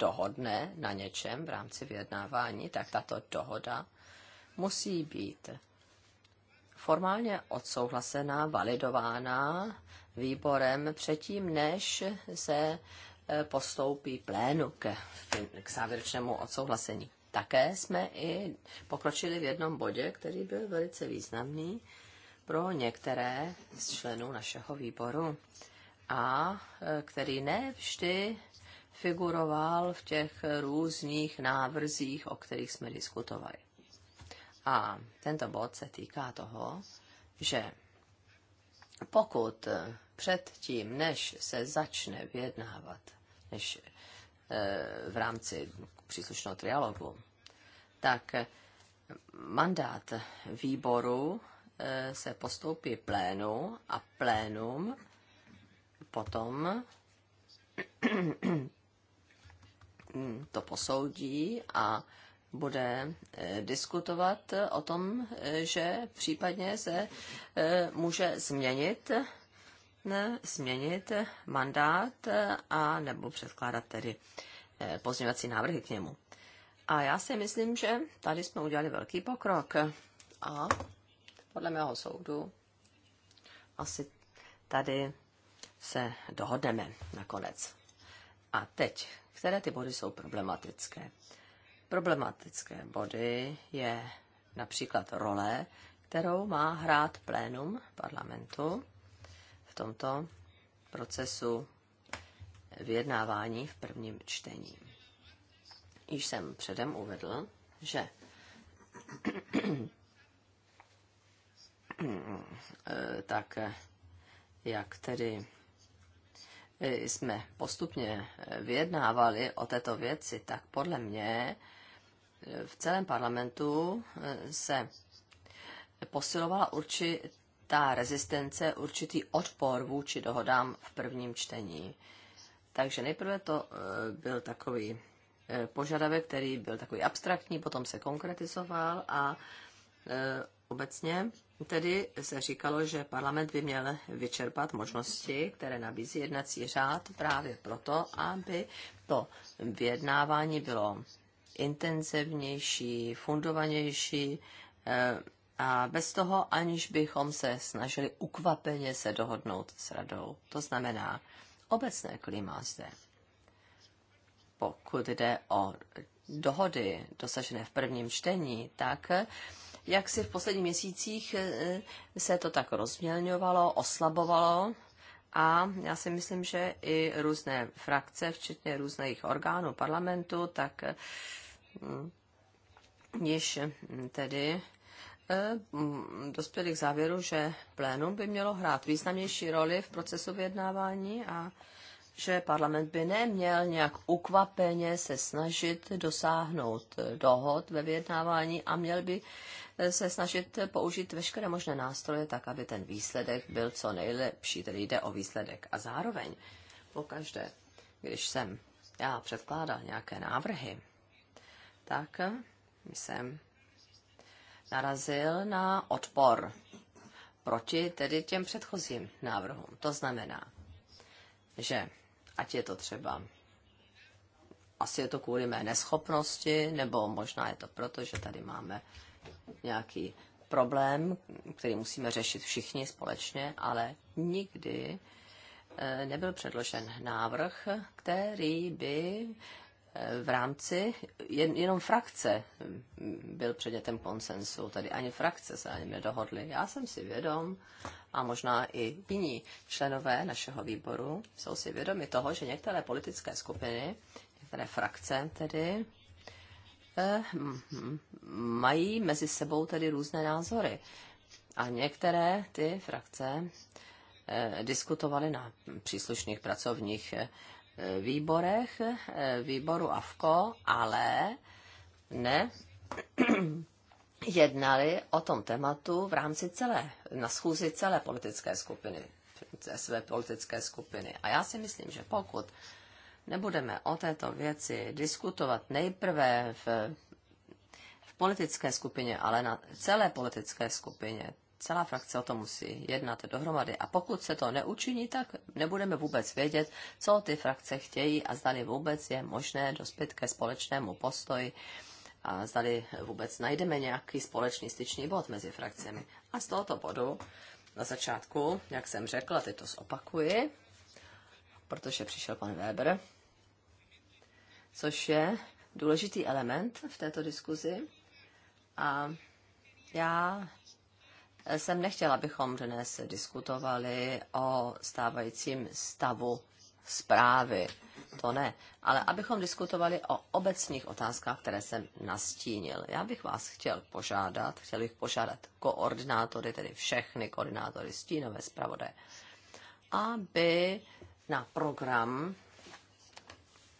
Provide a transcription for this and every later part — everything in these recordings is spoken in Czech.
dohodne na něčem v rámci vyjednávání, tak tato dohoda musí být formálně odsouhlasená, validována výborem předtím, než se e, postoupí plénu k, k závěrečnému odsouhlasení. Také jsme i pokročili v jednom bodě, který byl velice významný pro některé z členů našeho výboru a e, který ne vždy figuroval v těch různých návrzích, o kterých jsme diskutovali. A tento bod se týká toho, že pokud předtím, než se začne vyjednávat, než e, v rámci příslušného trialogu, tak mandát výboru e, se postoupí plénu a plénum potom to posoudí a bude eh, diskutovat o tom, eh, že případně se eh, může změnit změnit mandát a nebo předkládat tedy pozměňovací návrhy k němu. A já si myslím, že tady jsme udělali velký pokrok. A podle mého soudu asi tady se dohodneme nakonec. A teď, které ty body jsou problematické? Problematické body je například role, kterou má hrát plénum parlamentu v tomto procesu vyjednávání v prvním čtení. Již jsem předem uvedl, že tak jak tedy jsme postupně eh, vyjednávali o této věci, tak podle mě eh, v celém parlamentu eh, se posilovala určitá rezistence, určitý odpor vůči dohodám v prvním čtení. Takže nejprve to byl takový požadavek, který byl takový abstraktní, potom se konkretizoval a obecně Tedy se říkalo, že parlament by měl vyčerpat možnosti, které nabízí jednací řád právě proto, aby to vyjednávání bylo intenzivnější, fundovanější eh, a bez toho, aniž bychom se snažili ukvapeně se dohodnout s radou. To znamená obecné klima zde. Pokud jde o dohody dosažené v prvním čtení, tak jak si v posledních měsících eh, eh, se to tak rozmělňovalo, oslabovalo. A já si myslím, že i různé frakce, včetně různých orgánů parlamentu, tak mm, již tedy eh, mm, dospěli k závěru, že plénum by mělo hrát významnější roli v procesu vyjednávání a že parlament by neměl nějak ukvapeně se snažit dosáhnout dohod ve vyjednávání a měl by se snažit použít veškeré možné nástroje tak, aby ten výsledek byl co nejlepší, tedy jde o výsledek. A zároveň pokaždé, když jsem já předkládal nějaké návrhy, tak jsem narazil na odpor proti tedy těm předchozím návrhům. To znamená, že ať je to třeba asi je to kvůli mé neschopnosti, nebo možná je to proto, že tady máme nějaký problém, který musíme řešit všichni společně, ale nikdy eh, nebyl předložen návrh, který by v rámci jen, jenom frakce byl předmětem konsensu, tedy ani frakce se ani nedohodly. Já jsem si vědom, a možná i jiní členové našeho výboru jsou si vědomi toho, že některé politické skupiny, některé frakce tedy, eh, mají mezi sebou tedy různé názory. A některé ty frakce eh, diskutovaly na příslušných pracovních eh, výborech, eh, výboru AFKO, ale ne jednali o tom tématu v rámci celé, na schůzi celé politické skupiny, své politické skupiny. A já si myslím, že pokud nebudeme o této věci diskutovat nejprve v, v politické skupině, ale na celé politické skupině, celá frakce o tom musí jednat dohromady. A pokud se to neučiní, tak nebudeme vůbec vědět, co ty frakce chtějí a zdali vůbec je možné dospět ke společnému postoji a zdali vůbec najdeme nějaký společný styčný bod mezi frakcemi. A z tohoto bodu na začátku, jak jsem řekla, teď to zopakuji, protože přišel pan Weber, což je důležitý element v této diskuzi. A já jsem nechtěla, abychom dnes diskutovali o stávajícím stavu zprávy. To ne. Ale abychom diskutovali o obecných otázkách, které jsem nastínil. Já bych vás chtěl požádat, chtěl bych požádat koordinátory, tedy všechny koordinátory stínové zpravodé, aby na program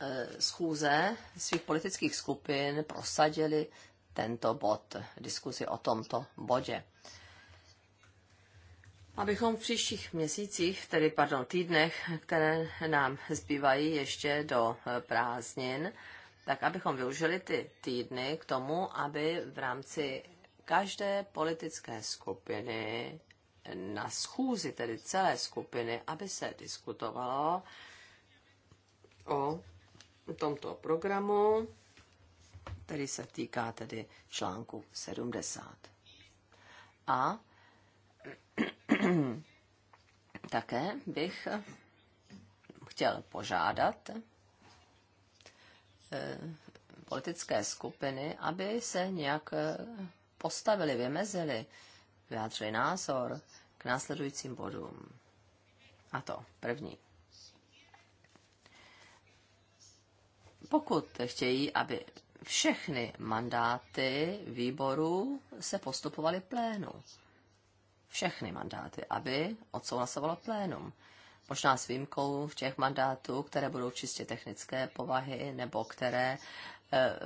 eh, schůze svých politických skupin prosadili tento bod, diskuzi o tomto bodě abychom v příštích měsících, tedy pardon, týdnech, které nám zbývají ještě do eh, prázdnin, tak abychom využili ty týdny k tomu, aby v rámci každé politické skupiny na schůzi, tedy celé skupiny, aby se diskutovalo o tomto programu, který se týká tedy článku 70. A také bych chtěl požádat eh, politické skupiny, aby se nějak eh, postavili, vymezili, vyjádřili názor k následujícím bodům. A to první. Pokud chtějí, aby všechny mandáty výborů se postupovaly plénu všechny mandáty, aby odsouhlasovalo plénum. Možná s výjimkou těch mandátů, které budou čistě technické povahy nebo které eh,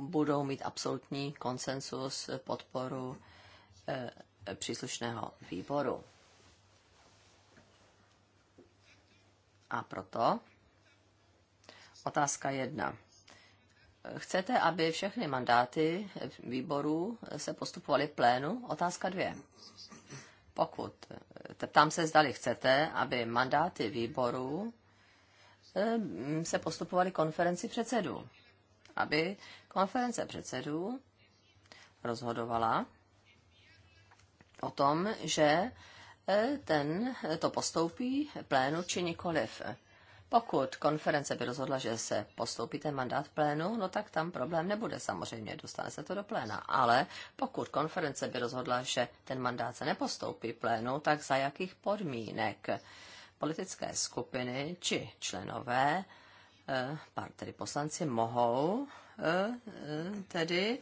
budou mít absolutní konsensus podporu eh, příslušného výboru. A proto otázka jedna. Chcete, aby všechny mandáty výborů se postupovaly plénu? Otázka dvě pokud, tam se zdali chcete, aby mandáty výborů eh, se postupovaly konferenci předsedů. Aby konference předsedů rozhodovala o tom, že eh, ten to postoupí plénu či nikoliv. Pokud konference by rozhodla, že se postoupí ten mandát plénu, no tak tam problém nebude samozřejmě, dostane se to do pléna. Ale pokud konference by rozhodla, že ten mandát se nepostoupí plénu, tak za jakých podmínek politické skupiny či členové, eh, tedy poslanci, mohou eh, eh, tedy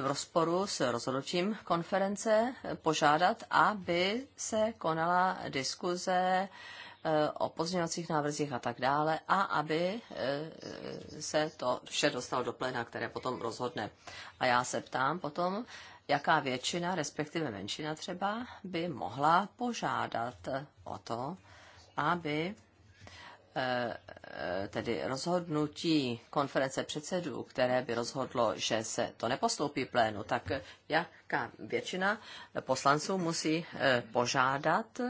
v rozporu s rozhodnutím konference požádat, aby se konala diskuze Eh, o pozměňovacích návrzích a tak dále a aby eh, se to vše dostalo do pléna, které potom rozhodne. A já se ptám potom, jaká většina, respektive menšina třeba, by mohla požádat o to, aby eh, tedy rozhodnutí konference předsedů, které by rozhodlo, že se to nepostoupí plénu, tak jaká většina poslanců musí požádat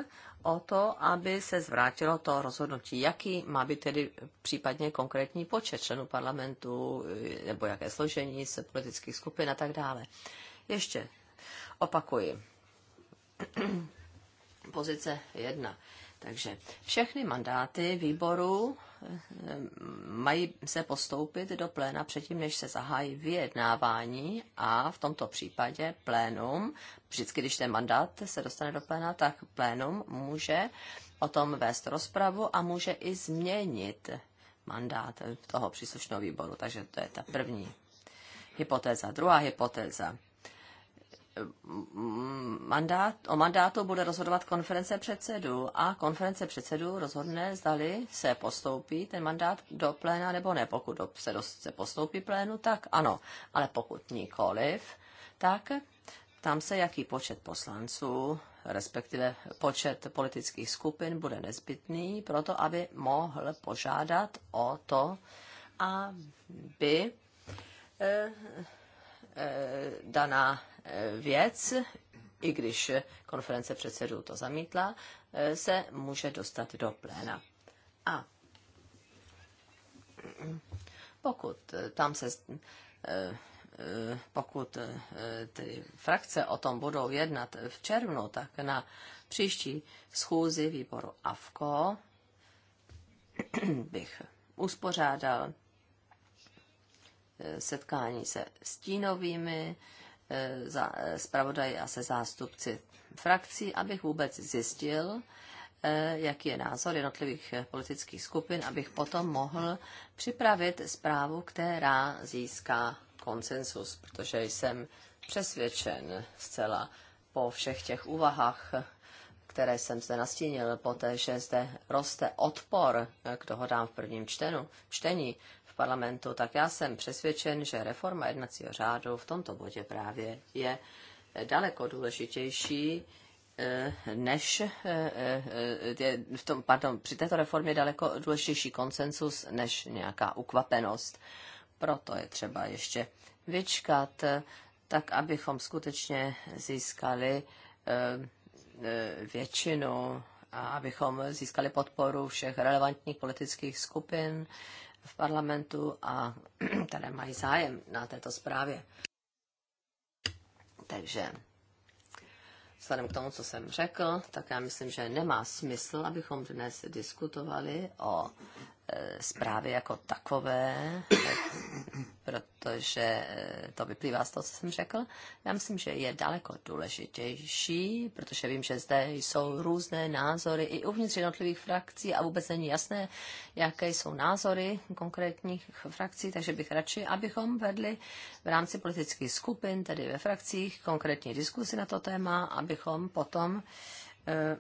o to, aby se zvrátilo to rozhodnutí. Jaký má být tedy případně konkrétní počet členů parlamentu, nebo jaké složení se politických skupin a tak dále. Ještě opakuji. Pozice jedna takže všechny mandáty výboru eh, mají se postoupit do pléna předtím, než se zahájí vyjednávání a v tomto případě plénum, vždycky když ten mandát se dostane do pléna, tak plénum může o tom vést rozpravu a může i změnit mandát toho příslušného výboru. Takže to je ta první hypotéza. Druhá hypotéza mandát, o mandátu bude rozhodovat konference předsedů a konference předsedů rozhodne, zdali se postoupí ten mandát do pléna nebo ne. Pokud se, dost, se postoupí plénu, tak ano, ale pokud nikoliv, tak tam se, jaký počet poslanců, respektive počet politických skupin bude nezbytný pro to, aby mohl požádat o to, aby eh, Eh, daná eh, věc, i když konference předsedů to zamítla, eh, se může dostat do pléna. A pokud tam se pokud ty frakce o tom budou jednat v červnu, tak na příští schůzi výboru AFKO bych uspořádal Eh, setkání se stínovými eh, eh, zpravodaji a se zástupci frakcí, abych vůbec zjistil, jaký je názor jednotlivých politických skupin, abych potom mohl připravit zprávu, která získá konsensus, protože jsem přesvědčen zcela po všech těch úvahách, které jsem zde nastínil, poté, že zde roste odpor k dohodám v prvním čtenu, čtení, parlamentu, tak já jsem přesvědčen, že reforma jednacího řádu v tomto bodě právě je daleko důležitější eh, než eh, eh, je v tom, pardon, při této reformě je daleko důležitější konsensus než nějaká ukvapenost. Proto je třeba ještě vyčkat, tak abychom skutečně získali většinu a abychom získali podporu všech relevantních politických skupin v parlamentu a které mají zájem na této zprávě. Takže vzhledem k tomu, co jsem řekl, tak já myslím, že nemá smysl, abychom dnes diskutovali o zprávy jako takové, protože eh, to vyplývá z toho, co jsem řekl. Já myslím, že je daleko důležitější, protože vím, že zde jsou různé názory i uvnitř jednotlivých frakcí a vůbec není jasné, jaké jsou názory konkrétních frakcí, takže bych radši, abychom vedli v rámci politických skupin, tedy ve frakcích, konkrétní diskusy na to téma, abychom potom eh,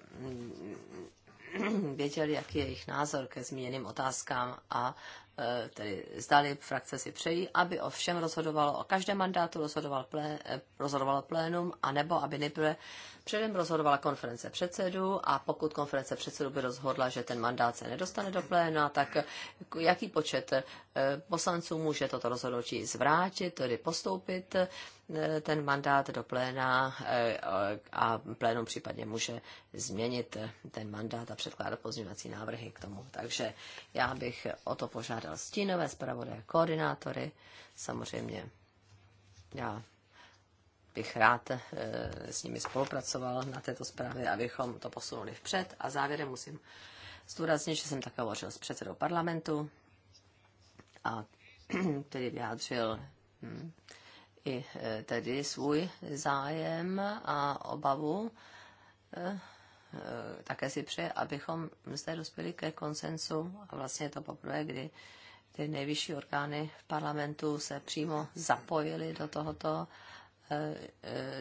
Věděli, jaký je jejich názor ke zmíněným otázkám a e, tedy zdali frakce si přejí, aby o všem rozhodovalo, o každém mandátu rozhodoval plé, e, rozhodovalo plénum, anebo aby nejprve Předem rozhodovala konference předsedů a pokud konference předsedů by rozhodla, že ten mandát se nedostane do pléna, tak jaký počet eh, poslanců může toto rozhodnutí zvrátit, tedy postoupit eh, ten mandát do pléna eh, a plénum případně může změnit ten mandát a předkládat pozměňovací návrhy k tomu. Takže já bych o to požádal stínové zpravodaje, koordinátory, samozřejmě já bych rád eh, s nimi spolupracoval na této zprávě, abychom to posunuli vpřed. A závěrem musím zdůraznit, že jsem také hovořil s předsedou parlamentu a který vyjádřil hm, i eh, tedy svůj zájem a obavu. Eh, také si přeje, abychom zde dospěli ke konsensu a vlastně je to poprvé, kdy ty nejvyšší orgány v parlamentu se přímo zapojily do tohoto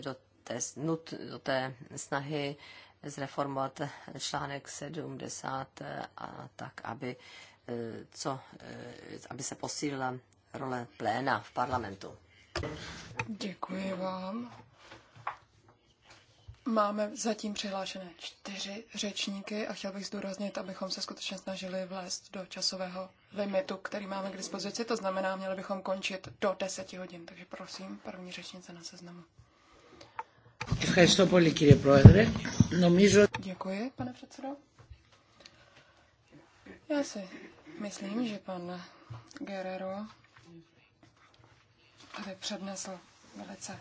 do té, nut, do té snahy zreformovat článek 70 a tak, aby, eh, co, eh, aby se posílila role pléna v parlamentu. Děkuji vám. Máme zatím přihlášené čtyři řečníky a chtěl bych zdůraznit, abychom se skutečně snažili vlézt do časového limitu, který máme k dispozici. To znamená, měli bychom končit do deseti hodin. Takže prosím, první řečnice na seznamu. Děkuji, pane předsedo. Já si myslím, že pan Guerrero tady přednesl velice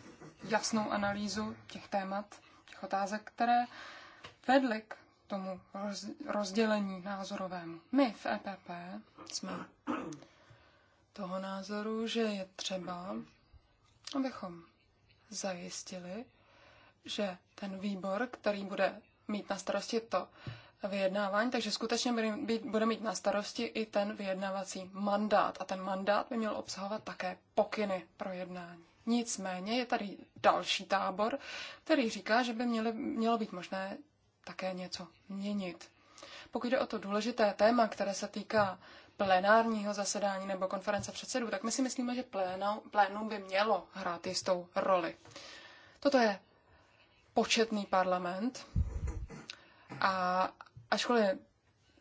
jasnou analýzu těch témat, otázek, které vedly k tomu rozdělení názorovému. My v EPP jsme toho názoru, že je třeba, abychom zajistili, že ten výbor, který bude mít na starosti to vyjednávání, takže skutečně bude mít, bude mít na starosti i ten vyjednávací mandát. A ten mandát by měl obsahovat také pokyny pro jednání. Nicméně je tady další tábor, který říká, že by měli, mělo být možné také něco měnit. Pokud jde o to důležité téma, které se týká plenárního zasedání nebo konference předsedů, tak my si myslíme, že plénum, by mělo hrát jistou roli. Toto je početný parlament a ačkoliv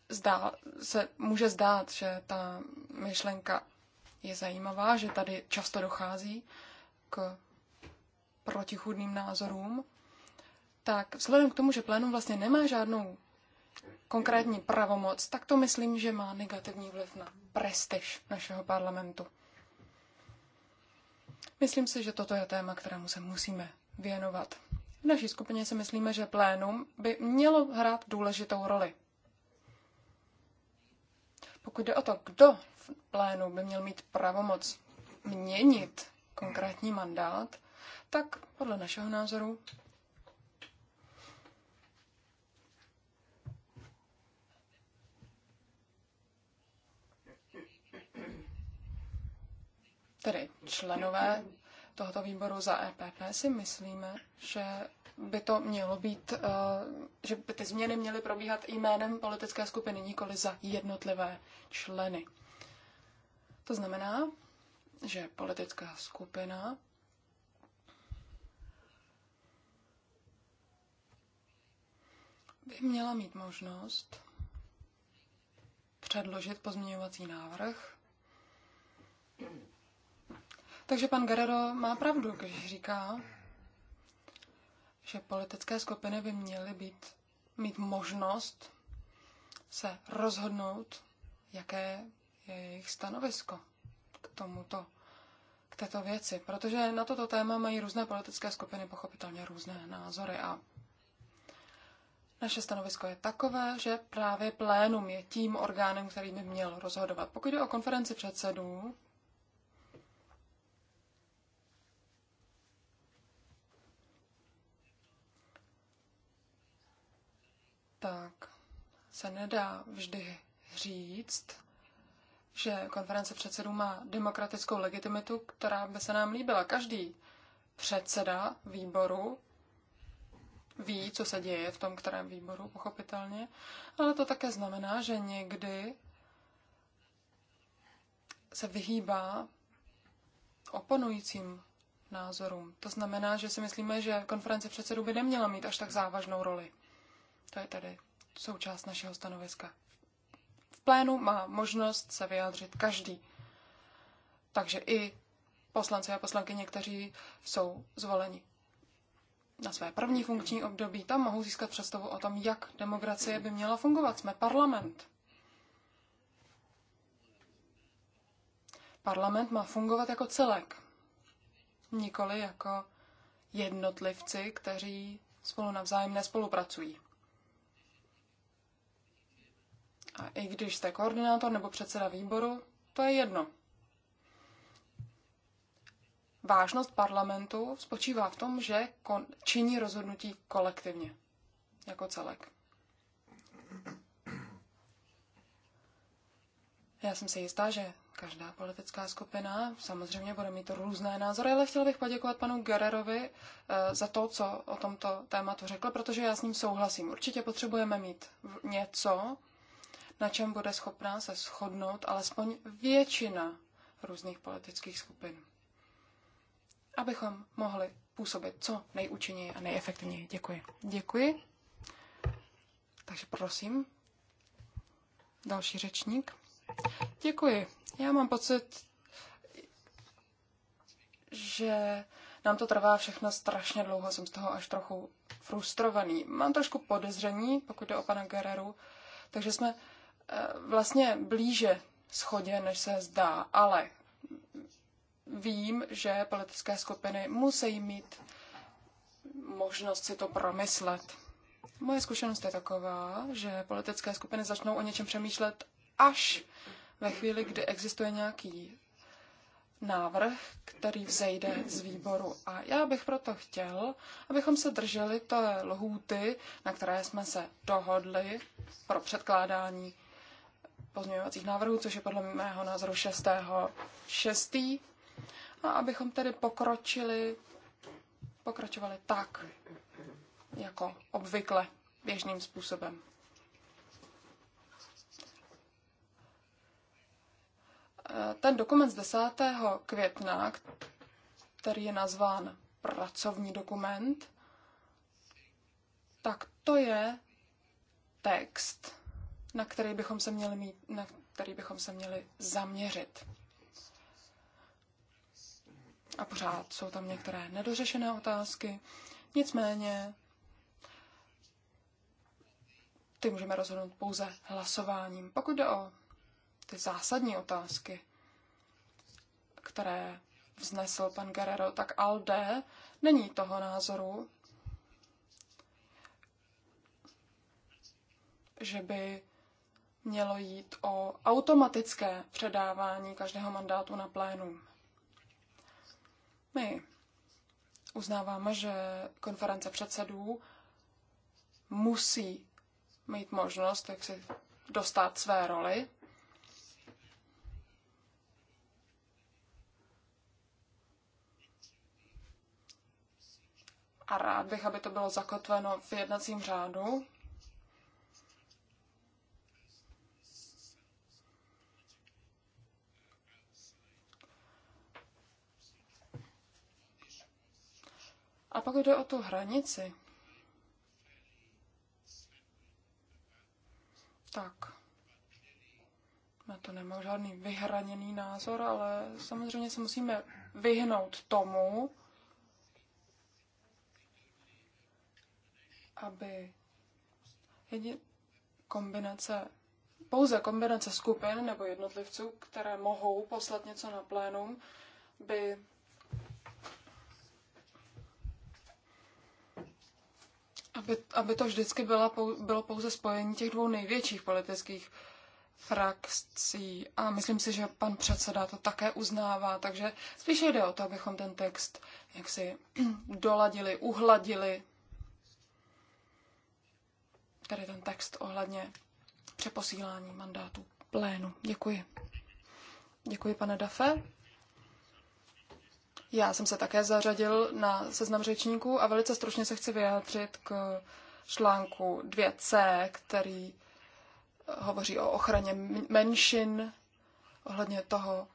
zdá, se může zdát, že ta myšlenka je zajímavá, že tady často dochází k protichudným názorům, tak vzhledem k tomu, že plénum vlastně nemá žádnou konkrétní pravomoc, tak to myslím, že má negativní vliv na prestiž našeho parlamentu. Myslím si, že toto je téma, kterému se musíme věnovat. V naší skupině si myslíme, že plénum by mělo hrát důležitou roli. Pokud jde o to, kdo v plénu by měl mít pravomoc měnit konkrétní mandát, tak podle našeho názoru tedy členové tohoto výboru za EPP si myslíme, že by to mělo být, eh, že by ty změny měly probíhat jménem politické skupiny, nikoli za jednotlivé členy. To znamená, že politická skupina by měla mít možnost předložit pozměňovací návrh. Takže pan Gerardo má pravdu, když říká, že politické skupiny by měly být, mít možnost se rozhodnout, jaké je jejich stanovisko tomuto, k této věci, protože na toto téma mají různé politické skupiny pochopitelně různé názory a naše stanovisko je takové, že právě plénum je tím orgánem, který by měl rozhodovat. Pokud jde o konferenci předsedů, tak se nedá vždy říct, že konference předsedů má demokratickou legitimitu, která by se nám líbila. Každý předseda výboru ví, co se děje v tom kterém výboru, pochopitelně, ale to také znamená, že někdy se vyhýbá oponujícím názorům. To znamená, že si myslíme, že konference předsedů by neměla mít až tak závažnou roli. To je tady součást našeho stanoviska plénu má možnost se vyjádřit každý. Takže i poslanci a poslankyně, kteří jsou zvoleni na své první funkční období, tam mohou získat představu o tom, jak demokracie by měla fungovat. Jsme parlament. Parlament má fungovat jako celek, nikoli jako jednotlivci, kteří spolu navzájem nespolupracují. A i když jste koordinátor nebo předseda výboru, to je jedno. Vážnost parlamentu spočívá v tom, že kon- činí rozhodnutí kolektivně, jako celek. Já jsem si jistá, že každá politická skupina samozřejmě bude mít různé názory, ale chtěla bych poděkovat panu Gererovi eh, za to, co o tomto tématu řekl, protože já s ním souhlasím. Určitě potřebujeme mít něco, na čem bude schopná se shodnout alespoň většina různých politických skupin. Abychom mohli působit co nejúčinněji a nejefektivněji. Děkuji. Děkuji. Takže prosím, další řečník. Děkuji. Já mám pocit, že nám to trvá všechno strašně dlouho, jsem z toho až trochu frustrovaný. Mám trošku podezření, pokud jde o pana Gereru, takže jsme vlastně blíže schodě, než se zdá, ale vím, že politické skupiny musí mít možnost si to promyslet. Moje zkušenost je taková, že politické skupiny začnou o něčem přemýšlet až ve chvíli, kdy existuje nějaký návrh, který vzejde z výboru. A já bych proto chtěl, abychom se drželi té lhůty, na které jsme se dohodli pro předkládání pozměňovacích návrhů, což je podle mého názoru 6. 6. A abychom tedy pokročili, pokračovali tak, jako obvykle, běžným způsobem. Ten dokument z 10. května, který je nazván pracovní dokument, tak to je text, na který bychom se měli, mít, na který bychom se měli zaměřit. A pořád jsou tam některé nedořešené otázky, nicméně ty můžeme rozhodnout pouze hlasováním. Pokud jde o ty zásadní otázky, které vznesl pan Guerrero, tak Alde není toho názoru, že by mělo jít o automatické předávání každého mandátu na plénum. My uznáváme, že konference předsedů musí mít možnost, jak si dostat své roli. A rád bych, aby to bylo zakotveno v jednacím řádu, A pak jde o tu hranici. Tak. Na to nemám žádný vyhraněný názor, ale samozřejmě se musíme vyhnout tomu, aby jedin, kombinace, pouze kombinace skupin nebo jednotlivců, které mohou poslat něco na plénum, by aby, aby to vždycky byla, bylo pouze spojení těch dvou největších politických frakcí. A myslím si, že pan předseda to také uznává, takže spíše jde o to, abychom ten text jaksi doladili, uhladili. Tady ten text ohledně přeposílání mandátu plénu. Děkuji. Děkuji, pane Dafe. Já jsem se také zařadil na seznam řečníků a velice stručně se chci vyjádřit k článku 2c, který eh, hovoří o ochraně menšin ohledně toho,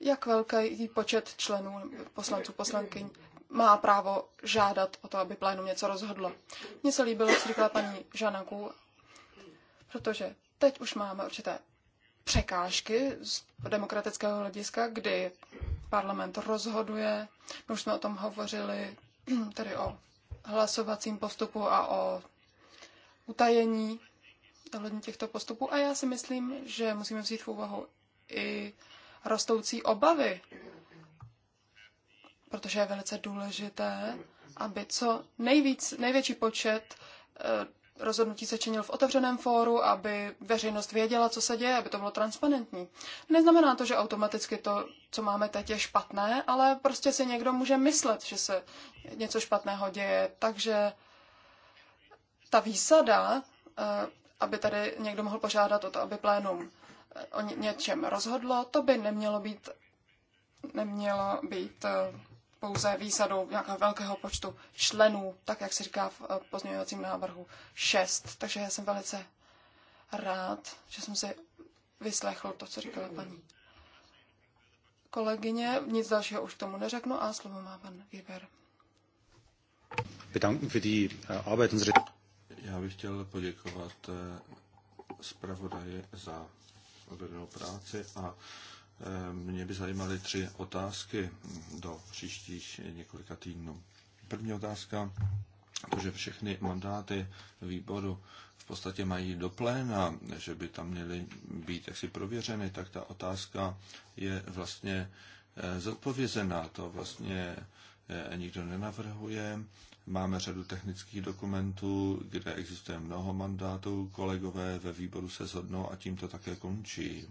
jak velký počet členů poslanců poslankyň má právo žádat o to, aby plénum něco rozhodlo. Mně se líbilo, co říkala paní Žanaku, protože teď už máme určité překážky z demokratického hlediska, kdy parlament rozhoduje. My už jsme o tom hovořili, tedy o hlasovacím postupu a o utajení ohledně těchto postupů. A já si myslím, že musíme vzít v úvahu i rostoucí obavy, protože je velice důležité, aby co nejvíc, největší počet eh, rozhodnutí se činil v otevřeném fóru, aby veřejnost věděla, co se děje, aby to bylo transparentní. Neznamená to, že automaticky to, co máme teď, je špatné, ale prostě si někdo může myslet, že se něco špatného děje. Takže ta výsada, eh, aby tady někdo mohl požádat o to, aby plénum eh, o něčem rozhodlo, to by nemělo být, nemělo být eh, pouze výsadou nějakého velkého počtu členů, tak jak se říká v eh, pozměňovacím návrhu 6. Takže já jsem velice rád, že jsem si vyslechl to, co říkala paní kolegyně. Nic dalšího už k tomu neřeknu a slovo má pan Weber. Eh, já bych chtěl poděkovat eh, zpravodaji za odvedenou práci a Eh, mě by zajímaly tři otázky do příštích několika týdnů. První otázka, to, že všechny mandáty výboru v podstatě mají do pléna, že by tam měly být jaksi prověřeny, tak ta otázka je vlastně eh, zodpovězená. To vlastně eh, nikdo nenavrhuje. Máme řadu technických dokumentů, kde existuje mnoho mandátů, kolegové ve výboru se zhodnou a tím to také končí.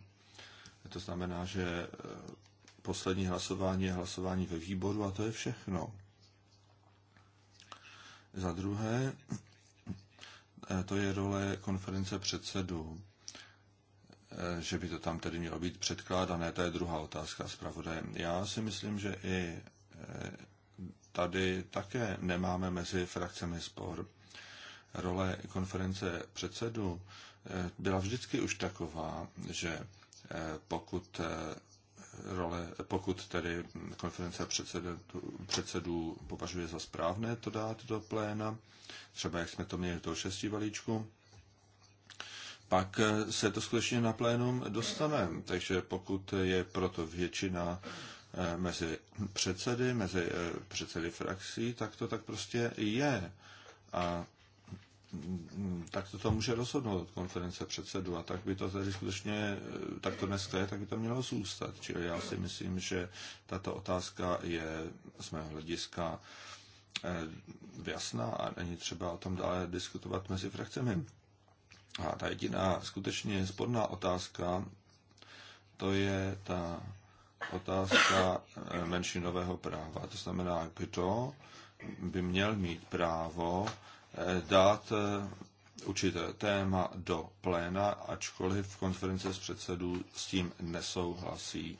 To znamená, že eh, poslední hlasování je hlasování ve výboru a to je všechno. Za druhé, eh, to je role konference předsedů. Eh, že by to tam tedy mělo být předkládané, to je druhá otázka zpravodaje. Já si myslím, že i tady také nemáme mezi frakcemi spor. Role konference předsedů byla vždycky už taková, že pokud eh, role, pokud tedy konference předsedů považuje za správné to dát do pléna, třeba jak jsme to měli do šestí balíčku, pak eh, se to skutečně na plénum dostane. Takže pokud je proto většina eh, mezi předsedy, mezi předsedy frakcí, tak to tak prostě je. A tak to, to může rozhodnout konference předsedu a tak by to tady skutečně, tak to dneska je, tak by to mělo zůstat. Čili já si myslím, že tato otázka je z mého hlediska eh, jasná a není třeba o tom dále diskutovat mezi frakcemi. A ta jediná skutečně sporná otázka, to je ta otázka eh, menšinového práva. To znamená, kdo by měl mít právo Eh, dát eh, určité téma do pléna, ačkoliv v konference s předsedů s tím nesouhlasí.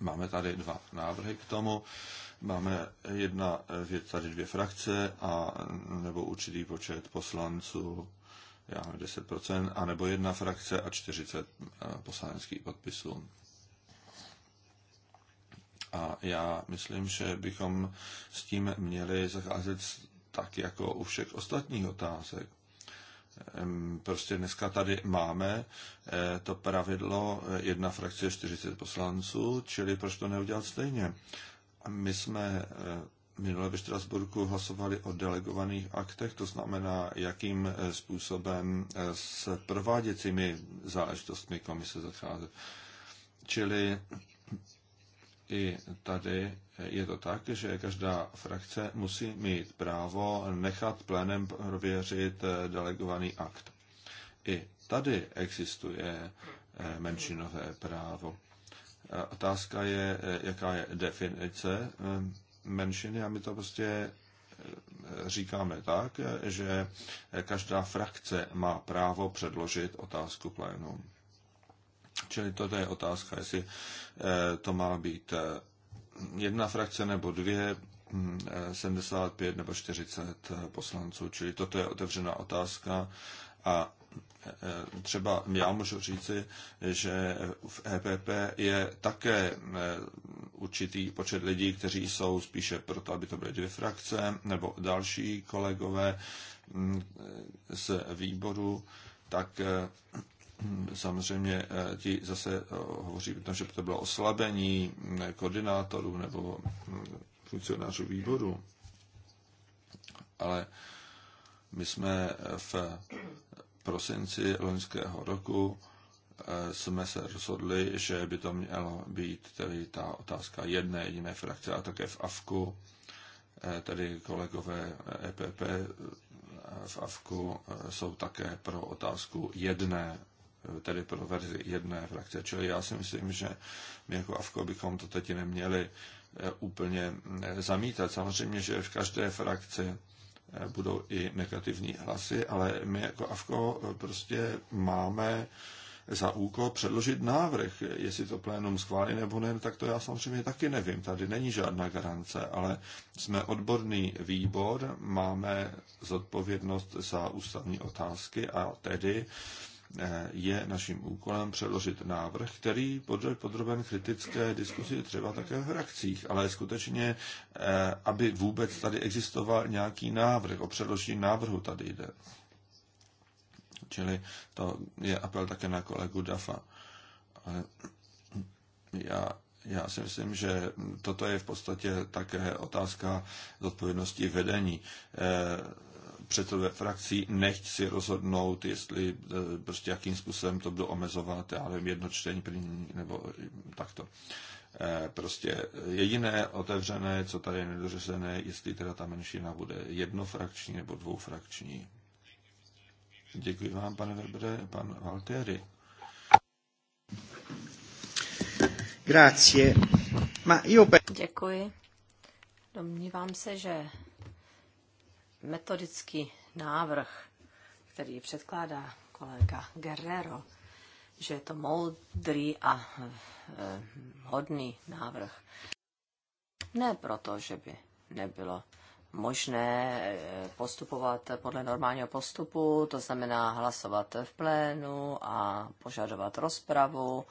Máme tady dva návrhy k tomu. Máme jedna eh, věc, tady dvě frakce a nebo určitý počet poslanců, já 10%, a nebo jedna frakce a 40 poslaneckých podpisů. A já myslím, že bychom s tím měli zacházet tak jako u všech ostatních otázek. Prostě dneska tady máme eh, to pravidlo eh, jedna frakce 40 poslanců, čili proč to neudělat stejně? My jsme eh, minule ve Štrasburku hlasovali o delegovaných aktech, to znamená, jakým způsobem s prováděcími záležitostmi komise zacházet. Čili i tady je to tak, že každá frakce musí mít právo nechat plénem prověřit eh, delegovaný akt. I tady existuje eh, menšinové právo. Otázka je, eh, jaká je definice menšiny a my to prostě říkáme tak, že každá frakce má právo předložit otázku plénum. Čili toto je otázka, jestli eh, to má být eh, jedna frakce nebo dvě, 75 hm, eh, nebo 40 poslanců. Čili toto je otevřená otázka a třeba já můžu říci, že v EPP je také určitý počet lidí, kteří jsou spíše proto, aby to byly dvě frakce, nebo další kolegové hm, z výboru, tak Hmm, samozřejmě eh, ti zase eh, hovoří o tom, že by to bylo oslabení koordinátorů nebo hm, funkcionářů výboru. Ale my jsme eh, v prosinci loňského roku jsme se rozhodli, že by to mělo být tedy ta otázka jedné jediné frakce a také v AFKu, tedy kolegové EPP e v AFKu jsou také pro otázku jedné tedy pro verzi jedné frakce. Čili já si myslím, že my jako AFKO bychom to teď neměli e, úplně e, zamítat. Samozřejmě, že v každé frakci e, budou i negativní hlasy, ale my jako AFKO prostě máme za úkol předložit návrh. Jestli to plénum schválí nebo ne, tak to já samozřejmě taky nevím. Tady není žádná garance, ale jsme odborný výbor, máme zodpovědnost za ústavní otázky a tedy Eh, je naším úkolem předložit návrh, který bude podroben kritické diskusi třeba také v reakcích, ale skutečně, eh, aby vůbec tady existoval nějaký návrh, o předložení návrhu tady jde. Čili to je apel také na kolegu Dafa. já, já si myslím, že toto je v podstatě také otázka zodpovědnosti vedení eh, předsedové frakcí nechť si rozhodnout, jestli e, prostě jakým způsobem to budou omezovat, já nevím, jedno čtení první nebo takto. E, prostě jediné otevřené, co tady je nedořešené, jestli teda ta menšina bude jednofrakční nebo dvoufrakční. Děkuji vám, pane Verbere, pan Valtieri. Grazie. Ma io... Děkuji. Domnívám se, že metodický návrh, který předkládá kolega Guerrero, že je to moudrý a eh, hodný návrh. Ne proto, že by nebylo možné eh, postupovat podle normálního postupu, to znamená hlasovat v plénu a požadovat rozpravu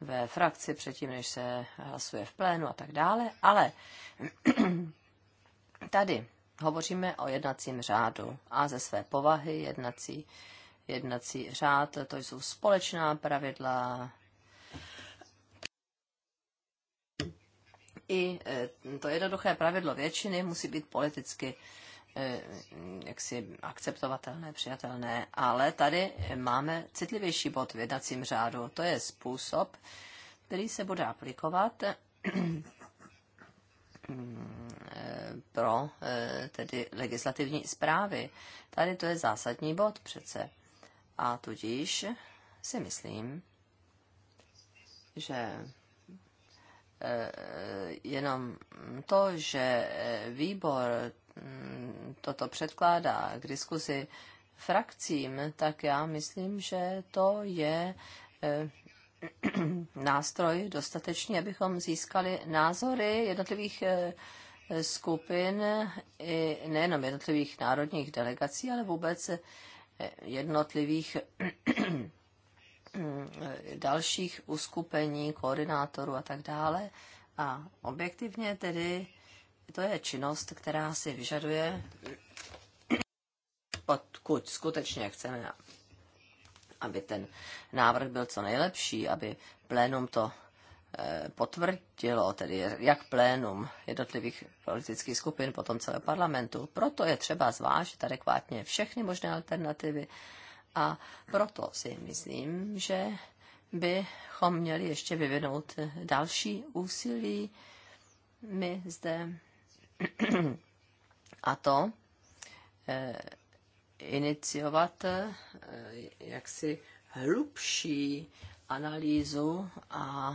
ve frakci předtím, než se hlasuje v plénu a tak dále, ale tady Hovoříme o jednacím řádu a ze své povahy jednací, jednací řád, to jsou společná pravidla, i e, to jednoduché pravidlo většiny musí být politicky e, jaksi akceptovatelné, přijatelné, ale tady máme citlivější bod v jednacím řádu. To je způsob, který se bude aplikovat pro eh, tedy legislativní zprávy. Tady to je zásadní bod přece. A tudíž si myslím, že eh, jenom to, že eh, výbor mm, toto předkládá k diskusi frakcím, tak já myslím, že to je nástroj dostatečný, abychom získali názory jednotlivých skupin, nejenom jednotlivých národních delegací, ale vůbec jednotlivých dalších uskupení, koordinátorů a tak dále. A objektivně tedy to je činnost, která si vyžaduje, odkud skutečně chceme, aby ten návrh byl co nejlepší, aby plénum to Eh, potvrdilo, tedy jak plénum jednotlivých politických skupin, potom celé parlamentu. Proto je třeba zvážit adekvátně všechny možné alternativy a proto si myslím, že bychom měli ještě vyvinout další úsilí my zde a to eh, iniciovat eh, jaksi hlubší analýzu a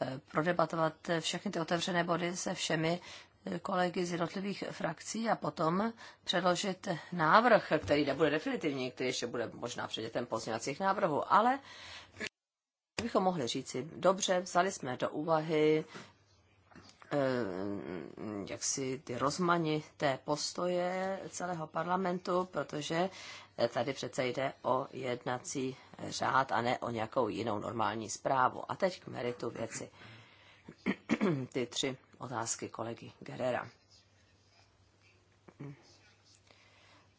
e, prodebatovat všechny ty otevřené body se všemi e, kolegy z jednotlivých frakcí a potom předložit návrh, který nebude definitivní, který ještě bude možná předmětem pozměňovacích návrhů, ale bychom mohli říci, dobře, vzali jsme do úvahy e, jak si ty rozmanité postoje celého parlamentu, protože tady přece jde o jednací řád a ne o nějakou jinou normální zprávu. A teď k meritu věci. Ty tři otázky kolegy Gerera.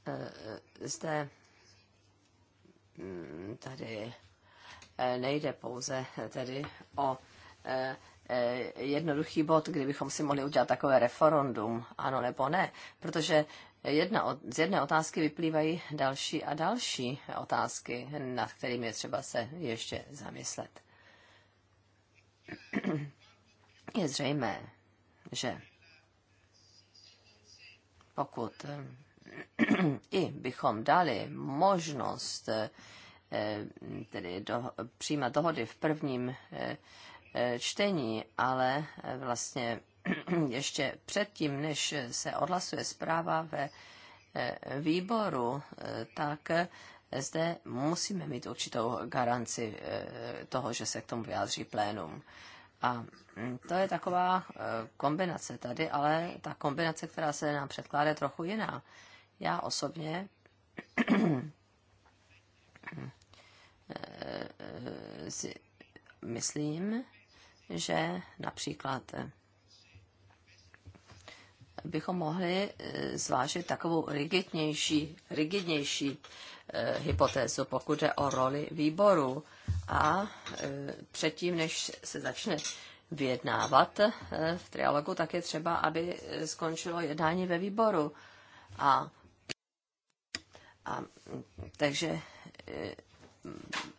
Eh, zde hm, tady eh, nejde pouze tedy o eh, jednoduchý bod, kdybychom si mohli udělat takové referendum, ano nebo ne, protože jedna, z jedné otázky vyplývají další a další otázky, nad kterými je třeba se ještě zamyslet. Je zřejmé, že pokud i bychom dali možnost eh, tedy do, přijímat dohody v prvním eh, eh, čtení, ale vlastně ještě předtím, než se odhlasuje zpráva ve eh, výboru, eh, tak eh, zde musíme mít určitou garanci toho, že se k tomu vyjádří plénum. A hm, to je taková kombinace tady, ale ta kombinace, která se nám předkládá, je trochu jiná. Já osobně myslím, že například bychom mohli eh, zvážit takovou rigidnější, rigidnější eh, hypotézu, pokud jde o roli výboru. A eh, předtím, než se začne vyjednávat v trialogu, tak je třeba, aby skončilo jednání ve výboru. A, a takže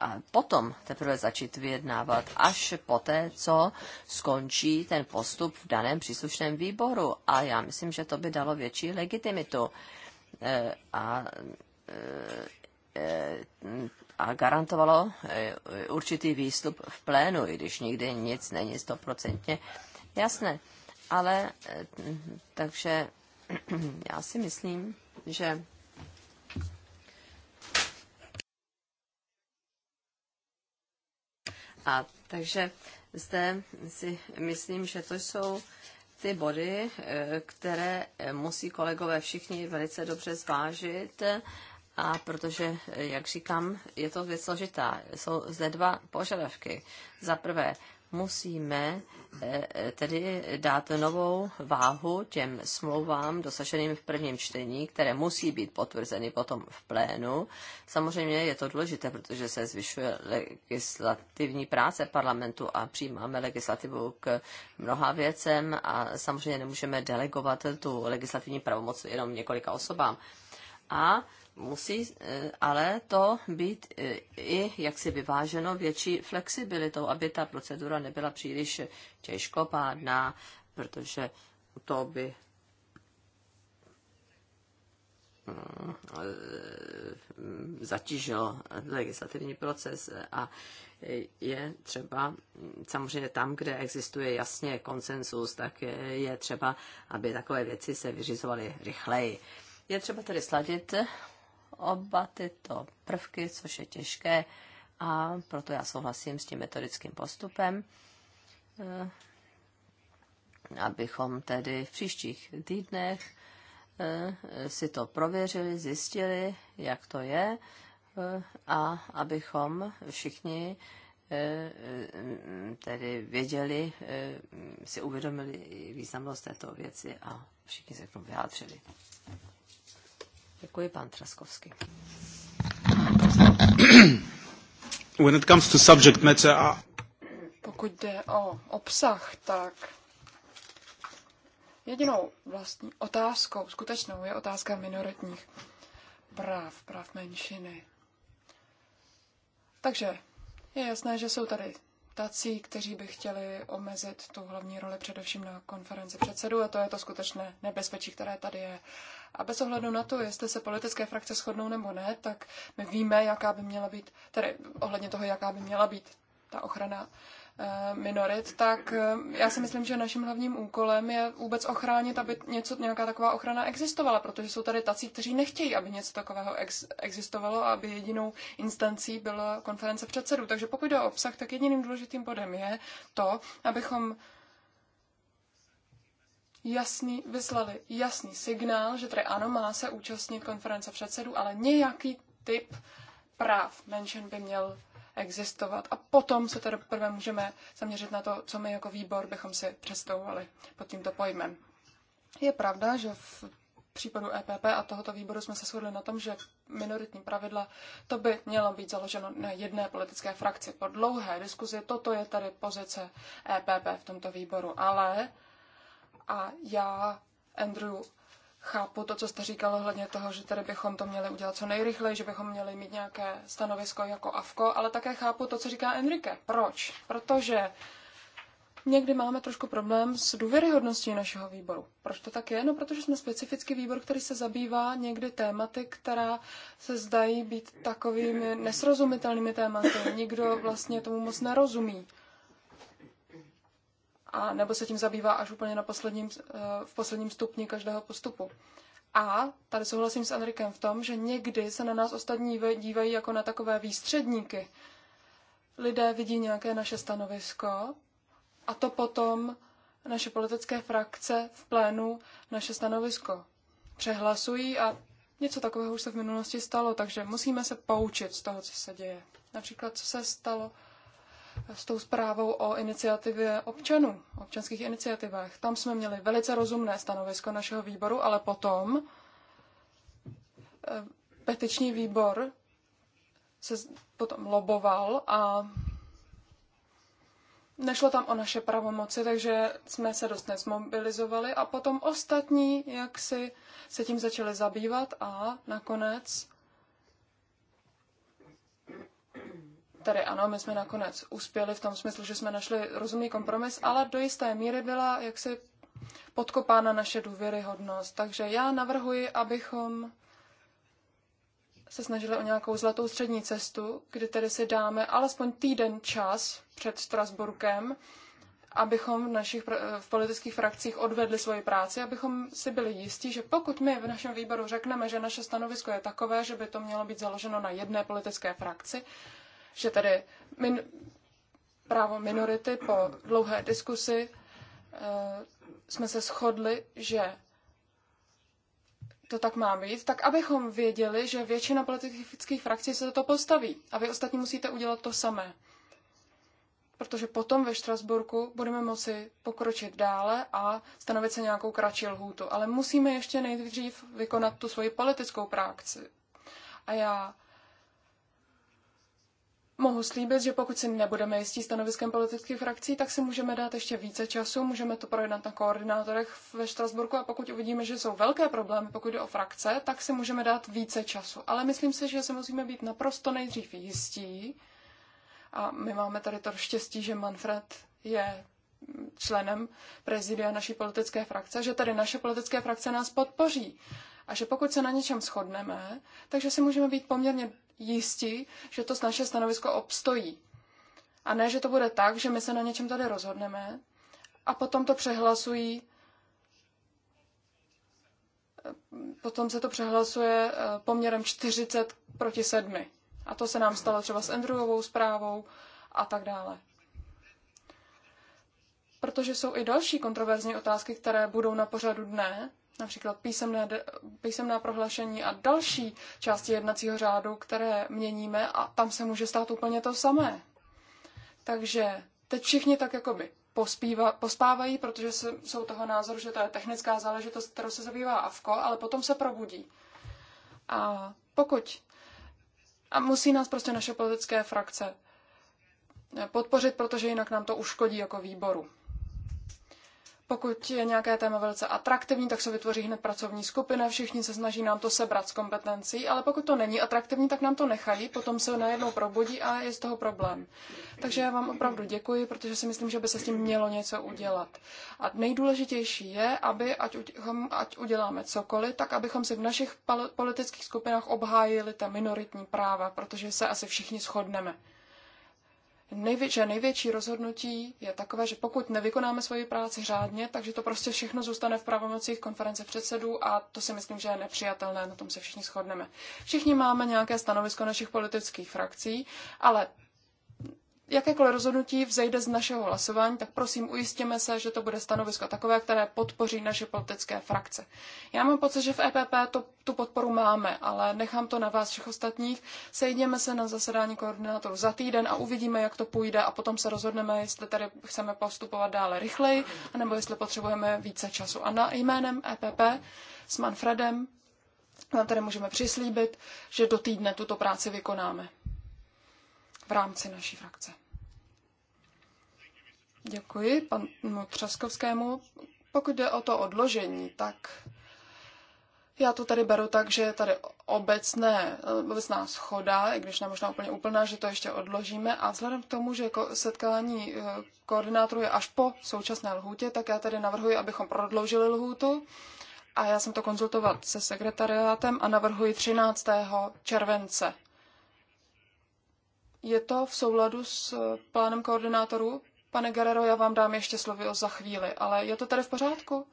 a potom teprve začít vyjednávat až poté, co skončí ten postup v daném příslušném výboru. A já myslím, že to by dalo větší legitimitu eh, a, eh, eh, a garantovalo určitý výstup v plénu, i když nikdy nic není stoprocentně jasné. Ale takže já si myslím, že A takže zde si myslím, že to jsou ty body, eh, které eh, musí kolegové všichni velice dobře zvážit, a protože, eh, jak říkám, je to věc složitá. Jsou zde dva požadavky. Za prvé, musíme eh, eh, tedy dát novou váhu těm smlouvám dosaženým v prvním čtení, které musí být potvrzeny potom v plénu. Samozřejmě je to důležité, protože se zvyšuje legislativní práce parlamentu a přijímáme legislativu k mnoha věcem a samozřejmě nemůžeme delegovat tu legislativní pravomoc jenom několika osobám. A musí eh, ale to být eh, i jaksi vyváženo větší flexibilitou, aby ta procedura nebyla příliš těžkopádná, protože to by eh, zatížilo legislativní proces a je třeba, samozřejmě tam, kde existuje jasně konsensus, tak je třeba, aby takové věci se vyřizovaly rychleji. Je třeba tedy sladit oba tyto prvky, což je těžké a proto já souhlasím s tím metodickým postupem, eh, abychom tedy v příštích týdnech eh, si to prověřili, zjistili, jak to je eh, a abychom všichni tedy věděli, si uvědomili významnost této věci a všichni se k tomu vyjádřili. Děkuji, pan Traskovský. When it comes to subject matter, pokud jde o obsah, tak jedinou vlastní otázkou, skutečnou, je otázka minoritních práv, práv menšiny. Takže je jasné, že jsou tady tací, kteří by chtěli omezit tu hlavní roli především na konferenci předsedů a to je to skutečné nebezpečí, které tady je. A bez ohledu na to, jestli se politické frakce shodnou nebo ne, tak my víme, jaká by měla být, tedy ohledně toho, jaká by měla být ta ochrana eh, minorit, tak eh, já si myslím, že naším hlavním úkolem je vůbec ochránit, aby něco, nějaká taková ochrana existovala, protože jsou tady tací, kteří nechtějí, aby něco takového ex- existovalo a aby jedinou instancí byla konference předsedů. Takže pokud jde o obsah, tak jediným důležitým bodem je to, abychom jasný, vyslali jasný signál, že tedy ano, má se účastnit konference předsedů, ale nějaký typ práv menšin by měl existovat. A potom se tedy prvé můžeme zaměřit na to, co my jako výbor bychom si představovali pod tímto pojmem. Je pravda, že v případu EPP a tohoto výboru jsme se shodli na tom, že minoritní pravidla, to by mělo být založeno na jedné politické frakci. Po dlouhé diskuzi toto je tady pozice EPP v tomto výboru, ale a já, Andrew, chápu to, co jste říkal ohledně toho, že tady bychom to měli udělat co nejrychleji, že bychom měli mít nějaké stanovisko jako AFKO, ale také chápu to, co říká Enrique. Proč? Protože někdy máme trošku problém s důvěryhodností našeho výboru. Proč to tak je? No, protože jsme specifický výbor, který se zabývá někdy tématy, která se zdají být takovými nesrozumitelnými tématy. Nikdo vlastně tomu moc nerozumí a nebo se tím zabývá až úplně na posledním, eh, v posledním stupni každého postupu. A tady souhlasím s Enrikem v tom, že někdy se na nás ostatní dívají jako na takové výstředníky. Lidé vidí nějaké naše stanovisko a to potom naše politické frakce v plénu naše stanovisko přehlasují a něco takového už se v minulosti stalo, takže musíme se poučit z toho, co se děje. Například, co se stalo s tou zprávou o iniciativě občanů, občanských iniciativách. Tam jsme měli velice rozumné stanovisko našeho výboru, ale potom eh, petiční výbor se potom loboval a nešlo tam o naše pravomoci, takže jsme se dost nezmobilizovali a potom ostatní, jak si se tím začali zabývat a nakonec Tady ano, my jsme nakonec uspěli v tom smyslu, že jsme našli rozumný kompromis, ale do jisté míry byla jaksi podkopána naše důvěryhodnost. Takže já navrhuji, abychom se snažili o nějakou zlatou střední cestu, kdy tedy si dáme alespoň týden čas před Strasburkem, abychom v našich v politických frakcích odvedli svoji práci, abychom si byli jistí, že pokud my v našem výboru řekneme, že naše stanovisko je takové, že by to mělo být založeno na jedné politické frakci, že tady min, právo minority po dlouhé diskusi eh, jsme se shodli, že to tak má být, tak abychom věděli, že většina politických frakcí se to postaví a vy ostatní musíte udělat to samé. Protože potom ve Štrasburku budeme moci pokročit dále a stanovit se nějakou kratší lhůtu. Ale musíme ještě nejdřív vykonat tu svoji politickou práci. A já mohu slíbit, že pokud si nebudeme jistí stanoviskem politických frakcí, tak si můžeme dát ještě více času, můžeme to projednat na koordinátorech ve Štrasburku a pokud uvidíme, že jsou velké problémy, pokud jde o frakce, tak si můžeme dát více času. Ale myslím si, že se musíme být naprosto nejdřív jistí. A my máme tady to štěstí, že Manfred je členem prezidia naší politické frakce, že tady naše politické frakce nás podpoří. A že pokud se na něčem shodneme, takže si můžeme být poměrně jisti, že to naše stanovisko obstojí. A ne, že to bude tak, že my se na něčem tady rozhodneme a potom to přehlasují potom se to přehlasuje eh, poměrem 40 proti 7. A to se nám stalo třeba s Andrewovou zprávou a tak dále. Protože jsou i další kontroverzní otázky, které budou na pořadu dne například písemné, písemná prohlášení a další části jednacího řádu, které měníme a tam se může stát úplně to samé. Takže teď všichni tak jakoby pospíva, pospávají, protože se, jsou toho názoru, že to je technická záležitost, kterou se zabývá AVKO, ale potom se probudí. A pokud a musí nás prostě naše politické frakce podpořit, protože jinak nám to uškodí jako výboru. Pokud je nějaké téma velice atraktivní, tak se vytvoří hned pracovní skupina, všichni se snaží nám to sebrat z kompetencí, ale pokud to není atraktivní, tak nám to nechají, potom se najednou probudí a je z toho problém. Takže já vám opravdu děkuji, protože si myslím, že by se s tím mělo něco udělat. A nejdůležitější je, aby ať, hm, ať uděláme cokoliv, tak abychom si v našich politických skupinách obhájili ta minoritní práva, protože se asi všichni shodneme že největší rozhodnutí je takové, že pokud nevykonáme svoji práci řádně, takže to prostě všechno zůstane v pravomocích konference předsedů a to si myslím, že je nepřijatelné, na tom se všichni shodneme. Všichni máme nějaké stanovisko našich politických frakcí, ale jakékoliv rozhodnutí vzejde z našeho hlasování, tak prosím ujistěme se, že to bude stanovisko takové, které podpoří naše politické frakce. Já mám pocit, že v EPP to, tu podporu máme, ale nechám to na vás všech ostatních. Sejdeme se na zasedání koordinátorů za týden a uvidíme, jak to půjde a potom se rozhodneme, jestli tady chceme postupovat dále rychleji, anebo jestli potřebujeme více času. A na jménem EPP s Manfredem vám tady můžeme přislíbit, že do týdne tuto práci vykonáme v rámci naší frakce. Děkuji panu Třaskovskému. Pokud jde o to odložení, tak já to tady beru tak, že je tady obecné, obecná schoda, i když ne možná úplně úplná, že to ještě odložíme. A vzhledem k tomu, že setkání eh, koordinátorů je až po současné lhůtě, tak já tady navrhuji, abychom prodloužili lhůtu. A já jsem to konzultoval se sekretariátem a navrhuji 13. července. Je to v souladu s eh, plánem koordinátorů? Pane Guerrero, já vám dám ještě slovy za chvíli, ale je to tady v pořádku?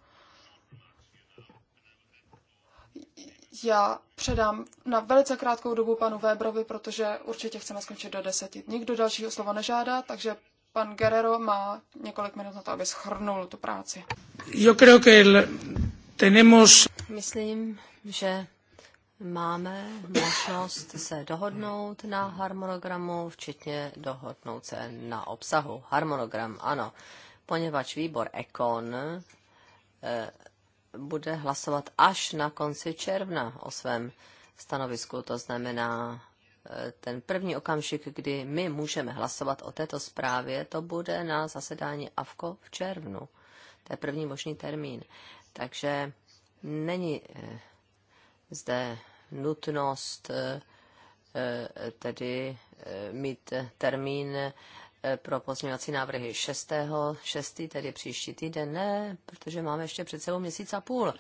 Já předám na velice krátkou dobu panu Webrovi, protože určitě chceme skončit do deseti. Nikdo dalšího slova nežádá, takže pan Guerrero má několik minut na to, aby schrnul tu práci. Yo creo que tenemos... Myslím, že máme možnost se dohodnout na harmonogramu, včetně dohodnout se na obsahu. Harmonogram, ano, poněvadž výbor Ekon eh, bude hlasovat až na konci června o svém stanovisku. To znamená, eh, ten první okamžik, kdy my můžeme hlasovat o této zprávě, to bude na zasedání AVKO v červnu. To je první možný termín. Takže není eh, zde nutnost eh, eh, tedy eh, mít termín pro pozměňovací návrhy 6. 6. tedy příští týden, ne, protože máme ještě před sebou měsíc a půl.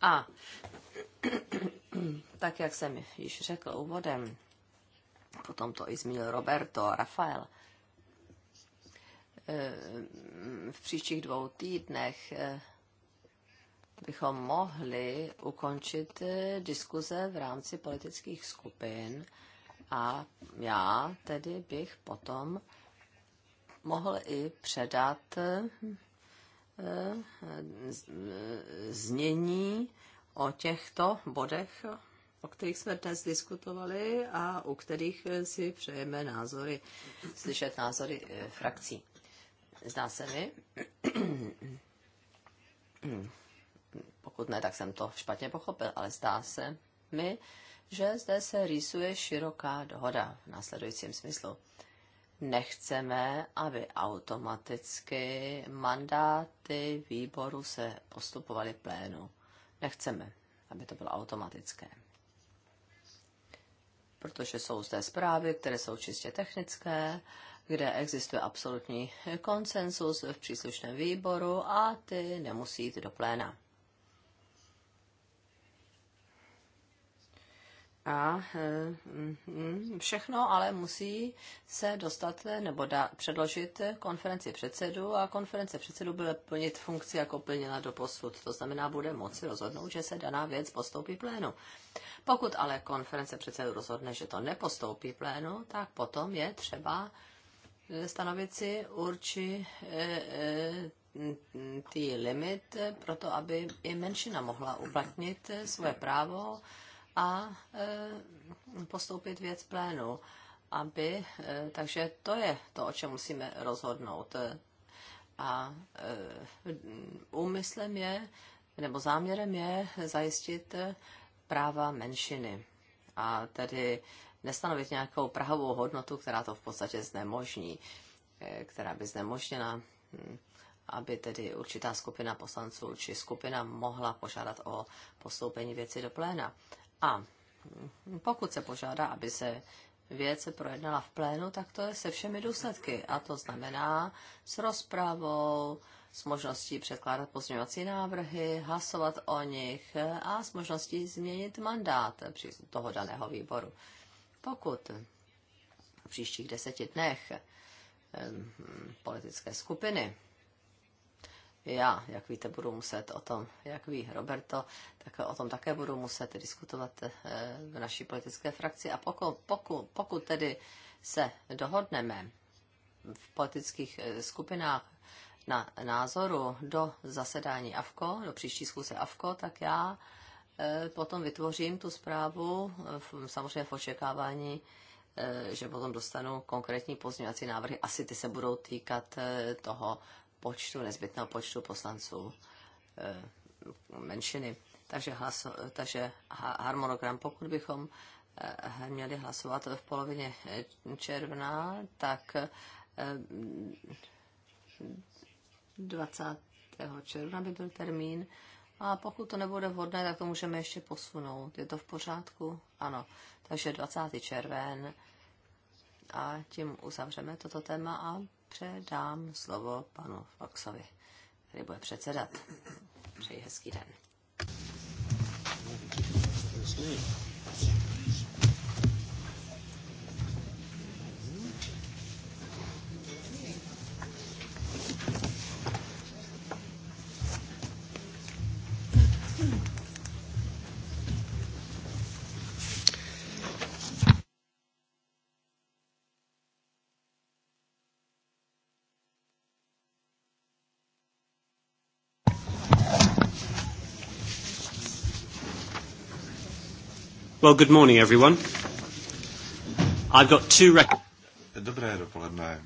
A tak, jak jsem již řekl úvodem, potom to i zmínil Roberto a Rafael, v příštích dvou týdnech bychom mohli ukončit eh, diskuze v rámci politických skupin a já tedy bych potom mohl i předat eh, eh, znění o těchto bodech, o kterých jsme dnes diskutovali a u kterých si přejeme názory, slyšet názory frakcí. Zdá se mi, pokud ne, tak jsem to špatně pochopil, ale zdá se mi, že zde se rýsuje široká dohoda v následujícím smyslu. Nechceme, aby automaticky mandáty výboru se postupovaly plénu. Nechceme, aby to bylo automatické. Protože jsou zde zprávy, které jsou čistě technické, kde existuje absolutní konsensus v příslušném výboru a ty nemusí jít do pléna. a eh, všechno ale musí se dostat eh, nebo da, předložit eh, konferenci předsedu a konference předsedu bude plnit funkci, jako plnila do posud. To znamená, bude moci rozhodnout, že se daná věc postoupí plénu. Pokud ale konference předsedu rozhodne, že to nepostoupí plénu, tak potom je třeba stanovit si určitý limit pro to, aby i menšina mohla uplatnit svoje právo a e, postoupit věc plénu, aby, e, takže to je to, o čem musíme rozhodnout. E, a úmyslem je, nebo záměrem je zajistit práva menšiny. A tedy nestanovit nějakou prahovou hodnotu, která to v podstatě znemožní, která by znemožnila, hm, aby tedy určitá skupina poslanců či skupina mohla požádat o postoupení věci do pléna. A pokud se požádá, aby se věc projednala v plénu, tak to je se všemi důsledky. A to znamená s rozpravou, s možností předkládat pozměňovací návrhy, hlasovat o nich a s možností změnit mandát při toho daného výboru. Pokud v příštích deseti dnech politické skupiny já, jak víte, budu muset o tom, jak ví Roberto, tak o tom také budu muset diskutovat eh, v naší politické frakci. A pokud, pokud, pokud tedy se dohodneme v politických eh, skupinách na názoru do zasedání AFKO, do příští schůze AFKO, tak já eh, potom vytvořím tu zprávu, samozřejmě v očekávání, že potom dostanu konkrétní pozměňovací návrhy. Asi ty se budou týkat toho počtu, nezbytného počtu poslanců eh, menšiny. Takže, hlaso, takže harmonogram, pokud bychom eh, měli hlasovat v polovině eh, června, tak 20. června by byl termín. A pokud to nebude vhodné, tak to můžeme ještě posunout. Je to v pořádku? Ano. Takže 20. červen a tím uzavřeme toto téma a předám slovo panu Foxovi, který bude předsedat. Přeji hezký den. Well, good morning, everyone. I've got two Dobré dopoledne.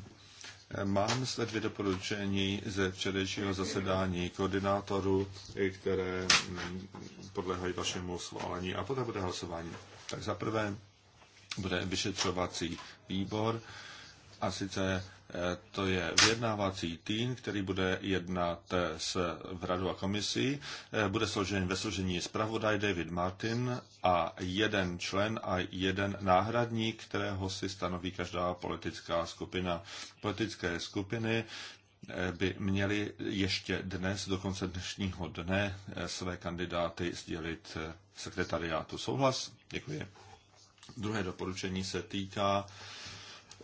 Mám zde dvě doporučení ze včerejšího zasedání koordinátorů, které podléhají vašemu schválení a poté bude hlasování. Tak za prvé bude vyšetřovací výbor a sice eh, to je vyjednávací tým, který bude jednat eh, s v radu a komisí. Eh, bude složen ve složení zpravodaj David Martin a jeden člen a jeden náhradník, kterého si stanoví každá politická skupina. Politické skupiny by měly ještě dnes, do konce dnešního dne, své kandidáty sdělit sekretariátu. Souhlas? Děkuji. Druhé doporučení se týká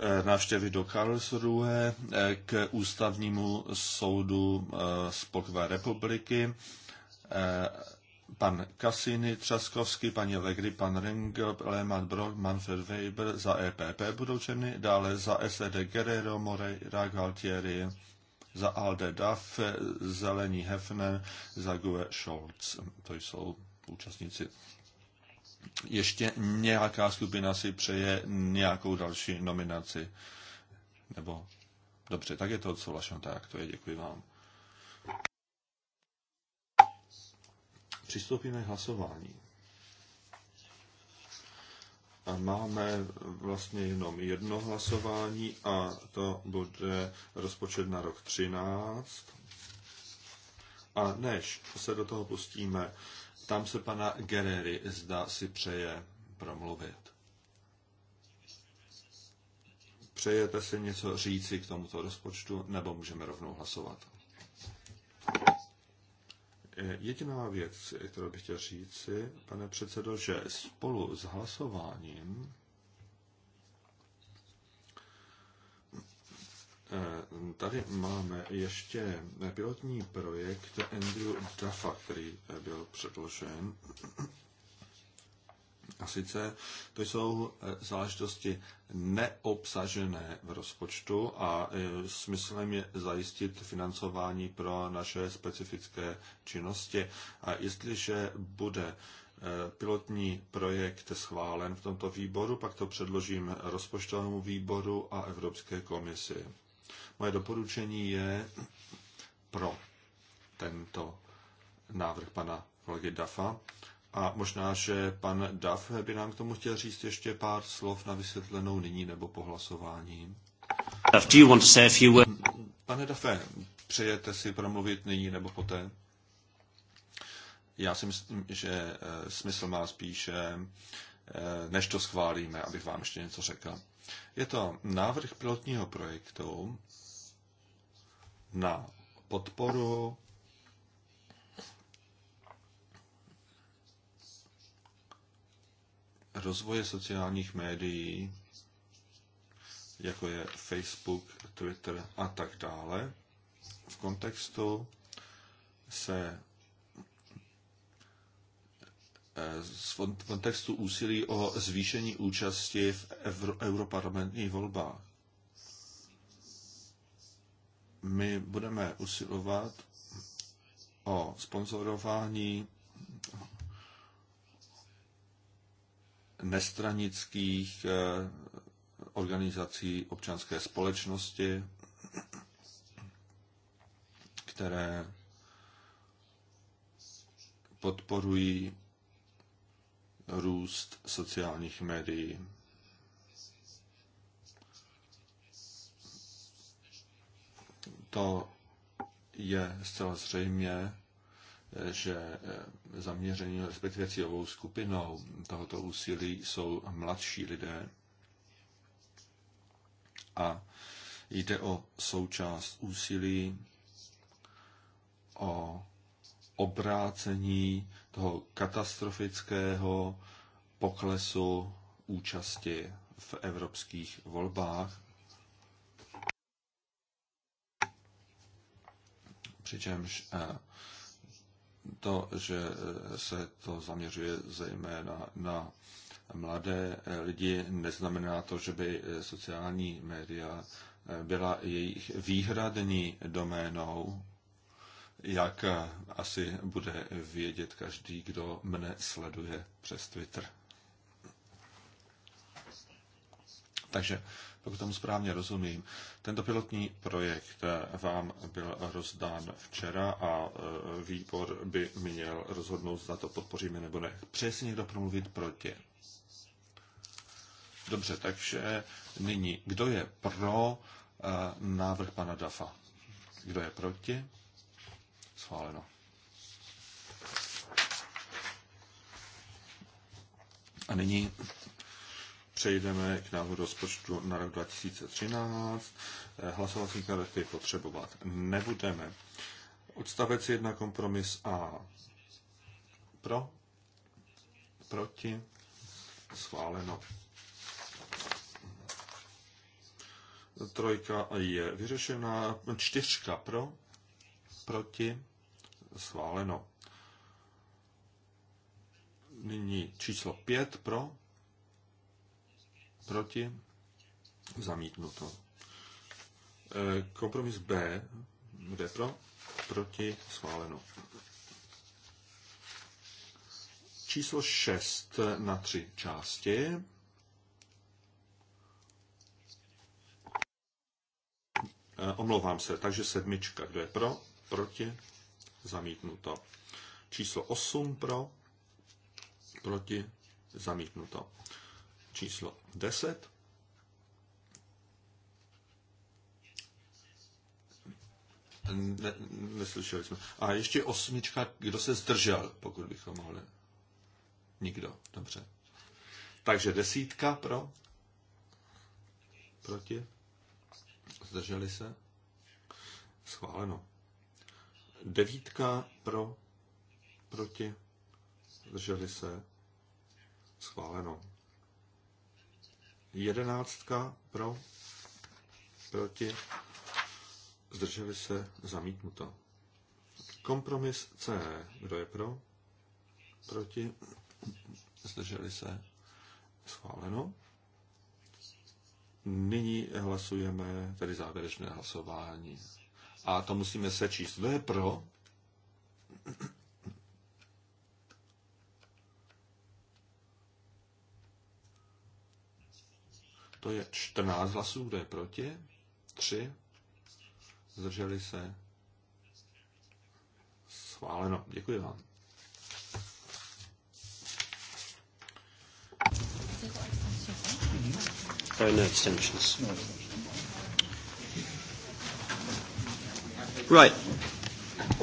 Eh, návštěvy do Karlsruhe eh, k ústavnímu soudu eh, Spolkové republiky. Pan Cassini, Třaskovský, paní Legry, pan Ringel, Lehmann Brock, Manfred Weber za EPP budou členy, dále za SED Guerrero, Moreira, Galtieri, za Alde Duff, Zelení Hefner, za GUE Scholz. To jsou účastníci ještě nějaká skupina si přeje nějakou další nominaci. Nebo dobře, tak je to odsouhlašeno, tak to je, děkuji vám. Přistoupíme k hlasování. A máme vlastně jenom jedno hlasování a to bude rozpočet na rok 13. A než se do toho pustíme, tam se pana Gerery zda si přeje promluvit. Přejete si něco říci k tomuto rozpočtu, nebo můžeme rovnou hlasovat? Eh, jediná věc, kterou bych chtěl říci, pane předsedo, že spolu s hlasováním Eh, tady máme ještě pilotní projekt Andrew Duffa, který eh, byl předložen. A sice to jsou eh, záležitosti neobsažené v rozpočtu a smyslem je zajistit financování pro naše specifické činnosti. A jestliže bude pilotní projekt schválen v tomto výboru, pak to předložím rozpočtovému výboru a Evropské komisi. Moje doporučení je pro tento návrh pana kolegy Dafa. A možná, že pan Daf by nám k tomu chtěl říct ještě pár slov na vysvětlenou nyní nebo po hlasování. Duff, do you want to say a few words? Pane Dafe, přejete si promluvit nyní nebo poté? Já si myslím, že eh, smysl má spíše, eh, než to schválíme, abych vám ještě něco řekl. Je to návrh pilotního projektu na podporu rozvoje sociálních médií, jako je Facebook, Twitter a tak dále, v kontextu se eh, v kontextu úsilí o zvýšení účasti v europarlamentních volbách my budeme usilovat o sponzorování nestranických eh, organizací občanské společnosti, které podporují růst sociálních médií. to je zcela zřejmě, že eh, zaměření, respektive cílovou skupinou tohoto úsilí jsou mladší lidé. A jde o součást úsilí o obrácení toho katastrofického poklesu účasti v evropských volbách přičemž eh, to, že eh, se to zaměřuje zejména na mladé eh, lidi, neznamená to, že by sociální média byla jejich výhradní doménou, jak asi bude vědět každý, kdo mne sleduje přes Twitter. Takže pokud tomu správně rozumím. Tento pilotní projekt vám byl rozdán včera a e, výbor by měl rozhodnout, zda to podpoříme nebo ne. Přeje si někdo promluvit proti? Dobře, takže nyní, kdo je pro e, návrh pana Dafa? Kdo je proti? Schváleno. A nyní přejdeme k návrhu rozpočtu na rok 2013. Eh, hlasovací karty potřebovat nebudeme. Odstavec 1 kompromis A. Pro? Proti? Schváleno. Trojka je vyřešená. Čtyřka pro? Proti? Schváleno. Nyní číslo 5 pro? proti, zamítnuto. E, kompromis B, kde pro, proti, schváleno. Číslo 6 na tři části. E, omlouvám se, takže sedmička, kdo je pro, proti, zamítnuto. Číslo 8 pro, proti, zamítnuto číslo 10. Ne, neslyšeli jsme. A ještě osmička, kdo se zdržel, pokud bychom mohli. Nikdo, dobře. Takže desítka pro. Proti. Zdrželi se. Schváleno. Devítka pro. Proti. Zdrželi se. Schváleno. Jedenáctka pro, proti, zdrželi se, zamítnuto. Kompromis C. Kdo je pro? Proti? Zdrželi se? Schváleno. Nyní hlasujeme tedy závěrečné hlasování. A to musíme sečíst. Kdo je pro? To je 14 hlasů, kdo je proti, 3, zdrželi se, schváleno. Děkuji vám. There no abstentions. Right.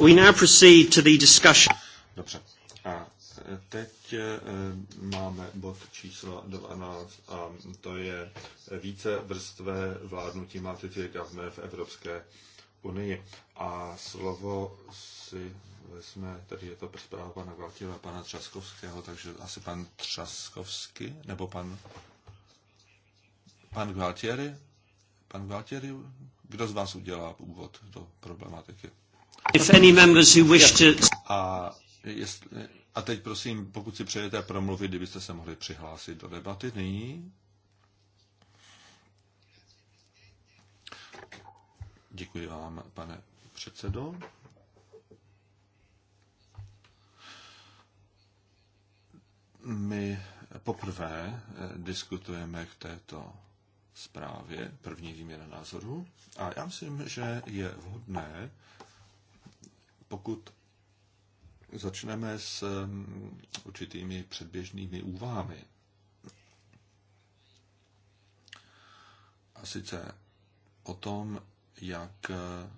We now proceed to the discussion. Dobře. Teď eh, máme bod číslo 12 a to je více vrstvé vládnutí multiplicativné v Evropské unii. A slovo si vezme, tady je to zpráva pana Valtila, pana Třaskovského, takže asi pan Třaskovský, nebo pan pan Gualtieri. Pan Gualtieri, kdo z vás udělá úvod do problematiky? If any members who wish to... A jestli a teď prosím, pokud si přejete promluvit, kdybyste se mohli přihlásit do debaty nyní. Děkuji vám, pane předsedo. My poprvé eh, diskutujeme k této zprávě, první výměna názoru, a já myslím, že je vhodné, pokud Začneme s mm, určitými předběžnými úvahami. A sice o tom, jak, eh,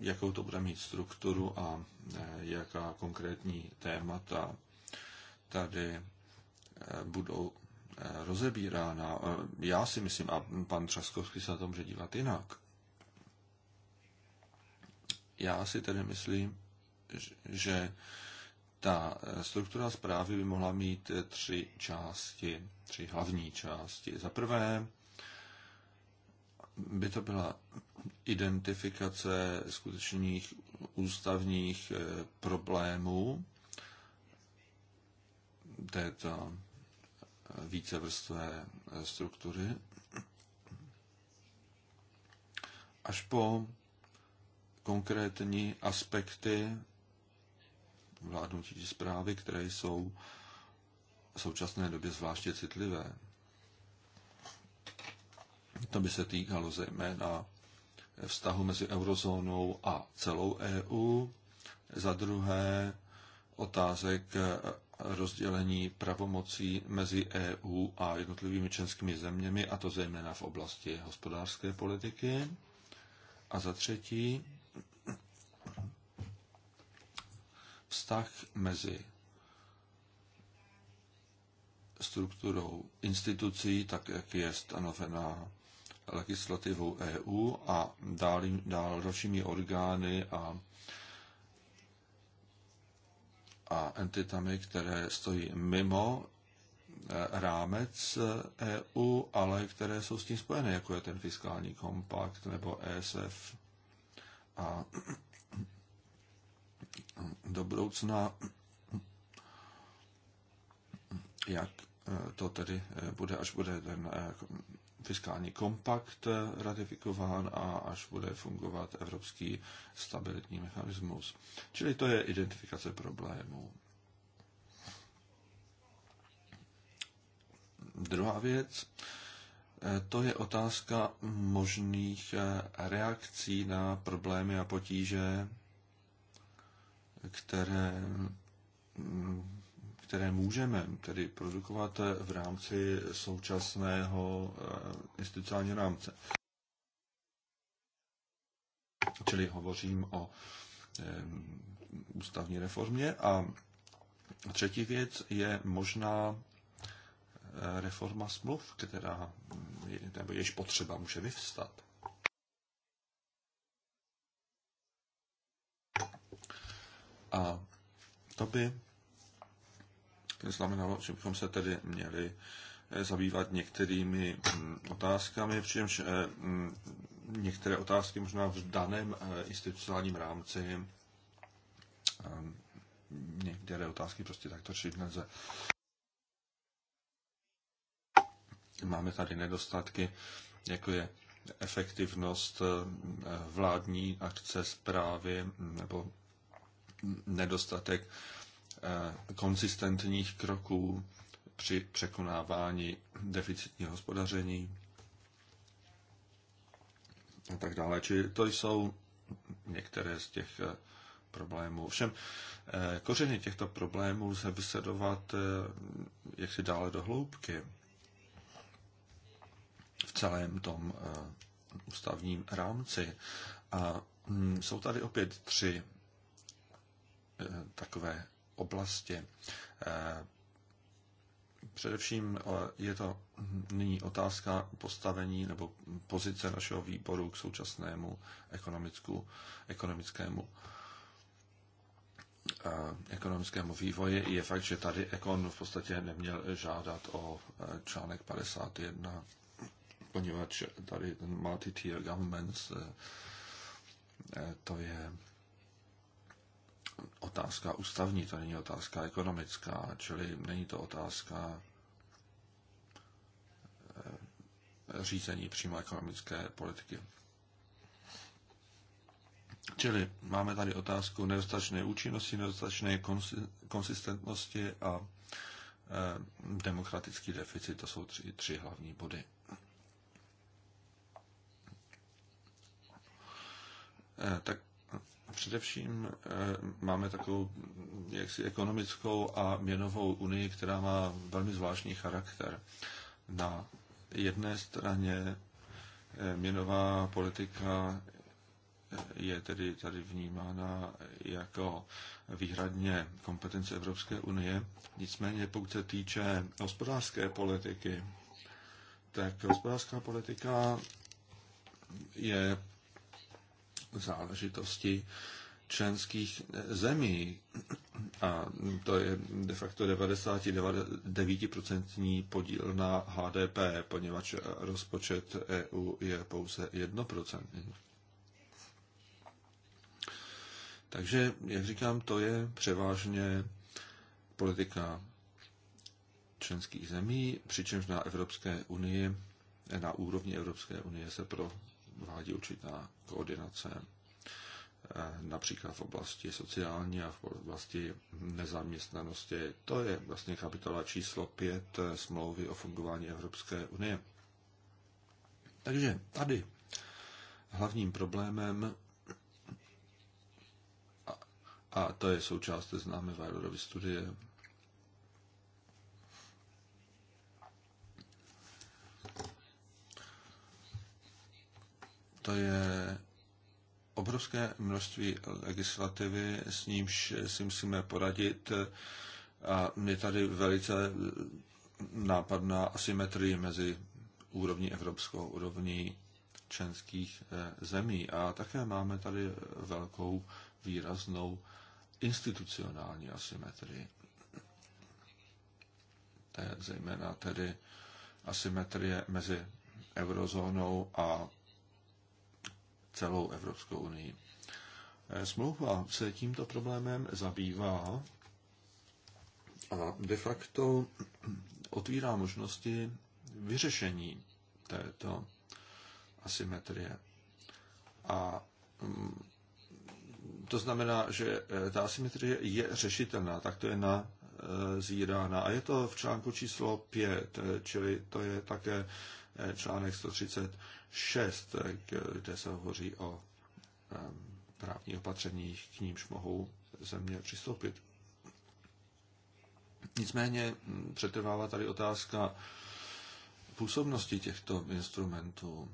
jakou to bude mít strukturu a eh, jaká konkrétní témata tady eh, budou rozebírána. Já si myslím, a pan Třaskovský se na to může dívat jinak, já si tedy myslím, že ta eh, struktura zprávy by mohla mít eh, tři části, tři hlavní části. Za prvé by to byla identifikace skutečných ústavních eh, problémů této vícevrstvé struktury, až po konkrétní aspekty vládnutí zprávy, které jsou v současné době zvláště citlivé. To by se týkalo zejména vztahu mezi eurozónou a celou EU, za druhé otázek rozdělení pravomocí mezi EU a jednotlivými členskými zeměmi, a to zejména v oblasti hospodářské politiky. A za třetí vztah mezi strukturou institucí, tak jak je stanovená legislativou EU a dál, dál dalšími orgány a, a entitami, které stojí mimo eh, rámec EU, eh, e ale které jsou s tím spojené, jako je ten fiskální kompakt nebo ESF. A do budoucna, jak eh, to tedy eh, bude, až bude ten eh, fiskální kompakt ratifikován a až bude fungovat evropský stabilitní mechanismus. Čili to je identifikace problémů. Druhá věc, to je otázka možných reakcí na problémy a potíže které, které můžeme tedy produkovat v rámci současného eh, institucionálního rámce. Čili hovořím o eh, ústavní reformě. A třetí věc je možná eh, reforma smluv, která, nebo jež potřeba může vyvstat. A to by znamenalo, že bychom se tedy měli eh, zabývat některými hm, otázkami, přičemž eh, hm, některé otázky možná v daném eh, institucionálním rámci hm, některé otázky prostě takto řešit nelze. Máme tady nedostatky, jako je efektivnost vládní akce zprávy nebo nedostatek eh, konsistentních kroků při překonávání deficitního hospodaření a tak dále. Či to jsou některé z těch eh, problémů. Všem eh, kořeny těchto problémů lze vysledovat jaksi dále do hloubky v celém tom ústavním rámci. A hm, jsou tady opět tři Eh, takové oblasti. Eh, především eh, je to nyní otázka postavení nebo pozice našeho výboru k současnému ekonomickému ekonomickému ekonomickému vývoji. Je fakt, že tady Ekon v podstatě neměl žádat o článek 51, poněvadž tady ten multi-tier governments, to je otázka ústavní, to není otázka ekonomická, čili není to otázka eh, řízení přímo ekonomické politiky. Čili máme tady otázku nedostatečné účinnosti, nedostatečné konsistentnosti a eh, demokratický deficit. To jsou tři, tři hlavní body. Eh, tak Především eh, máme takovou jaksi ekonomickou a měnovou unii, která má velmi zvláštní charakter. Na jedné straně eh, měnová politika eh, je tedy tady vnímána jako výhradně kompetence Evropské unie. Nicméně pokud se týče hospodářské politiky, tak hospodářská politika je záležitosti členských zemí. A to je de facto 99% podíl na HDP, poněvadž rozpočet EU je pouze 1%. Takže, jak říkám, to je převážně politika členských zemí, přičemž na Evropské unii, na úrovni Evropské unie se pro vádí určitá koordinace eh, například v oblasti sociální a v oblasti nezaměstnanosti. To je vlastně kapitola číslo 5 eh, smlouvy o fungování Evropské unie. Takže tady hlavním problémem, a, to je součást známé Weilerovy studie, to je obrovské množství legislativy, s nímž si musíme poradit a je tady velice nápadná asymetrie mezi úrovní evropskou úrovní členských eh, zemí. A také máme tady velkou výraznou institucionální asymetrii. To je zejména tedy asymetrie mezi eurozónou a celou Evropskou unii. Eh, smlouva se tímto problémem zabývá a de facto otvírá možnosti vyřešení této asymetrie. A mm, to znamená, že eh, ta asymetrie je řešitelná, tak to je na eh, zírána. A je to v článku číslo 5, čili to je také článek 130 6, kde se hovoří o právních opatřeních, k nímž mohou země přistoupit. Nicméně hm, přetrvává tady otázka působnosti těchto instrumentů.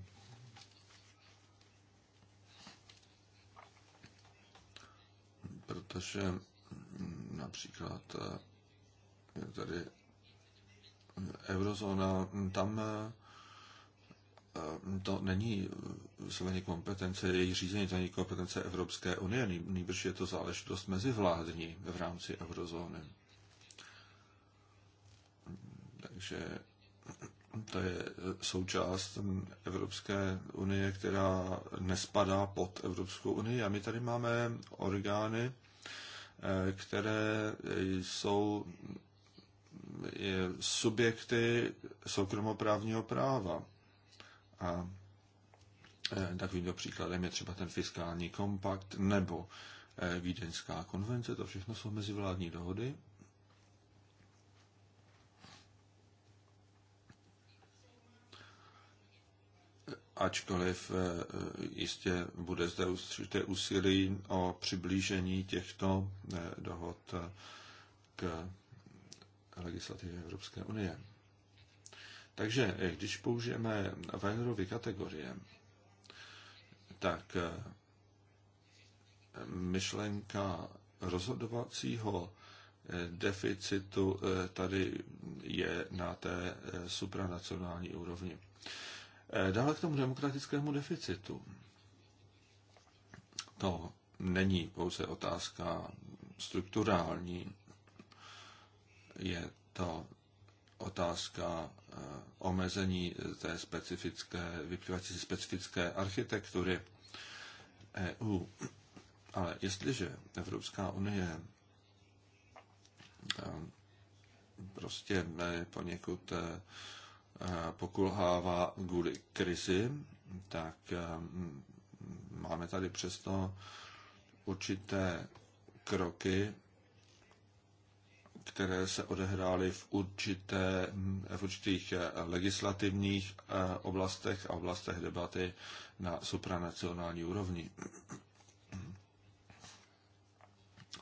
Protože hm, například eh, tady eurozóna, hm, tam eh, to není vysloveně eh, kompetence, její řízení to není kompetence Evropské unie, nejbrž je to záležitost mezivládní v rámci eurozóny. Takže to je eh, součást Evropské unie, která nespadá pod Evropskou unii a my tady máme orgány, eh, které jsou subjekty soukromoprávního práva. A e, takovým příkladem je třeba ten fiskální kompakt nebo e, Vídeňská konvence, to všechno jsou mezivládní dohody. Ačkoliv e, jistě bude zde určité úsilí o přiblížení těchto dohod k legislativě Evropské unie. Takže eh, když použijeme Weinerovy kategorie, tak eh, myšlenka rozhodovacího eh, deficitu tady je na té supranacionální úrovni. Dále k tomu demokratickému deficitu. To není pouze otázka strukturální, je to otázka eh, omezení té specifické, vyplývající specifické architektury EU. Ale jestliže Evropská unie eh, prostě eh, poněkud pokulhává kvůli krizi, tak máme tady přesto určité kroky, které se odehrály v, určité, v určitých eh, legislativních eh, oblastech a oblastech debaty na supranacionální úrovni.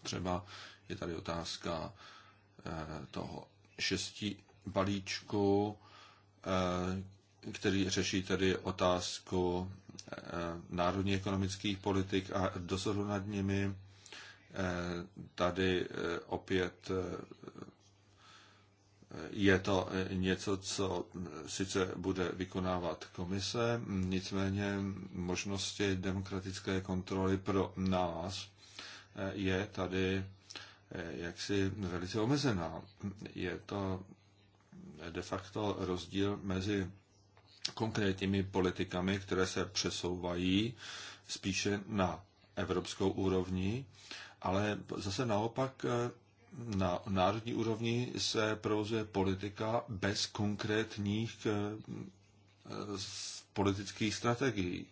Třeba je tady otázka eh, toho šestí balíčku, který řeší tedy otázku národní ekonomických politik a dozoru nad nimi. Eh, tady eh, opět eh, je to něco, co hm, sice bude vykonávat komise, nicméně možnosti demokratické kontroly pro nás je tady jaksi velice omezená. Je to de facto rozdíl mezi konkrétními politikami, které se přesouvají spíše na evropskou úrovni ale zase naopak eh, na národní úrovni se provozuje politika bez konkrétních eh, politických strategií.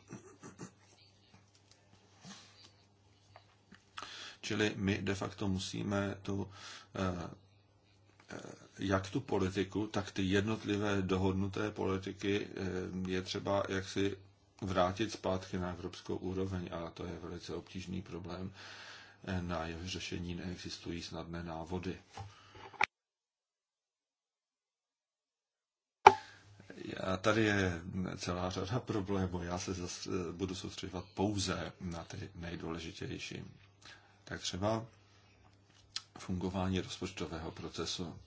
Čili my de facto musíme tu, eh, jak tu politiku, tak ty jednotlivé dohodnuté politiky je třeba jaksi vrátit zpátky na evropskou úroveň a to je velice obtížný problém na jeho řešení neexistují snadné návody. A tady je celá řada problémů. Já se zase eh, budu soustředovat pouze na ty nejdůležitější. Tak třeba fungování rozpočtového procesu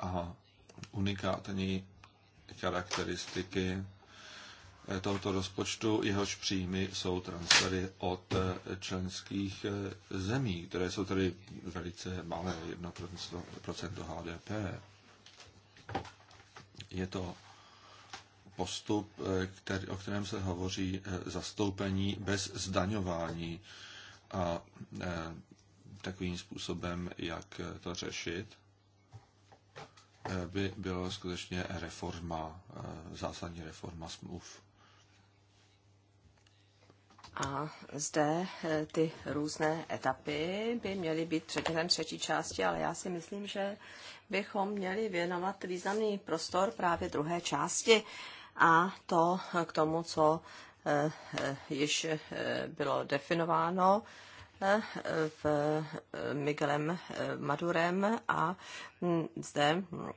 a unikátní charakteristiky Eh, tohoto rozpočtu, jehož příjmy jsou transfery od eh, členských eh, zemí, které jsou tedy velice malé, 1% HDP. Je to postup, který, o kterém se hovoří zastoupení bez zdaňování a takovým způsobem, jak to řešit, by byla skutečně reforma, zásadní reforma smluv. A zde eh, ty různé etapy by měly být předmětem třetí části, ale já si myslím, že bychom měli věnovat významný prostor právě druhé části a to k tomu, co eh, eh, již bylo definováno v Miguelem Madurem a hm, zde hm,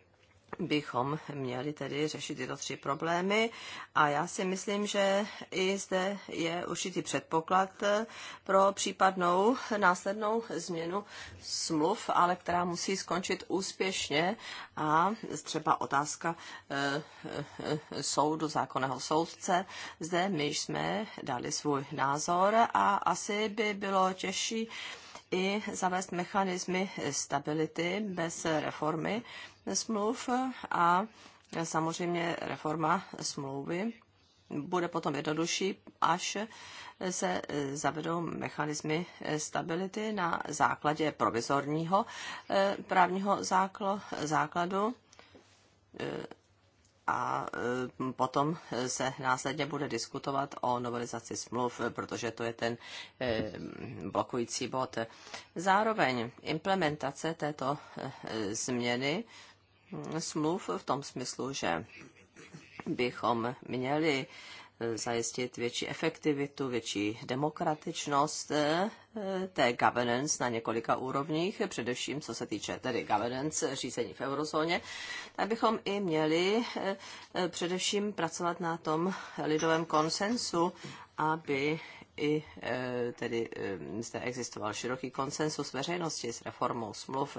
bychom měli tedy řešit tyto tři problémy. A já si myslím, že i zde je určitý předpoklad eh, pro případnou následnou změnu smluv, ale která musí skončit úspěšně. A třeba otázka e, e, soudu, zákonného soudce. Zde my jsme dali svůj názor a asi by bylo těžší i zavést mechanismy stability bez reformy smluv a samozřejmě reforma smlouvy bude potom jednodušší, až se zavedou mechanismy stability na základě provizorního eh, právního základu eh, a e, potom se následně bude diskutovat o novelizaci smluv, protože to je ten e, blokující bod. Zároveň implementace této e, změny mm, smluv v tom smyslu, že bychom měli zajistit větší efektivitu, větší demokratičnost eh, eh, té governance na několika úrovních, především co se týče tedy governance řízení v eurozóně, tak bychom i měli eh, především pracovat na tom lidovém konsensu, aby i tedy zde existoval široký konsensus veřejnosti s reformou smluv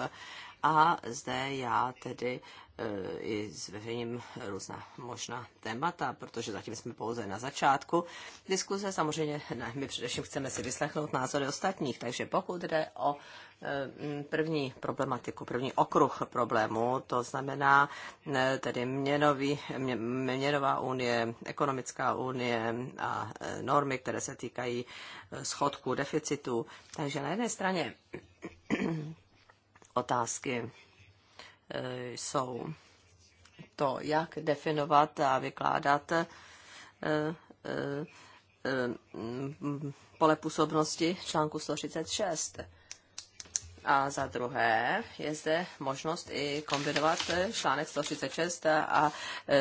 a zde já tedy e, i zveřejním různá možná témata, protože zatím jsme pouze na začátku diskuze. Samozřejmě ne, my především chceme si vyslechnout názory ostatních, takže pokud jde o e, první problematiku, první okruh problému, to znamená e, tedy měnový, mě, měnová unie, ekonomická unie a normy, které se týkají schodku, deficitu. Takže na jedné straně otázky e, jsou to, jak definovat a vykládat e, e, pole působnosti článku 136. A za druhé je zde možnost i kombinovat článek 136 a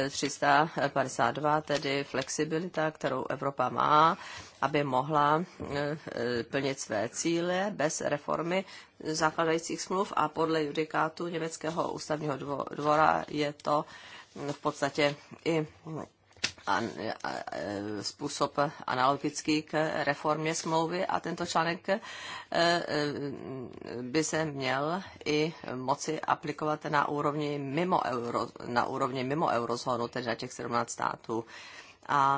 352, e, tedy flexibilita, kterou Evropa má, aby mohla e, e, plnit své cíle bez reformy základajících smluv a podle judikátu Německého ústavního dvora je to v podstatě i a, a, e, způsob analogický k reformě smlouvy a tento článek e, e, by se měl i moci aplikovat na úrovni mimo, euro, na úrovni mimo eurozónu, tedy na těch 17 států a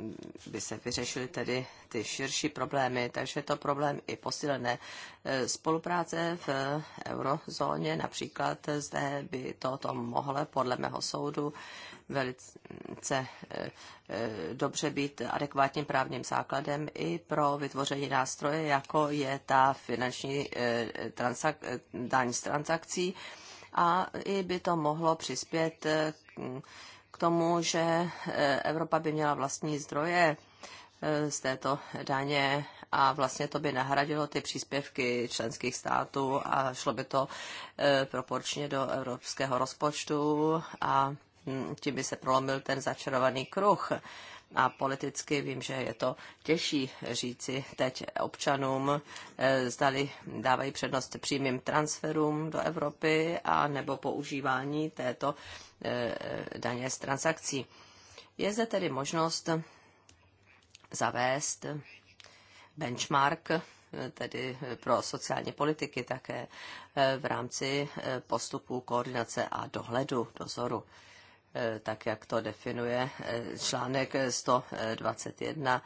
e, by se vyřešily tedy ty širší problémy. Takže je to problém i posílené e, spolupráce v eurozóně. Například zde by toto mohlo podle mého soudu velice e, dobře být adekvátním právním základem i pro vytvoření nástroje, jako je ta finanční transak- daň z transakcí. A i by to mohlo přispět k k tomu, že e, Evropa by měla vlastní zdroje e, z této daně a vlastně to by nahradilo ty příspěvky členských států a šlo by to e, proporčně do evropského rozpočtu a hm, tím by se prolomil ten začarovaný kruh a politicky vím, že je to těžší říci teď občanům, eh, zdali dávají přednost přímým transferům do Evropy a nebo používání této eh, daně z transakcí. Je zde tedy možnost zavést benchmark, eh, tedy pro sociální politiky také v rámci postupu koordinace a dohledu, dozoru. Eh, tak jak to definuje eh, článek 121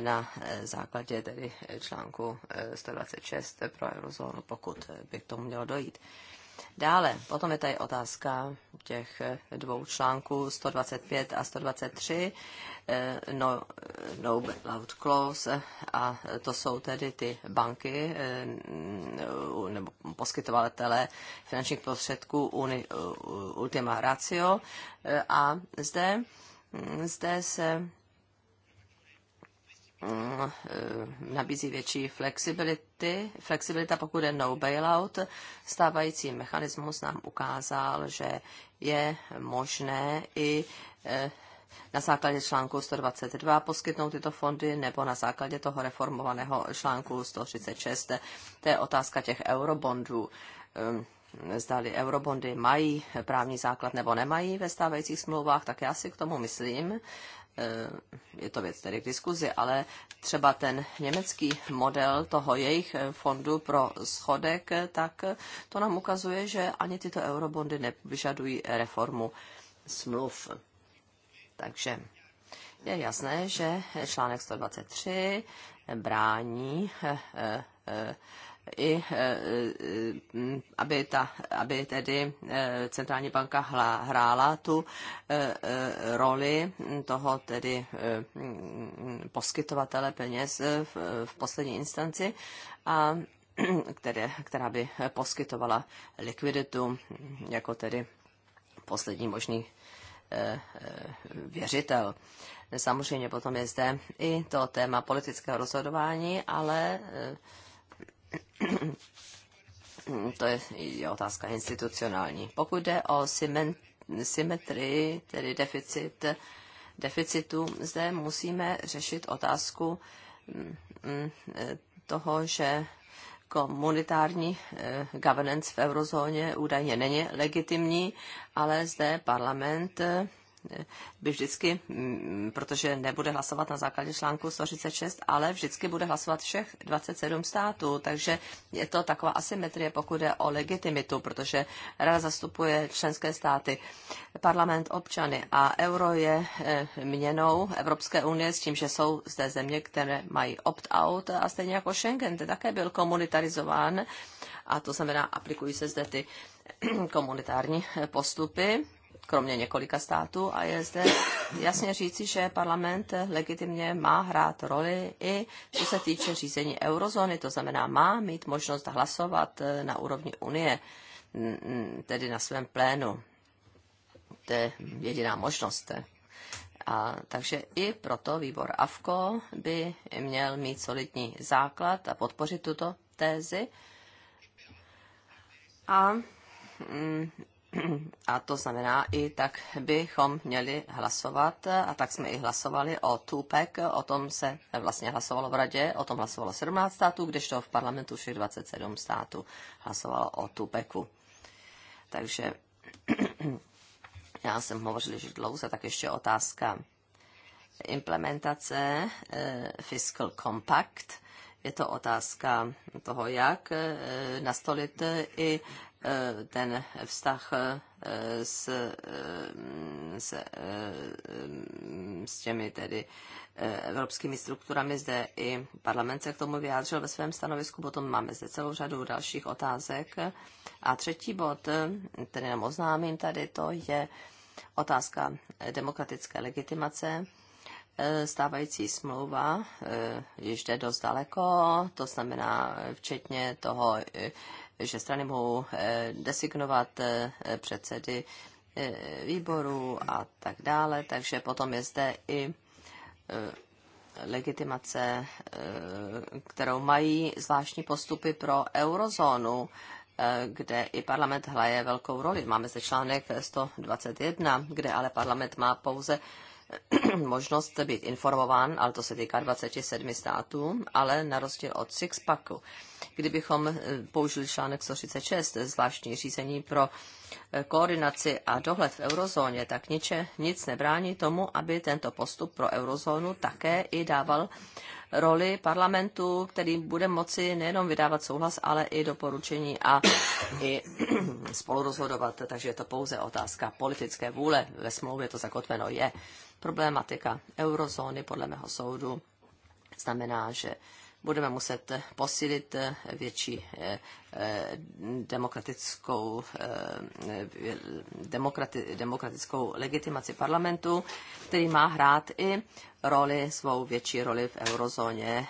na eh, základě tedy článku 126 pro eurozónu, pokud by k tomu mělo dojít. Dále, potom je tady otázka těch dvou článků 125 a 123, eh, no, no loud close, eh, a to jsou tedy ty banky eh, nebo poskytovatele finančních prostředků uni, ultima ratio. A zde, mm, zde se Eh, nabízí větší flexibility. Flexibilita, pokud je no bailout, stávající mechanismus nám ukázal, že je možné i eh, na základě článku 122 poskytnout tyto fondy nebo na základě toho reformovaného článku 136. To je otázka těch eurobondů. Eh, zdali eurobondy mají právní základ nebo nemají ve stávajících smlouvách, tak já si k tomu myslím, Eh, je to věc tedy k diskuzi, ale třeba ten německý model toho jejich eh, fondu pro schodek, eh, tak to nám ukazuje, že ani tyto eurobondy nevyžadují reformu smluv. Takže je jasné, že článek 123 brání i e, e, aby, ta, aby tedy e, centrální banka hrála tu roli toho tedy poskytovatele peněz v, v poslední instanci a které, která by poskytovala likviditu jako tedy poslední možný věřitel. Samozřejmě potom je zde i to téma politického rozhodování, ale to je, je otázka institucionální. Pokud jde o symetrii, tedy deficit, deficitu, zde musíme řešit otázku mm, mm, toho, že komunitární eh, governance v eurozóně údajně není legitimní, ale zde parlament by vždycky, mm, protože nebude hlasovat na základě článku 136, ale vždycky bude hlasovat všech 27 států, takže je to taková asymetrie, pokud je o legitimitu, protože Rada zastupuje členské státy, parlament občany a euro je eh, měnou Evropské unie s tím, že jsou zde země, které mají opt-out a stejně jako Schengen, ten také byl komunitarizován a to znamená, aplikují se zde ty komunitární eh, postupy kromě několika států, a je zde jasně říci, že parlament legitimně má hrát roli i co se týče řízení eurozóny, to znamená má mít možnost hlasovat eh, na úrovni Unie, tedy na svém plénu. To je jediná možnost. A, takže i proto výbor AFKO by měl mít solidní základ a podpořit tuto tézi. A mm, a to znamená, i tak bychom měli hlasovat, a tak jsme i hlasovali o TUPEC, o tom se vlastně hlasovalo v radě, o tom hlasovalo 17 států, kdežto v parlamentu všech 27 států hlasovalo o TUPECu. Takže já jsem hovořil již dlouze, tak ještě otázka implementace eh, Fiscal Compact. Je to otázka toho, jak eh, nastolit i Eh, ten vztah eh, s, eh, s, s těmi tedy evropskými strukturami. Zde i parlament se k tomu vyjádřil ve svém stanovisku, potom máme zde celou řadu dalších otázek. A třetí bod, ten jenom oznámím tady, to je otázka demokratické legitimace stávající smlouva již jde dost daleko, to znamená včetně toho že strany mohou eh, designovat eh, předsedy eh, výborů a tak dále, takže potom je zde i legitimace, kterou mají zvláštní postupy pro eurozónu, kde i parlament hraje velkou roli. Máme zde článek 121, kde ale parlament má pouze možnost být informován, ale to se týká 27 států, ale na rozdíl od Sixpacku. Kdybychom eh, použili článek 136, zvláštní řízení pro eh, koordinaci a dohled v eurozóně, tak niče, nic nebrání tomu, aby tento postup pro eurozónu také i dával roli parlamentu, který bude moci nejenom vydávat souhlas, ale i doporučení a i spolurozhodovat. Takže je to pouze otázka politické vůle. Ve smlouvě to zakotveno je. Problematika eurozóny podle mého soudu znamená, že budeme muset posílit eh, větší eh, eh, demokratickou, demokrati, demokratickou legitimaci parlamentu, který má hrát i roli, svou větší roli v eurozóně.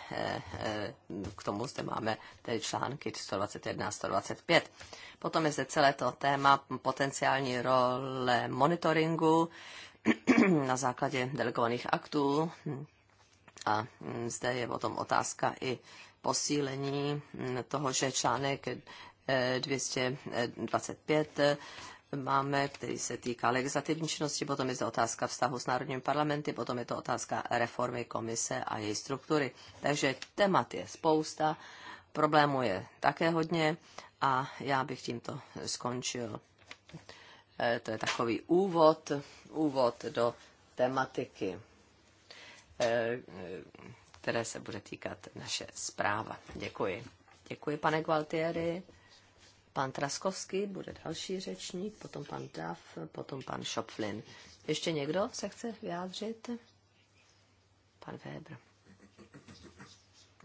K tomu zde máme tedy články 121 a 125. Potom je zde celé to téma potenciální role monitoringu na základě delegovaných aktů. A zde je potom otázka i posílení toho, že článek 225 eh, eh, máme, který se týká legislativní činnosti, potom je to otázka vztahu s národními parlamenty, potom je to otázka reformy komise a její struktury. Takže temat je spousta, problémů je také hodně a já bych tímto skončil. Eh, to je takový úvod, úvod do tematiky, eh, eh, které se bude týkat naše zpráva. Děkuji. Děkuji, pane Gualtieri. Pan Traskovský bude další řečník, potom pan Duff, potom pan Šopflin. Ještě někdo se chce vyjádřit? Pan Weber.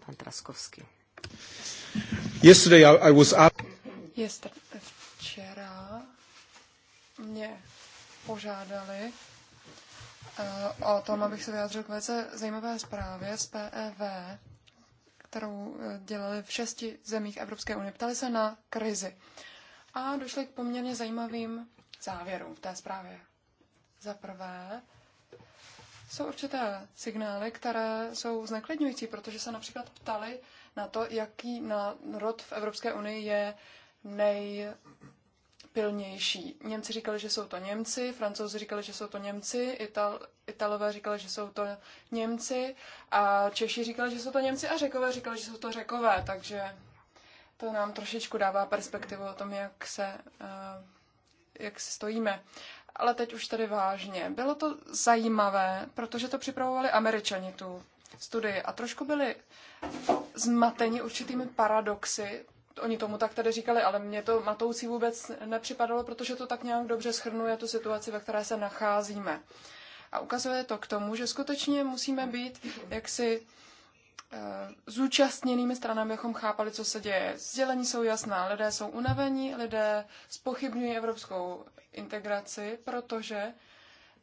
Pan Traskovský. Yesterday I was up... Včera mě požádali eh, o tom, abych se vyjádřil k velice zajímavé zprávě z PEV, kterou eh, dělali v šesti zemích Evropské unie. Ptali se na krizi a došli k poměrně zajímavým závěrům v té zprávě. Za prvé, jsou určité signály, které jsou zneklidňující, protože se například ptali na to, jaký národ v Evropské unii je nej, pilnější. Němci říkali, že jsou to Němci, Francouzi říkali, že jsou to Němci, Ital, Italové říkali, že jsou to Němci a Češi říkali, že jsou to Němci a Řekové říkali, že jsou to Řekové, takže to nám trošičku dává perspektivu o tom, jak se, eh, jak se stojíme. Ale teď už tady vážně. Bylo to zajímavé, protože to připravovali američani tu studii a trošku byli zmateni určitými paradoxy oni tomu tak tady říkali, ale mě to matoucí vůbec nepřipadalo, protože to tak nějak dobře schrnuje tu situaci, ve které se nacházíme. A ukazuje to k tomu, že skutečně musíme být jaksi eh, zúčastněnými stranami, abychom chápali, co se děje. Sdělení jsou jasná, lidé jsou unavení, lidé spochybňují evropskou integraci, protože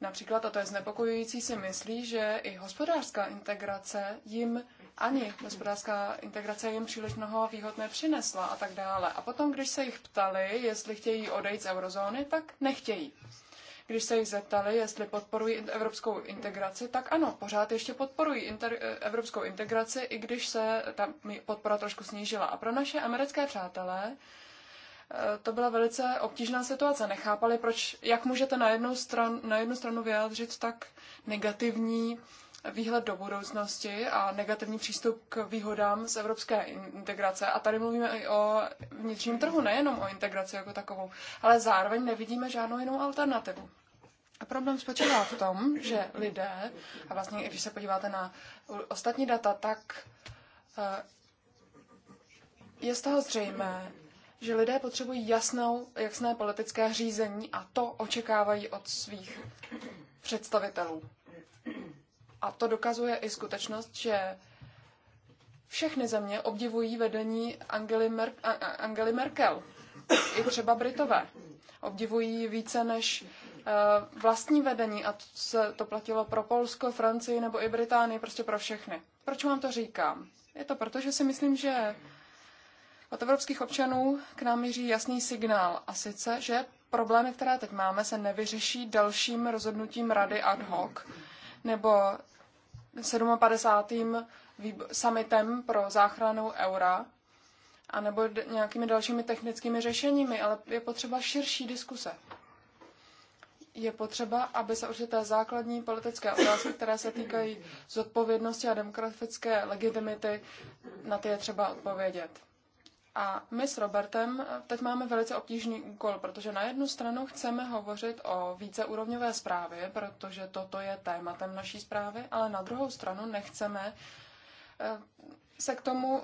například, a to je znepokojující, si myslí, že i hospodářská integrace jim ani hospodářská integrace jim příliš mnoho výhod nepřinesla a tak dále. A potom, když se jich ptali, jestli chtějí odejít z eurozóny, tak nechtějí. Když se jich zeptali, jestli podporují evropskou integraci, tak ano, pořád ještě podporují inter, eh, evropskou integraci, i když se ta podpora trošku snížila. A pro naše americké přátelé eh, to byla velice obtížná situace. Nechápali, proč, jak můžete na jednu, stran, na jednu stranu vyjádřit tak negativní výhled do budoucnosti a negativní přístup k výhodám z evropské integrace. A tady mluvíme i o vnitřním trhu, nejenom o integraci jako takovou, ale zároveň nevidíme žádnou jinou alternativu. A problém spočívá v tom, že lidé, a vlastně i když se podíváte na ostatní data, tak eh, je z toho zřejmé, že lidé potřebují jasnou, jasné politické řízení a to očekávají od svých představitelů. A to dokazuje i skutečnost, že všechny země obdivují vedení Angely, Mer- Angely Merkel, i třeba Britové. Obdivují více než eh, vlastní vedení, a to, se, to platilo pro Polsko, Francii nebo i Británii, prostě pro všechny. Proč vám to říkám? Je to proto, že si myslím, že od evropských občanů k nám míří jasný signál, a sice, že problémy, které teď máme, se nevyřeší dalším rozhodnutím rady ad hoc, nebo 57. summitem pro záchranu eura, a nebo nějakými dalšími technickými řešeními, ale je potřeba širší diskuse. Je potřeba, aby se určité základní politické otázky, které se týkají zodpovědnosti a demokratické legitimity, na ty je třeba odpovědět. A my s Robertem eh, teď máme velice obtížný úkol, protože na jednu stranu chceme hovořit o víceúrovňové zprávě, protože toto je tématem naší zprávy, ale na druhou stranu nechceme eh, se k tomu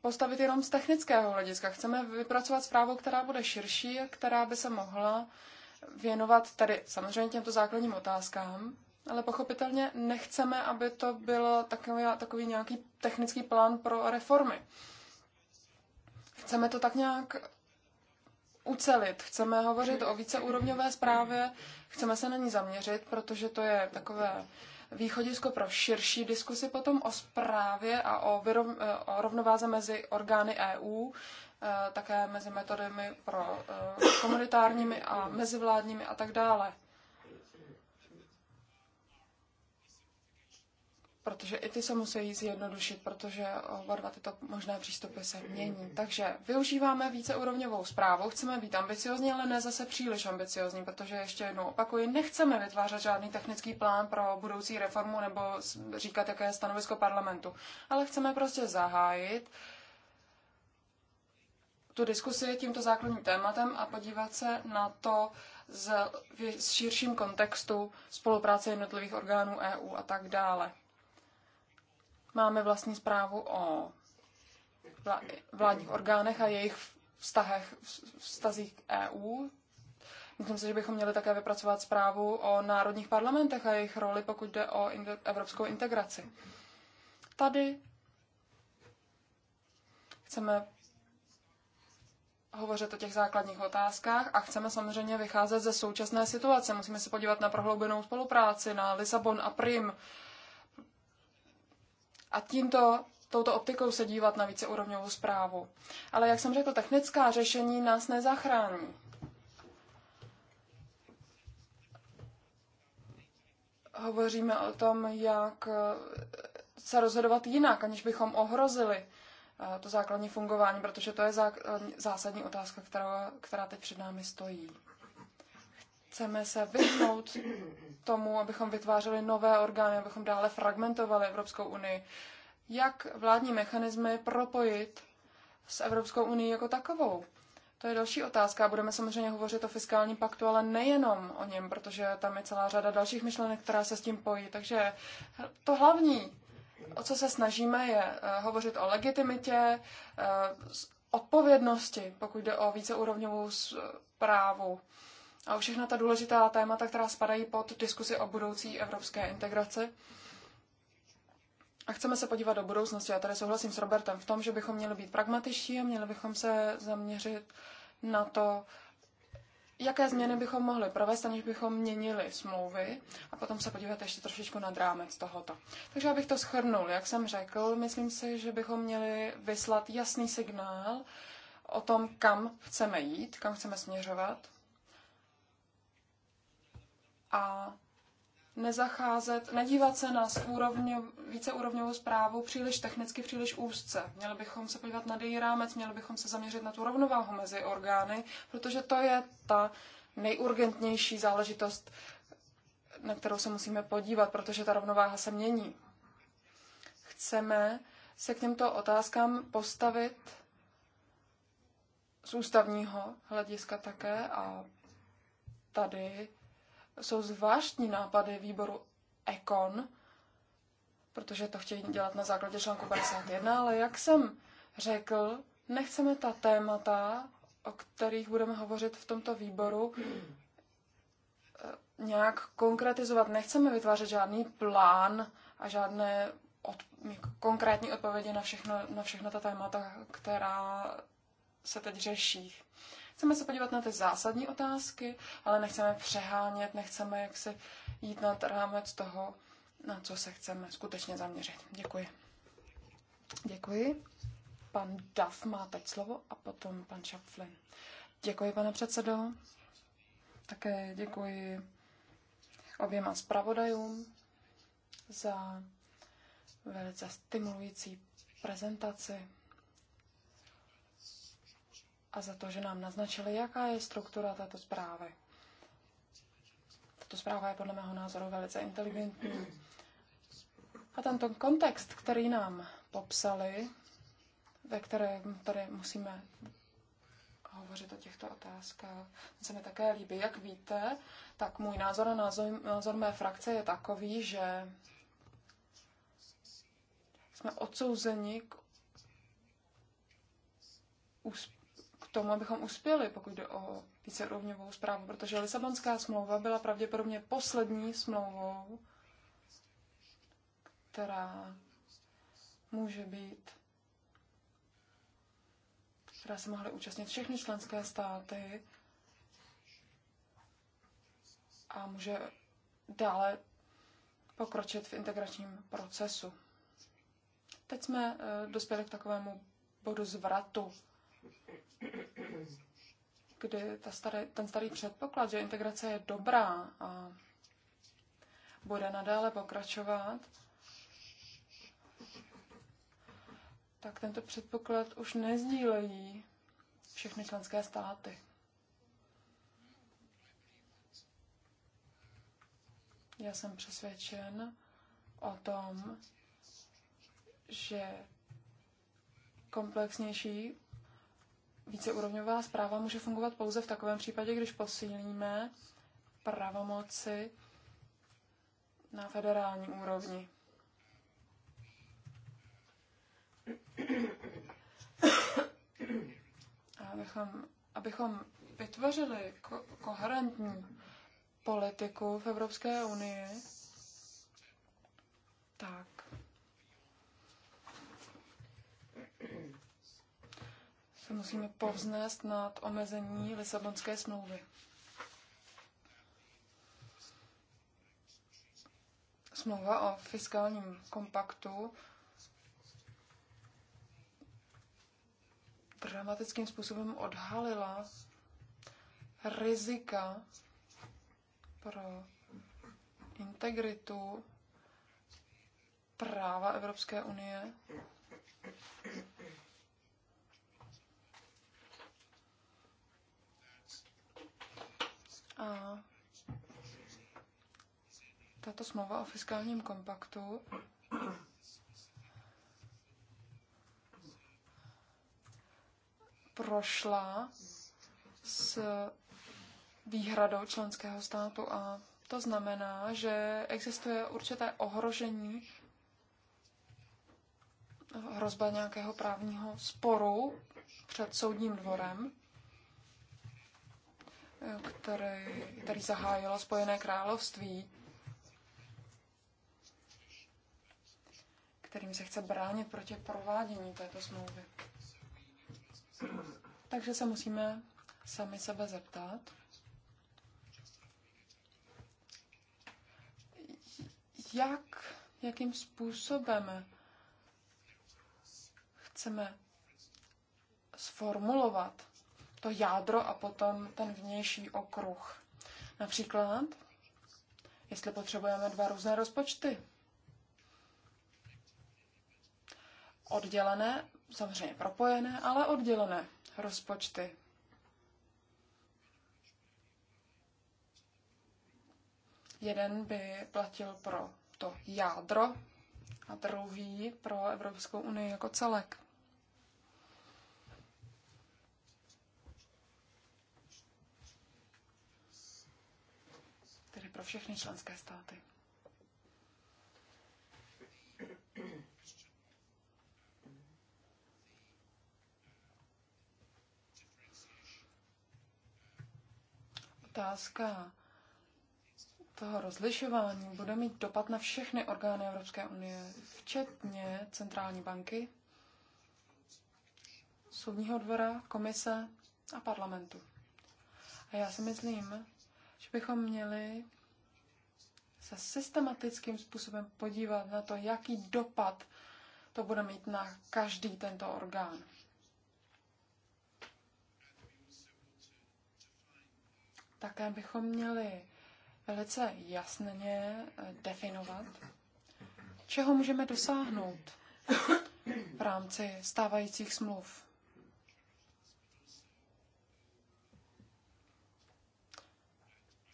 postavit jenom z technického hlediska. Chceme vypracovat zprávu, která bude širší, která by se mohla věnovat tady samozřejmě těmto základním otázkám, ale pochopitelně nechceme, aby to bylo takový, takový nějaký technický plán pro reformy. Chceme to tak nějak ucelit. Chceme hovořit o víceúrovňové zprávě, chceme se na ní zaměřit, protože to je takové východisko pro širší diskusy potom o zprávě a o, vyrov, o rovnováze mezi orgány EU, eh, také mezi metodami pro eh, komunitárními a mezivládními a tak dále. protože i ty se musí zjednodušit, protože oba dva tyto možné přístupy se mění. Takže využíváme víceúrovňovou zprávu, chceme být ambiciozní, ale ne zase příliš ambiciozní, protože ještě jednou opakuji, nechceme vytvářet žádný technický plán pro budoucí reformu nebo říkat, jaké je stanovisko parlamentu, ale chceme prostě zahájit tu diskusi tímto základním tématem a podívat se na to z, širším kontextu spolupráce jednotlivých orgánů EU a tak dále. Máme vlastní zprávu o vládních orgánech a jejich vztahech, vztazích k EU. Myslím si, že bychom měli také vypracovat zprávu o národních parlamentech a jejich roli, pokud jde o evropskou integraci. Tady chceme hovořit o těch základních otázkách a chceme samozřejmě vycházet ze současné situace. Musíme se podívat na prohloubenou spolupráci, na Lisabon a Prim, a tímto touto optikou se dívat na víceúrovňovou zprávu. Ale jak jsem řekl, technická řešení nás nezachrání. Hovoříme o tom, jak se rozhodovat jinak, aniž bychom ohrozili eh, to základní fungování, protože to je eh, zásadní otázka, která, která teď před námi stojí chceme se vyhnout tomu, abychom vytvářeli nové orgány, abychom dále fragmentovali Evropskou unii. Jak vládní mechanismy propojit s Evropskou unii jako takovou? To je další otázka. Budeme samozřejmě hovořit o fiskálním paktu, ale nejenom o něm, protože tam je celá řada dalších myšlenek, která se s tím pojí. Takže to hlavní, o co se snažíme, je eh, hovořit o legitimitě, eh, odpovědnosti, pokud jde o víceúrovňovou právu a o všechna ta důležitá témata, která spadají pod diskusi o budoucí evropské integraci. A chceme se podívat do budoucnosti. Já tady souhlasím s Robertem v tom, že bychom měli být pragmatičtí a měli bychom se zaměřit na to, jaké změny bychom mohli provést, aniž bychom měnili smlouvy a potom se podívat ještě trošičku nad rámec tohoto. Takže abych to schrnul, jak jsem řekl, myslím si, že bychom měli vyslat jasný signál o tom, kam chceme jít, kam chceme směřovat a nezacházet, nedívat se na úrovňo, víceúrovňovou zprávu příliš technicky, příliš úzce. Měli bychom se podívat na její rámec, měli bychom se zaměřit na tu rovnováhu mezi orgány, protože to je ta nejurgentnější záležitost, na kterou se musíme podívat, protože ta rovnováha se mění. Chceme se k těmto otázkám postavit z ústavního hlediska také a tady jsou zvláštní nápady výboru Econ, protože to chtějí dělat na základě článku 51, ale jak jsem řekl, nechceme ta témata, o kterých budeme hovořit v tomto výboru, eh, nějak konkretizovat. Nechceme vytvářet žádný plán a žádné od, jako konkrétní odpovědi na všechno, na všechno ta témata, která se teď řeší. Chceme se podívat na ty zásadní otázky, ale nechceme přehánět, nechceme jaksi jít nad rámec toho, na co se chceme skutečně zaměřit. Děkuji. Děkuji. Pan Duff má teď slovo a potom pan Šaflin. Děkuji, pane předsedo. Také děkuji oběma zpravodajům za velice stimulující prezentaci a za to, že nám naznačili, jaká je struktura této zprávy. Tato zpráva je podle mého názoru velice inteligentní. A tento kontext, který nám popsali, ve kterém tady musíme hovořit o těchto otázkách, se mi také líbí. Jak víte, tak můj názor a názor, názor mé frakce je takový, že jsme odsouzeni k tomu, abychom uspěli, pokud jde o vícerovňovou zprávu, protože Lisabonská smlouva byla pravděpodobně poslední smlouvou, která může být, která se mohly účastnit všechny členské státy a může dále pokročit v integračním procesu. Teď jsme eh, dospěli k takovému bodu zvratu kdy ta starý, ten starý předpoklad, že integrace je dobrá a bude nadále pokračovat, tak tento předpoklad už nezdílejí všechny členské státy. Já jsem přesvědčen o tom, že komplexnější Víceúrovňová zpráva může fungovat pouze v takovém případě, když posílíme pravomoci na federální úrovni. A abychom, abychom vytvořili ko- koherentní politiku v Evropské unii, tak se musíme povznést nad omezení Lisabonské smlouvy. Smlouva o fiskálním kompaktu dramatickým způsobem odhalila rizika pro integritu práva Evropské unie A tato smlouva o fiskálním kompaktu prošla s výhradou členského státu a to znamená, že existuje určité ohrožení hrozba nějakého právního sporu před soudním dvorem který, který zahájilo Spojené království, kterým se chce bránit proti provádění této smlouvy. Takže se musíme sami sebe zeptat, jak, jakým způsobem chceme sformulovat to jádro a potom ten vnější okruh. Například, jestli potřebujeme dva různé rozpočty. Oddělené, samozřejmě propojené, ale oddělené rozpočty. Jeden by platil pro to jádro a druhý pro Evropskou unii jako celek. všechny členské státy. Otázka toho rozlišování bude mít dopad na všechny orgány Evropské unie, včetně centrální banky, soudního dvora, komise a parlamentu. A já si myslím, že bychom měli se systematickým způsobem podívat na to, jaký dopad to bude mít na každý tento orgán. Také bychom měli velice jasně definovat, čeho můžeme dosáhnout v rámci stávajících smluv.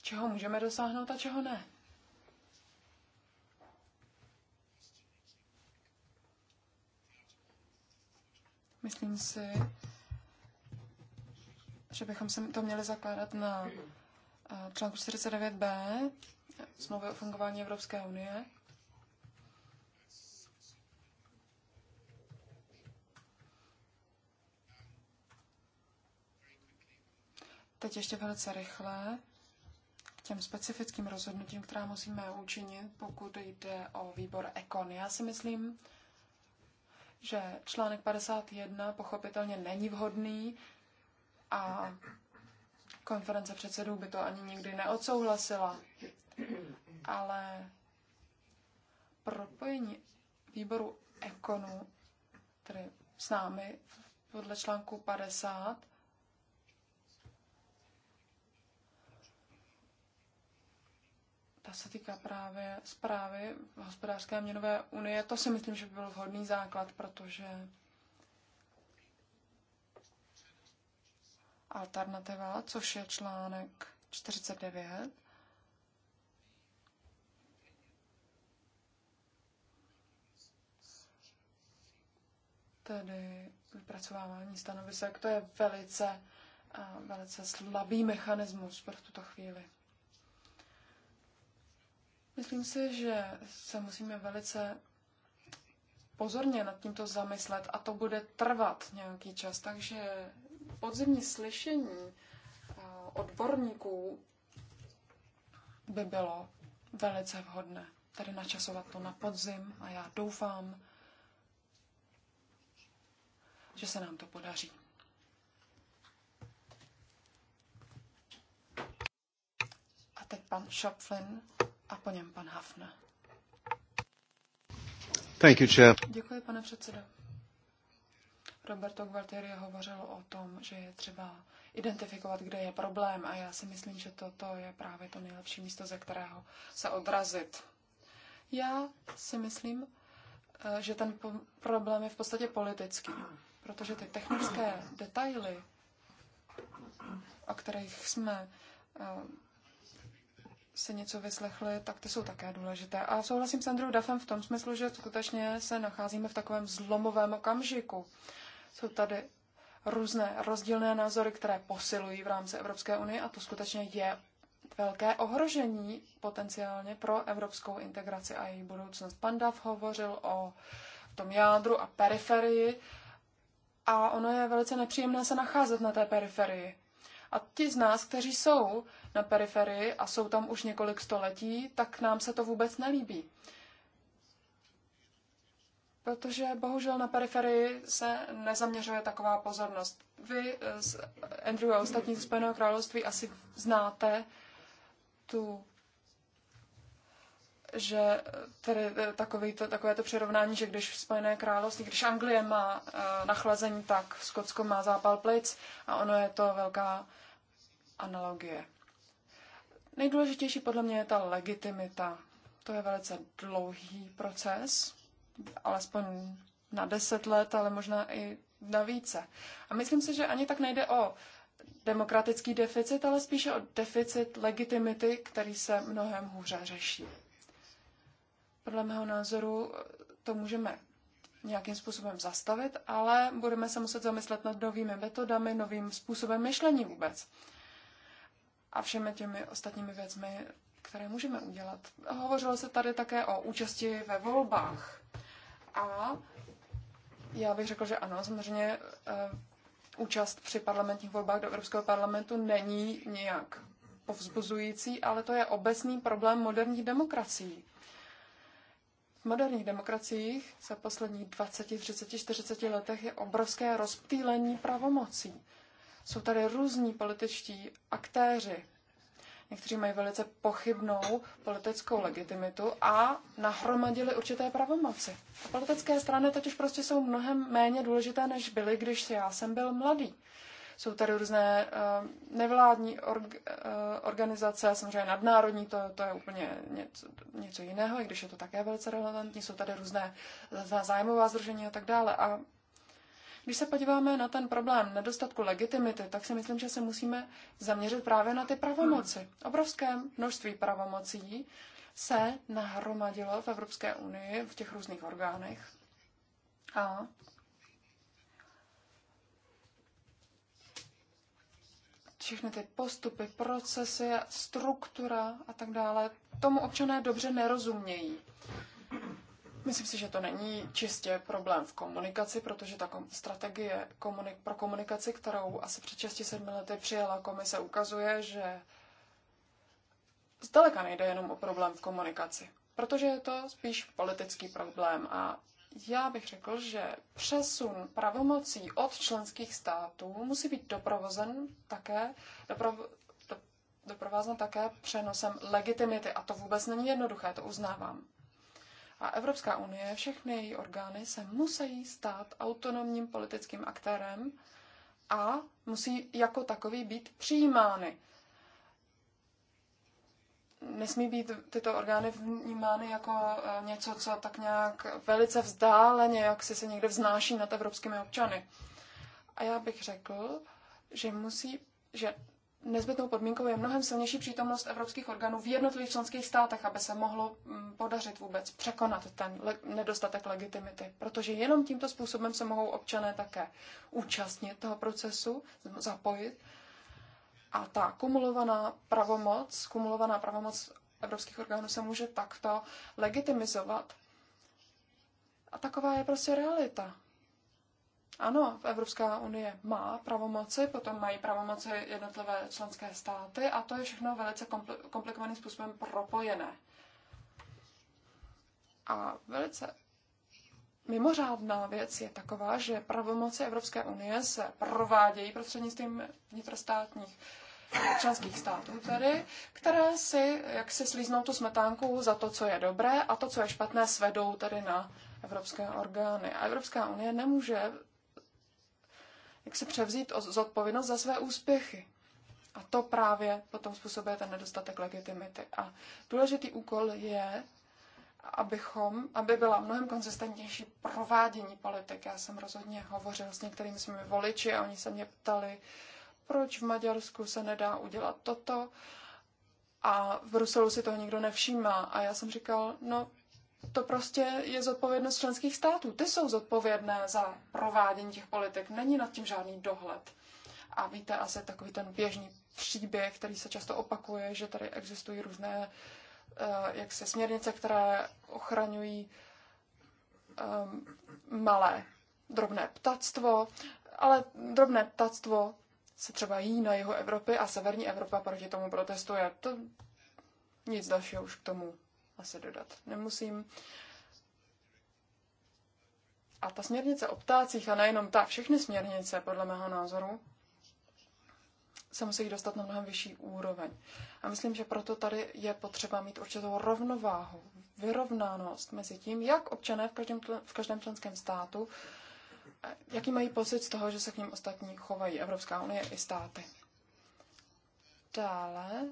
Čeho můžeme dosáhnout a čeho ne. Myslím si, že bychom se to měli zakládat na eh, článku 49b smlouvy o fungování Evropské unie. Teď ještě velice rychle k těm specifickým rozhodnutím, která musíme učinit, pokud jde o výbor Ekon. Já si myslím, že článek 51 pochopitelně není vhodný a konference předsedů by to ani nikdy neodsouhlasila. Ale propojení výboru ekonu, tedy s námi podle článku 50, ta se týká právě zprávy hospodářské a měnové unie. To si myslím, že by byl vhodný základ, protože alternativa, což je článek 49, tedy vypracovávání stanovisek, to je velice, eh, velice slabý mechanismus pro tuto chvíli. Myslím si, že se musíme velice pozorně nad tímto zamyslet a to bude trvat nějaký čas. Takže podzimní slyšení eh, odborníků by bylo velice vhodné. Tady načasovat to na podzim a já doufám, že se nám to podaří. A teď pan Schopflin a po něm pan Hafna. Thank you, chair. Děkuji, pane předsedo. Roberto Gualtieri hovořil o tom, že je třeba identifikovat, kde je problém a já si myslím, že toto je právě to nejlepší místo, ze kterého se odrazit. Já si myslím, eh, že ten problém je v podstatě politický, protože ty technické detaily, o kterých jsme eh, si něco vyslechli, tak ty jsou také důležité. A souhlasím s Andrew Duffem v tom smyslu, že skutečně se nacházíme v takovém zlomovém okamžiku. Jsou tady různé rozdílné názory, které posilují v rámci Evropské unie a to skutečně je velké ohrožení potenciálně pro evropskou integraci a její budoucnost. Pan Duff hovořil o tom jádru a periferii a ono je velice nepříjemné se nacházet na té periferii. A ti z nás, kteří jsou na periferii a jsou tam už několik století, tak nám se to vůbec nelíbí. Protože bohužel na periferii se nezaměřuje taková pozornost. Vy z eh, Andrew a ostatní z Spojeného království asi znáte tu že tedy eh, takový to, takové to přirovnání, že když Spojené království, když Anglie má eh, nachlazení, tak Skotsko má zápal plic a ono je to velká analogie. Nejdůležitější podle mě je ta legitimita. To je velice dlouhý proces, alespoň na deset let, ale možná i na více. A myslím si, že ani tak nejde o demokratický deficit, ale spíše o deficit legitimity, který se mnohem hůře řeší. Podle mého názoru to můžeme nějakým způsobem zastavit, ale budeme se muset zamyslet nad novými metodami, novým způsobem myšlení vůbec. A všemi těmi ostatními věcmi, které můžeme udělat. Hovořilo se tady také o účasti ve volbách. A já bych řekl, že ano, samozřejmě eh, účast při parlamentních volbách do Evropského parlamentu není nějak povzbuzující, ale to je obecný problém moderních demokracií. V moderních demokraciích za posledních 20, 30, 40 letech je obrovské rozptýlení pravomocí. Jsou tady různí političtí aktéři. Někteří mají velice pochybnou politickou legitimitu a nahromadili určité pravomoci. politické strany totiž prostě jsou mnohem méně důležité, než byly, když já jsem byl mladý. Jsou tady různé eh, nevládní org, eh, organizace, samozřejmě nadnárodní, to, to je úplně něco, něco jiného, i když je to také velice relevantní. Jsou tady různé zájmová združení a tak dále. A když se podíváme na ten problém nedostatku legitimity, tak si myslím, že se musíme zaměřit právě na ty pravomoci. Obrovské množství pravomocí se nahromadilo v Evropské unii v těch různých orgánech. A všechny ty postupy, procesy, struktura a tak dále, tomu občané dobře nerozumějí. Myslím si, že to není čistě problém v komunikaci, protože ta kom- strategie komunik- pro komunikaci, kterou asi před 6-7 lety přijala komise, ukazuje, že zdaleka nejde jenom o problém v komunikaci, protože je to spíš politický problém a já bych řekl, že přesun pravomocí od členských států musí být doprovozen také, do, doprovázen také přenosem legitimity. A to vůbec není jednoduché, to uznávám. A Evropská unie, všechny její orgány se musí stát autonomním politickým aktérem a musí jako takový být přijímány nesmí být tyto orgány vnímány jako eh, něco, co tak nějak velice vzdáleně, jak si se někde vznáší nad evropskými občany. A já bych řekl, že musí, že nezbytnou podmínkou je mnohem silnější přítomnost evropských orgánů v jednotlivých členských státech, aby se mohlo mm, podařit vůbec překonat ten nedostatek legitimity. Protože jenom tímto způsobem se mohou občané také účastnit toho procesu, zapojit a ta kumulovaná pravomoc, kumulovaná pravomoc evropských orgánů se může takto legitimizovat. A taková je prostě realita. Ano, Evropská unie má pravomoci, potom mají pravomoci jednotlivé členské státy a to je všechno velice komplikovaným způsobem propojené. A velice mimořádná věc je taková, že pravomoci Evropské unie se provádějí prostřednictvím vnitrostátních členských států tedy, které si, jak si slíznou tu smetánku za to, co je dobré a to, co je špatné, svedou tedy na evropské orgány. A Evropská unie nemůže jak si převzít zodpovědnost za své úspěchy. A to právě potom způsobuje ten nedostatek legitimity. A důležitý úkol je abychom, aby byla mnohem konzistentnější provádění politik. Já jsem rozhodně hovořil s některými svými voliči a oni se mě ptali, proč v Maďarsku se nedá udělat toto a v Bruselu si toho nikdo nevšímá. A já jsem říkal, no to prostě je zodpovědnost členských států. Ty jsou zodpovědné za provádění těch politik. Není nad tím žádný dohled. A víte, asi takový ten běžný příběh, který se často opakuje, že tady existují různé Eh, jak se směrnice, které ochraňují eh, malé drobné ptactvo, ale drobné ptactvo se třeba jí na jeho Evropy a severní Evropa proti tomu protestuje. To nic dalšího už k tomu asi dodat nemusím. A ta směrnice o ptácích, a nejenom ta, všechny směrnice, podle mého názoru, se musí dostat na mnohem vyšší úroveň. A myslím, že proto tady je potřeba mít určitou rovnováhu, vyrovnánost mezi tím, jak občané v každém, v každém členském státu, eh, jaký mají pocit z toho, že se k ním ostatní chovají Evropská unie i státy. Dále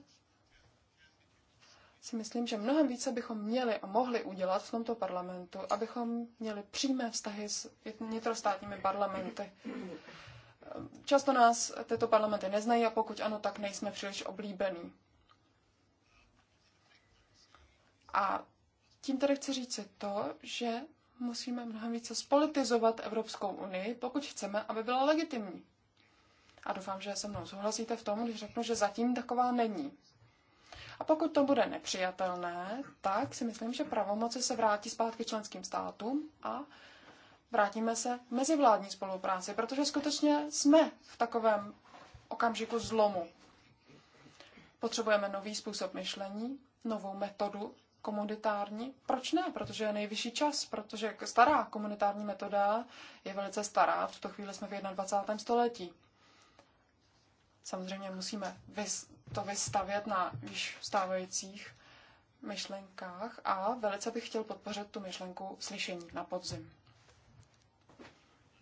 si myslím, že mnohem více bychom měli a mohli udělat v tomto parlamentu, abychom měli přímé vztahy s vnitrostátními parlamenty. Často nás tyto parlamenty neznají a pokud ano, tak nejsme příliš oblíbení. A tím tedy chci říct to, že musíme mnohem více spolitizovat Evropskou unii, pokud chceme, aby byla legitimní. A doufám, že se mnou souhlasíte v tom, když řeknu, že zatím taková není. A pokud to bude nepřijatelné, tak si myslím, že pravomoci se vrátí zpátky členským státům a vrátíme se k mezivládní spolupráci, protože skutečně jsme v takovém okamžiku zlomu. Potřebujeme nový způsob myšlení, novou metodu komunitární. Proč ne? Protože je nejvyšší čas, protože stará komunitární metoda je velice stará. V tuto chvíli jsme v 21. století. Samozřejmě musíme to vystavět na již stávajících myšlenkách a velice bych chtěl podpořit tu myšlenku slyšení na podzim.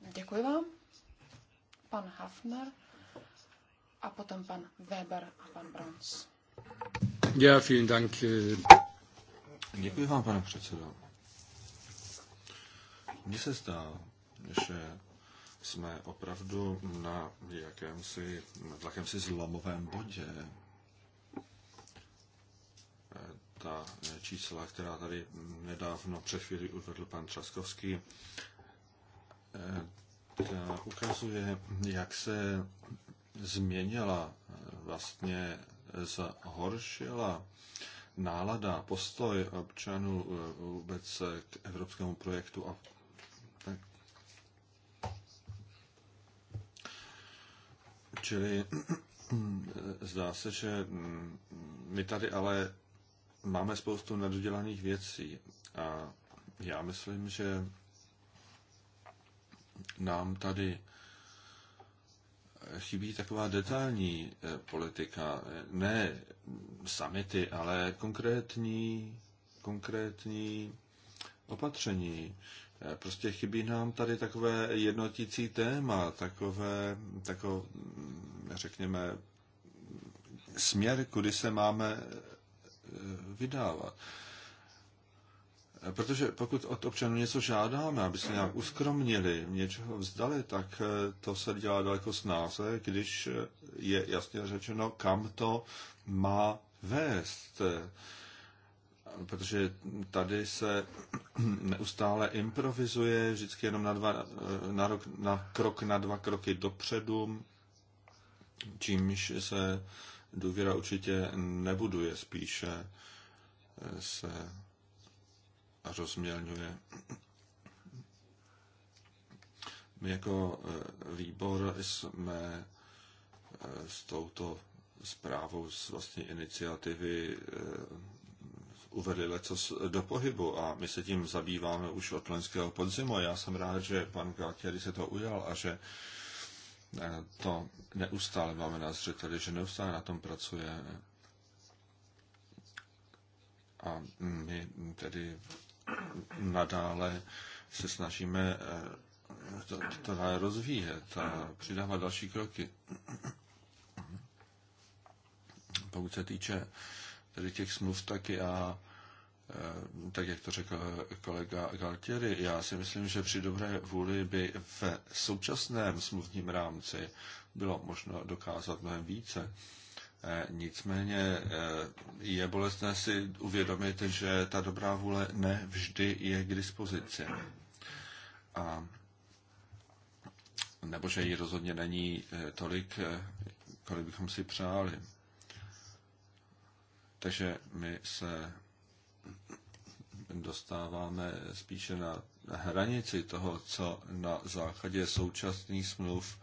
Děkuji vám. Pan Hafner a potom pan Weber a pan Brons. Ja, vielen Dank. Eh. Děkuji vám, pane předsedo. Mně se zdá, že jsme opravdu na jakémsi, na jakémsi zlomovém bodě. Eh, ta čísla, která tady nedávno před chvíli uvedl pan Třaskovský, ta ukazuje, jak se změnila, vlastně zhoršila nálada, postoj občanů eh, vůbec k evropskému projektu a tak. Čili eh, zdá se, že hm, my tady ale máme spoustu nedodělaných věcí a já myslím, že nám tady chybí taková detailní eh, politika, eh, ne samity, ale konkrétní, konkrétní opatření. Eh, prostě chybí nám tady takové jednotící téma, takové, tako, mm, řekněme, směr, kudy se máme vydávat. Protože pokud od občanů něco žádáme, aby se nějak uskromnili, něčeho vzdali, tak eh, to se dělá daleko snáze, když eh, je jasně řečeno, kam to má vést. Protože tady se neustále improvizuje, vždycky jenom na, dva, eh, na, rok, na krok, na dva kroky dopředu, čímž se důvěra určitě nebuduje, spíše se rozmělňuje. My jako e, výbor jsme e, s touto zprávou z vlastní iniciativy e, uvedli leco do pohybu a my se tím zabýváme už od loňského podzimu. Já jsem rád, že pan Galtieri se to ujal a že to neustále máme na zřeteli, že neustále na tom pracuje. A my tedy nadále se snažíme eh, to, to dále rozvíjet a přidávat další kroky. Pokud se týče tedy těch smluv, tak já, eh, tak jak to řekl kolega Galtieri, já si myslím, že při dobré vůli by v současném smluvním rámci bylo možno dokázat mnohem více. E, nicméně e, je bolestné si uvědomit, že ta dobrá vůle ne vždy je k dispozici. A nebo že ji rozhodně není e, tolik, kolik bychom si přáli. Takže my se dostáváme spíše na hranici toho, co na základě současných smluv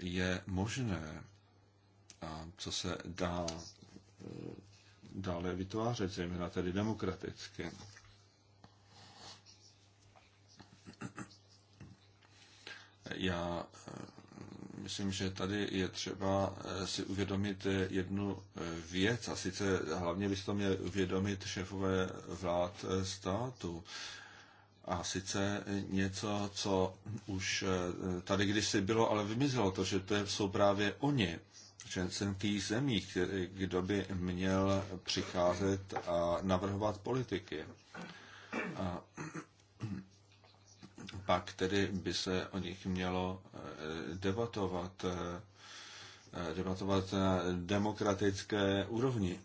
je možné a co se dá dále vytvářet, zejména tedy demokraticky. Já eh, myslím, že tady je třeba eh, si uvědomit eh, jednu věc, a sice hlavně by to měli uvědomit šéfové vlád státu. A sice něco, co už tady kdysi bylo, ale vymizelo to, že to jsou právě oni, těch zemích, kdo by měl přicházet a navrhovat politiky. A pak tedy by se o nich mělo eh, debatovat, eh, debatovat na demokratické úrovni.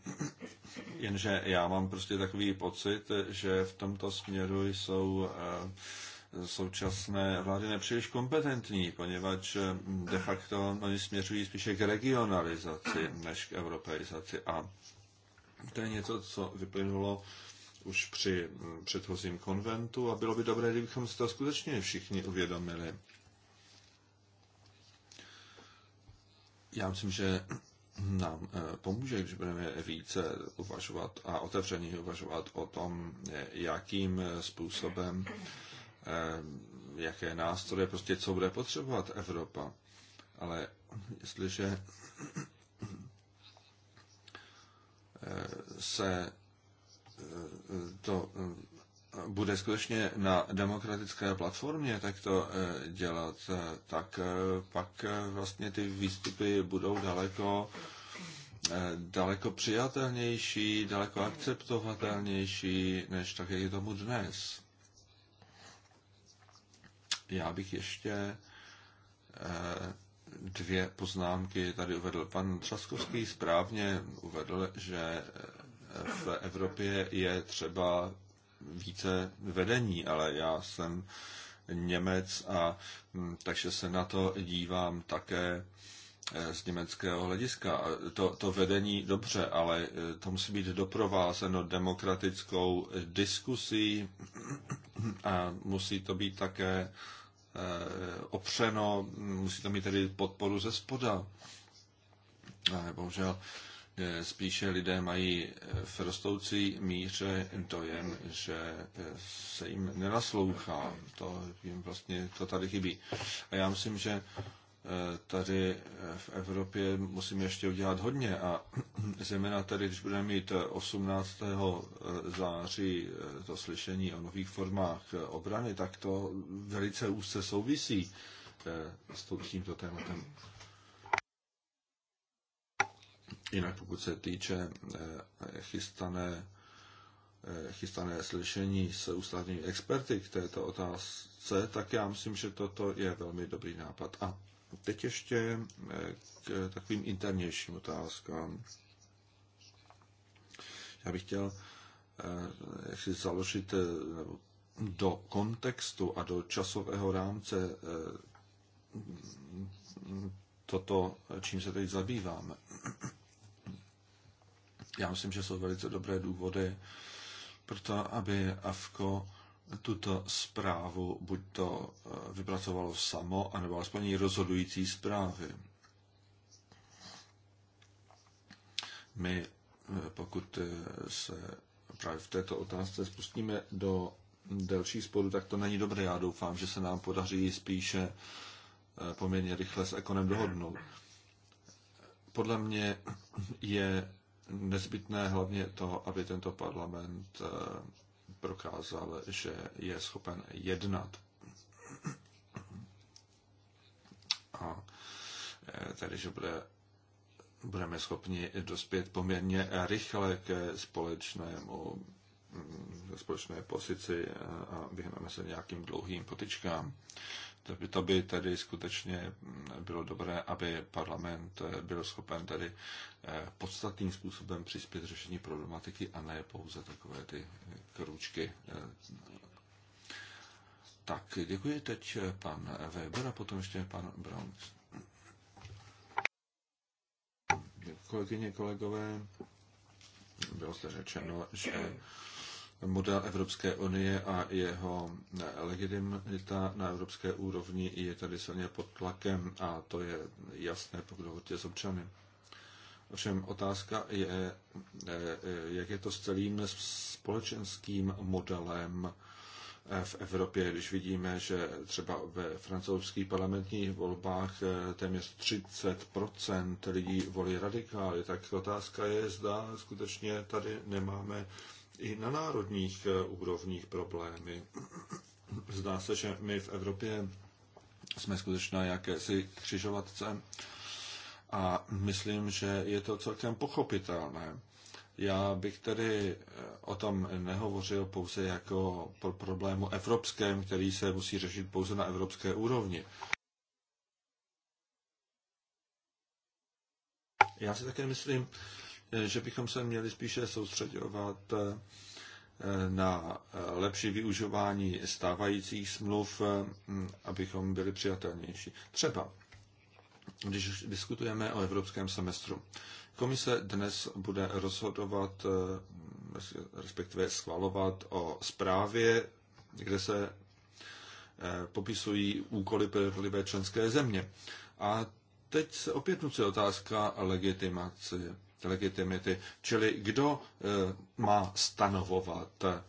Jenže já mám prostě takový pocit, že v tomto směru jsou eh, současné vlády nepříliš kompetentní, poněvadž eh, de facto oni směřují spíše k regionalizaci než k europeizaci. A to je něco, co vyplynulo už při mm, předchozím konventu a bylo by dobré, kdybychom si to skutečně všichni uvědomili. Já myslím, že nám eh, pomůže, když budeme více uvažovat a otevřeně uvažovat o tom, eh, jakým způsobem Eh, jaké nástroje, prostě co bude potřebovat Evropa. Ale jestliže eh, se eh, to bude skutečně na demokratické platformě, tak to dělat, tak pak vlastně ty výstupy budou daleko, daleko přijatelnější, daleko akceptovatelnější, než tak, jak je tomu dnes. Já bych ještě eh, dvě poznámky tady uvedl. Pan Třaskovský správně uvedl, že eh, v Evropě je třeba více vedení, ale já jsem Němec a hm, takže se na to dívám také Eh, z německého hlediska. To, to vedení dobře, ale eh, to musí být doprovázeno demokratickou diskusí a musí to být také eh, opřeno, musí to mít tedy podporu ze spoda. bohužel spíše lidé mají v rostoucí míře dojem, že se jim nenaslouchá. To jim vlastně to tady chybí. A já myslím, že Eh, tady eh, v Evropě musíme ještě udělat hodně a zejména tady, když budeme mít 18. Eh, září to slyšení o nových formách obrany, tak to velice úzce souvisí s tímto tématem. Jinak pokud se týče chystané, chystané slyšení s ústavními experty k této otázce, tak já myslím, že toto je velmi dobrý nápad. A jako teď ještě eh, k takovým internějším otázkám. Já bych chtěl eh, jak si založit eh, do kontextu a do časového rámce toto, čím se teď zabýváme. Já myslím, že jsou velice dobré důvody pro to, aby AFKO tuto zprávu buď to eh, vypracovalo samo, anebo alespoň rozhodující zprávy. My, eh, pokud eh, se právě v této otázce spustíme do delších sporu, tak to není dobré. Já doufám, že se nám podaří spíše poměrně rychle s Ekonem dohodnout. Podle mě je nezbytné hlavně to, aby tento parlament prokázal, že je schopen jednat. A eh, tedy, že bude, budeme schopni dospět poměrně rychle ke společnému mm, společné pozici eh, a vyhneme se nějakým dlouhým potičkám. To by, to by tedy skutečně bylo dobré, aby parlament byl schopen tedy eh, podstatným způsobem přispět řešení problematiky a ne pouze takové ty kručky. Eh. Tak, děkuji teď eh, pan Weber a potom ještě pan Brown. Kolegyně, kolegové, bylo zde řečeno, že model Evropské unie a jeho legitimita na evropské úrovni je tady silně pod tlakem a to je jasné po dohodě s občany. Ovšem otázka je, eh, jak je to s celým společenským modelem eh, v Evropě, když vidíme, že třeba ve francouzských parlamentních volbách eh, téměř 30 lidí volí radikály, tak otázka je, zda skutečně tady nemáme i na národních eh, úrovních problémy. Zdá se, že my v Evropě jsme skutečně jakési křižovatce a myslím, že je to celkem pochopitelné. Já bych tedy eh, o tom nehovořil pouze jako pro problému evropském, který se musí řešit pouze na evropské úrovni. Já si také myslím, že bychom se měli spíše soustředovat eh, na eh, lepší využívání stávajících smluv, eh, abychom byli přijatelnější. Třeba, když diskutujeme o evropském semestru. Komise dnes bude rozhodovat, respektive schvalovat o zprávě, kde se popisují úkoly pro jednotlivé členské země. A teď se opět nutí otázka legitimace legitimity. Čili kdo eh, má stanovovat eh,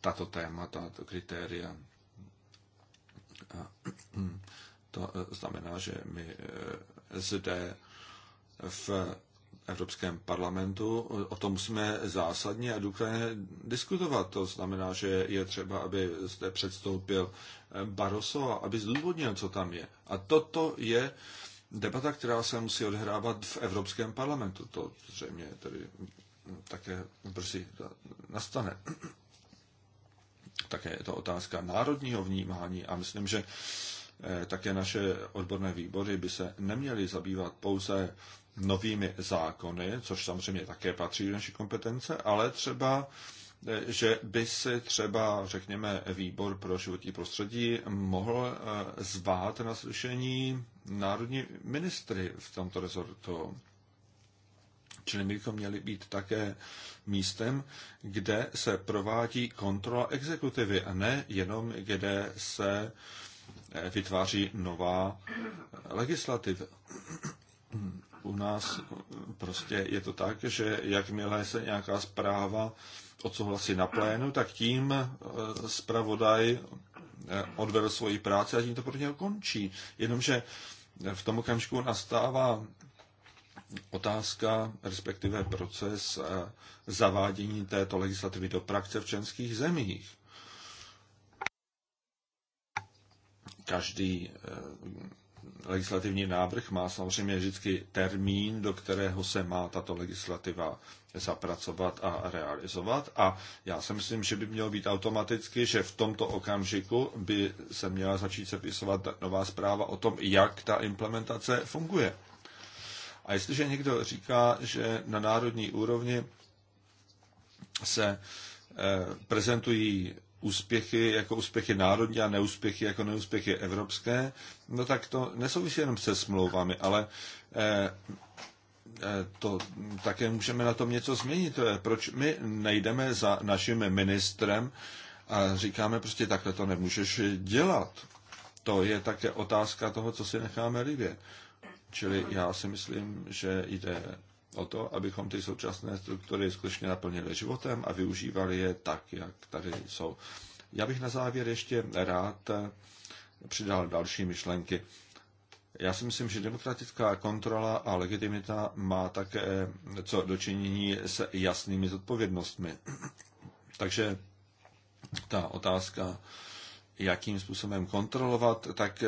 tato témata, tato kritéria. To eh, znamená, že my zde v Evropském parlamentu o tom musíme zásadně a důkladně diskutovat. To znamená, že je třeba, aby zde předstoupil Barroso, aby zdůvodnil, co tam je. A toto je debata, která se musí odhrávat v Evropském parlamentu. To zřejmě tedy také brzy nastane. Také je to otázka národního vnímání a myslím, že eh, také naše odborné výbory by se neměly zabývat pouze novými zákony, což samozřejmě také patří do naší kompetence, ale třeba eh, že by si třeba, řekněme, výbor pro životní prostředí mohl eh, zvát na slyšení národní ministry v tomto rezortu. Čili my bychom měli být také místem, kde se provádí kontrola exekutivy a ne jenom, kde se eh, vytváří nová eh, legislativa. U nás eh, prostě je to tak, že jakmile se nějaká zpráva odsouhlasí na plénu, tak tím zpravodaj odvedl svoji práci a tím to pro něho končí. Jenomže v tom okamžiku nastává otázka, respektive proces eh, zavádění této legislativy do praxe v členských zemích. Každý eh, legislativní návrh má samozřejmě vždycky termín, do kterého se má tato legislativa zapracovat a realizovat. A já si myslím, že by mělo být automaticky, že v tomto okamžiku by se měla začít sepisovat nová zpráva o tom, jak ta implementace funguje. A jestliže někdo říká, že na národní úrovni se eh, prezentují úspěchy jako úspěchy národní a neúspěchy jako neúspěchy evropské, no tak to nesouvisí jenom se smlouvami, ale eh, eh, to také můžeme na tom něco změnit. Proč my nejdeme za naším ministrem a říkáme prostě takhle to nemůžeš dělat. To je také otázka toho, co si necháme libě. Čili já si myslím, že jde o to, abychom ty současné struktury skutečně naplnili životem a využívali je tak, jak tady jsou. Já bych na závěr ještě rád přidal další myšlenky. Já si myslím, že demokratická kontrola a legitimita má také co dočinění s jasnými zodpovědnostmi. Takže ta otázka, jakým způsobem kontrolovat, tak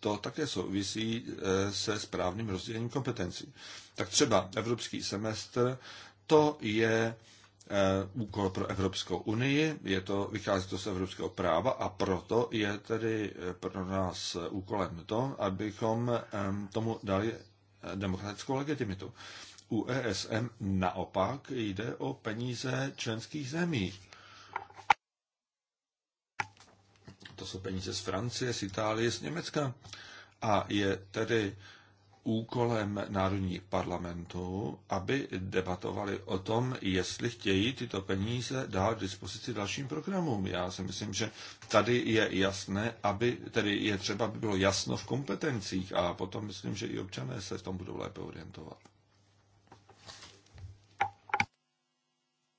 to také souvisí e, se správným rozdělením kompetencí. Tak třeba evropský semestr, to je e, úkol pro Evropskou unii, je to, vychází to z evropského práva a proto je tedy e, pro nás úkolem to, abychom tomu dali demokratickou legitimitu. U ESM naopak jde o peníze členských zemí. To jsou peníze z Francie, z Itálie, z Německa. A je tedy úkolem národních parlamentů, aby debatovali o tom, jestli chtějí tyto peníze dát k dispozici dalším programům. Já si myslím, že tady je jasné, aby, tedy je třeba, aby bylo jasno v kompetencích a potom myslím, že i občané se v tom budou lépe orientovat.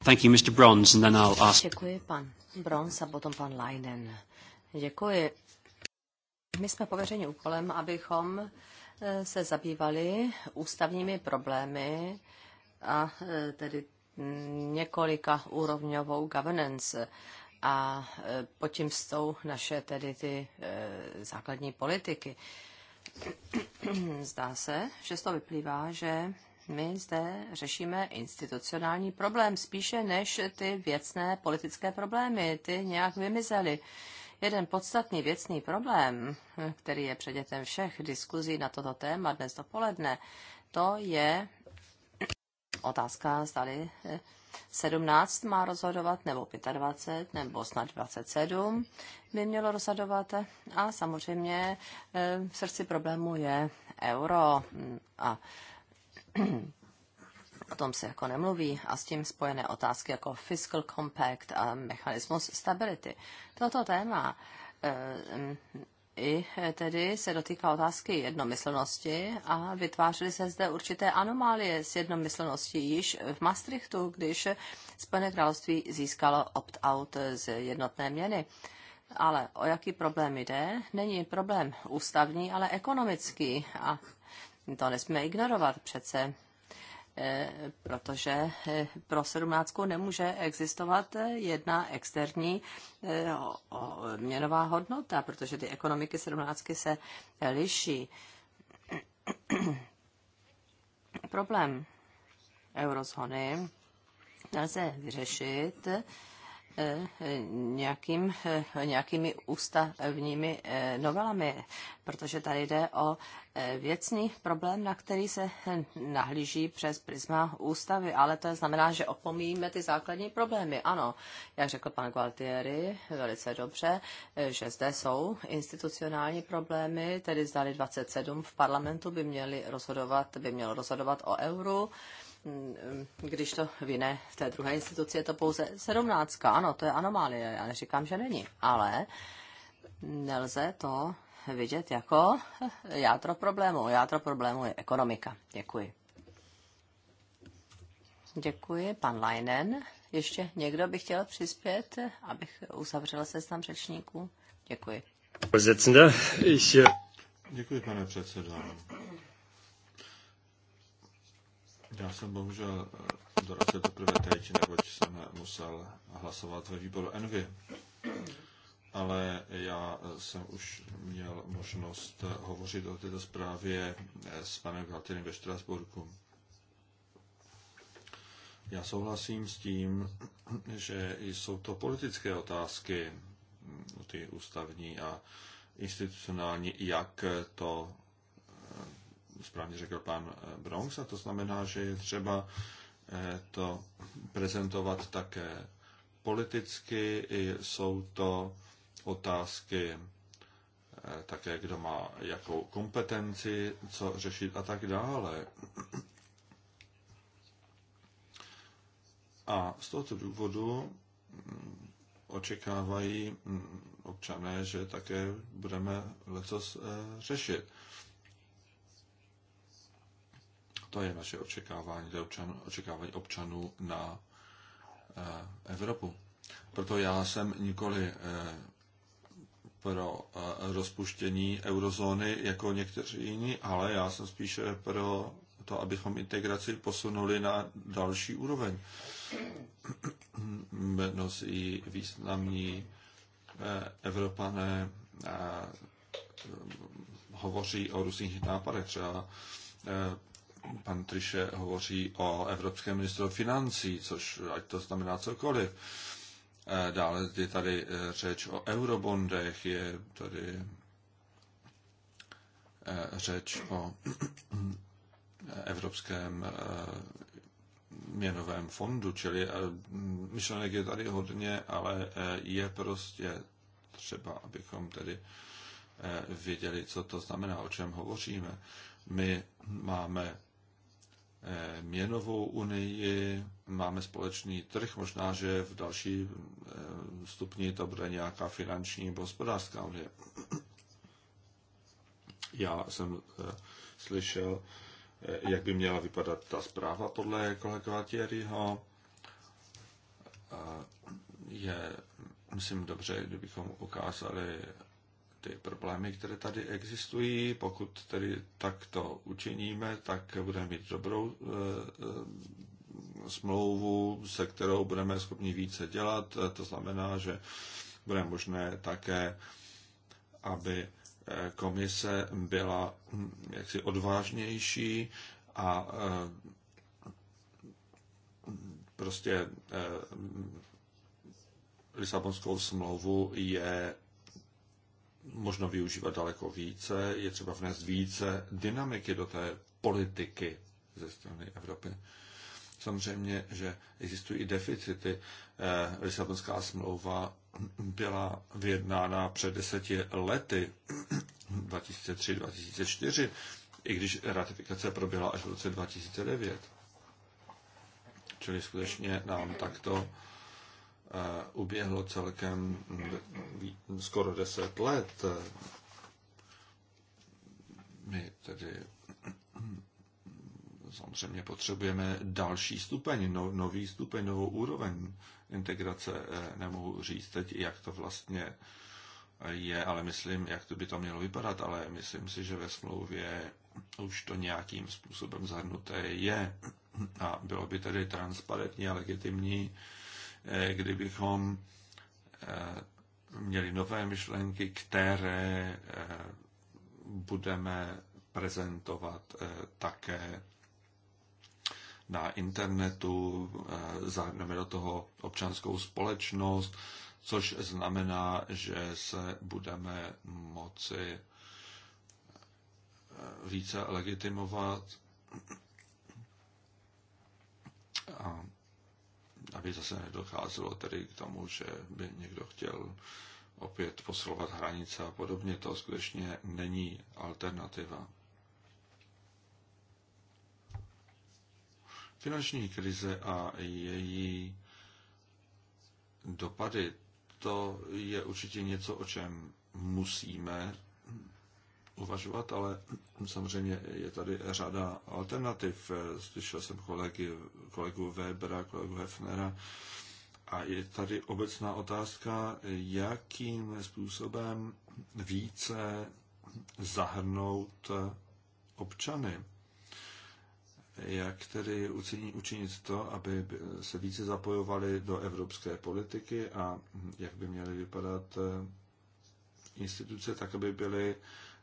Thank you, Mr. Bronze, and then I'll ask... Děkuji, pan Bronze a potom pan Leiden. Děkuji. My jsme pověřeni úkolem, abychom e, se zabývali ústavními problémy a e, tedy mm, několika úrovňovou governance a e, pod tím jsou naše tedy ty základní politiky. Zdá se, že z toho vyplývá, že my zde řešíme institucionální problém spíše než ty věcné politické problémy. Ty nějak vymizely. Jeden podstatný věcný problém, který je předmětem všech diskuzí na toto téma dnes dopoledne, to je otázka, zdali 17 eh, má rozhodovat, nebo 25, nebo snad 27 by mělo rozhodovat. A samozřejmě eh, v srdci problému je euro. A o tom se jako nemluví, a s tím spojené otázky jako fiscal compact a mechanismus stability. Toto téma eh, i tedy se dotýká otázky jednomyslnosti a vytvářely se zde určité anomálie s jednomyslností již v Maastrichtu, když Spojené království získalo opt-out z jednotné měny. Ale o jaký problém jde? Není problém ústavní, ale ekonomický. A to nesmíme ignorovat přece protože eh, pro sedmnáctku nemůže existovat eh, jedna externí eh, měnová hodnota, protože ty ekonomiky sedmnáctky se liší. Problém eurozóny nelze vyřešit Eh, nějakým, eh, nějakými ústavními eh, novelami, protože tady jde o věcný problém, na který se nahlíží přes prisma ústavy, ale to znamená, že opomíjíme ty základní problémy. Ano, jak řekl pan Gualtieri velice dobře, že zde jsou institucionální problémy, tedy zdali 27 v parlamentu by měli rozhodovat, by mělo rozhodovat o euru, když to v jiné, v té druhé instituci je to pouze sedmnáctka. Ano, to je anomálie, já neříkám, že není, ale nelze to vidět jako jádro problému. Jádro problému je ekonomika. Děkuji. Děkuji, pan Leinen. Ještě někdo by chtěl přispět, abych s seznam řečníků? Děkuji. Děkuji, pane předsedo. Já jsem bohužel eh, dorazil teprve teď, neboť jsem musel hlasovat ve výboru Envy. Ale já eh, jsem už měl možnost hovořit o této zprávě eh, s panem Galtinem ve Štrasburku. Já souhlasím s tím, že jsou to politické otázky, mm, ty ústavní a institucionální, jak to správně řekl pan eh, Bronx, a to znamená, že je třeba eh, to prezentovat také politicky. Jsou to otázky eh, také, kdo má jakou kompetenci, co řešit a tak dále. A z tohoto důvodu mm, očekávají mm, občané, že také budeme letos řešit. To je naše očekávání, to je občan, očekávání občanů na eh, Evropu. Proto já jsem nikoli eh, pro eh, rozpuštění eurozóny jako někteří jiní, ale já jsem spíše pro to, abychom integraci posunuli na další úroveň. Mnozí významní Evropané hovoří o různých nápadech, třeba pan Triše hovoří o Evropském ministru financí, což ať to znamená cokoliv. Eh, dále je tady eh, řeč o eurobondech, je tady eh, řeč o Evropském měnovém fondu, čili myšlenek je tady hodně, ale je prostě třeba, abychom tedy věděli, co to znamená, o čem hovoříme. My máme Eh, měnovou unii, máme společný trh, možná, že v další eh, stupni to bude nějaká finanční nebo hospodářská unie. Já jsem eh, slyšel, jak by měla vypadat ta zpráva podle kolega Thierryho. Je, myslím, dobře, kdybychom ukázali ty problémy, které tady existují. Pokud tedy takto učiníme, tak budeme mít dobrou eh, eh, smlouvu, se kterou budeme schopni více dělat. Eh, to znamená, že bude možné také, aby komise byla hm, jaksi odvážnější a prostě hm, Lisabonskou smlouvu je možno využívat daleko více, je třeba vnést více dynamiky do té politiky ze strany Evropy. Samozřejmě, že existují i deficity. Eh, Lisabonská smlouva byla vyjednána před deseti lety 2003-2004, i když ratifikace proběhla až v roce 2009. Čili skutečně nám takto uběhlo celkem skoro deset let. My tedy samozřejmě potřebujeme další stupeň, no, nový stupeň, novou úroveň integrace. Eh, nemohu říct teď, jak to vlastně je, ale myslím, jak to by to mělo vypadat, ale myslím si, že ve smlouvě už to nějakým způsobem zahrnuté je a bylo by tedy transparentní a legitimní kdybychom eh, měli nové myšlenky, které eh, budeme prezentovat eh, také na internetu, zahrneme do toho občanskou společnost, což znamená, že se budeme moci více legitimovat. A aby zase nedocházelo tedy k tomu, že by někdo chtěl opět posilovat hranice a podobně. To skutečně není alternativa. Finanční krize a její dopady, to je určitě něco, o čem musíme uvažovat, ale samozřejmě je tady řada alternativ. Slyšel jsem kolegy, kolegu Webera, kolegu Hefnera a je tady obecná otázka, jakým způsobem více zahrnout občany. Jak tedy učinit to, aby se více zapojovali do evropské politiky a jak by měly vypadat instituce, tak aby byly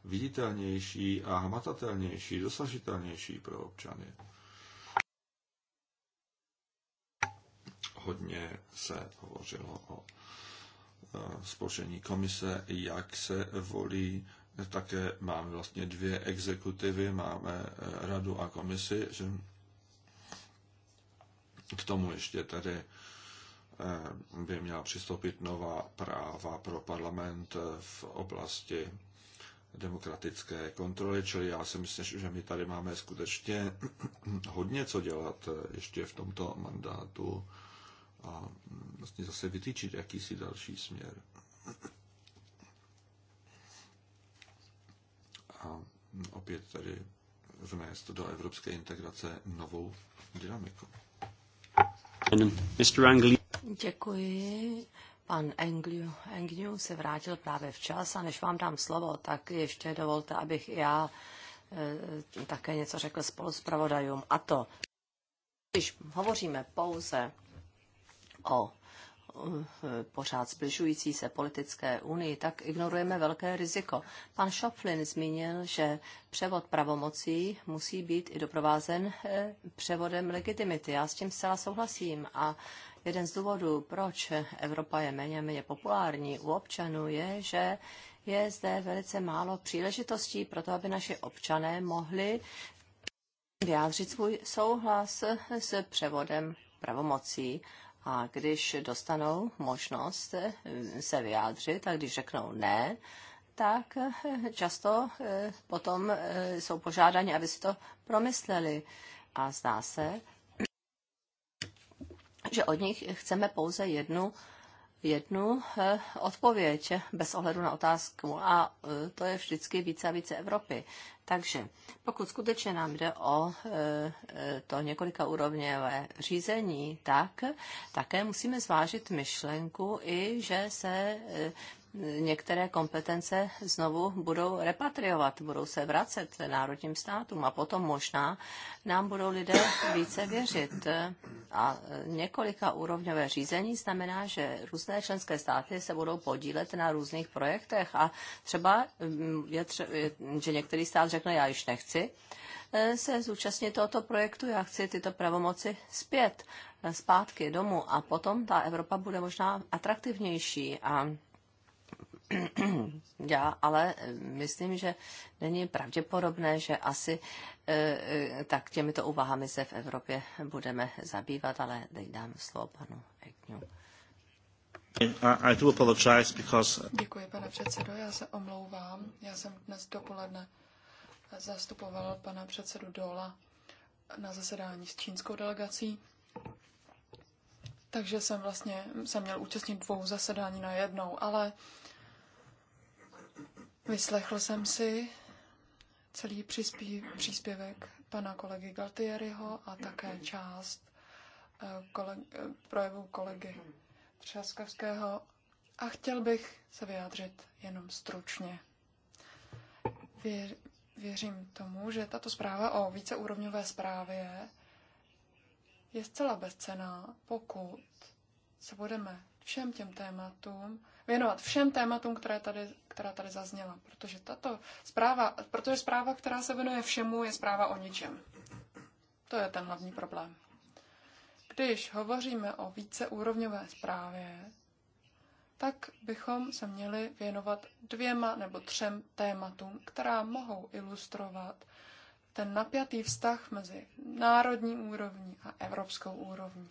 viditelnější a hmatatelnější, dosažitelnější pro občany. Hodně se hovořilo o e, spoření komise, jak se volí. Také máme vlastně dvě exekutivy, máme e, radu a komisi, že k tomu ještě tedy e, by měla přistoupit nová práva pro parlament v oblasti demokratické kontroly, čili já si myslím, že my tady máme skutečně hodně co dělat eh, ještě v tomto mandátu a mm, vlastně zase vytýčit jakýsi další směr. A mm, opět tady vnést do evropské integrace novou dynamiku. Děkuji. Pan Engliu, Engliu se vrátil právě včas a než vám dám slovo, tak ještě dovolte, abych já e, také něco řekl spolu s pravodajům. A to, když hovoříme pouze o eh, pořád zbližující se politické unii, tak ignorujeme velké riziko. Pan Šoflin zmínil, že převod pravomocí musí být i doprovázen eh, převodem legitimity. Já s tím zcela souhlasím a Jeden z důvodů, proč Evropa je méně méně populární u občanů, je, že je zde velice málo příležitostí pro to, aby naši občané mohli vyjádřit svůj souhlas s převodem pravomocí. A když dostanou možnost se vyjádřit a když řeknou ne, tak často eh, potom eh, jsou požádáni, aby si to promysleli. A zdá se, že od nich chceme pouze jednu jednu eh, odpověď bez ohledu na otázku a eh, to je vždycky více a více Evropy. Takže pokud skutečně nám jde o eh, to několika úrovněvé řízení, tak také musíme zvážit myšlenku i, že se některé kompetence znovu budou repatriovat, budou se vracet národním státům a potom možná nám budou lidé více věřit. A několika úrovňové řízení znamená, že různé členské státy se budou podílet na různých projektech a třeba, mm, je tře- že některý stát řekne, já již nechci, eh, se zúčastnit tohoto projektu, já chci tyto pravomoci zpět, eh, zpátky domů a potom ta Evropa bude možná atraktivnější a já ale eh, myslím, že není pravděpodobné, že asi eh, eh, tak těmito úvahami se v Evropě budeme zabývat, ale teď dám slovo panu Ekňu. Uh, Děkuji, pane předsedo, já se omlouvám. Já jsem dnes dopoledne zastupoval pana předsedu Dola na zasedání s čínskou delegací. Takže jsem vlastně jsem měl účastnit dvou zasedání na jednou, ale uh, Vyslechl jsem si celý přispí, příspěvek pana kolegy Galtieriho a také část eh, koleg, eh, projevu kolegy Třaskavského a chtěl bych se vyjádřit jenom stručně. Věř, věřím tomu, že tato zpráva o víceúrovňové zprávě je zcela bezcená, pokud se budeme všem těm tématům věnovat všem tématům, které tady, která tady zazněla, protože tato zpráva, protože zpráva, která se věnuje všemu, je zpráva o ničem. To je ten hlavní problém. Když hovoříme o víceúrovňové zprávě, tak bychom se měli věnovat dvěma nebo třem tématům, která mohou ilustrovat ten napjatý vztah mezi národní úrovní a evropskou úrovní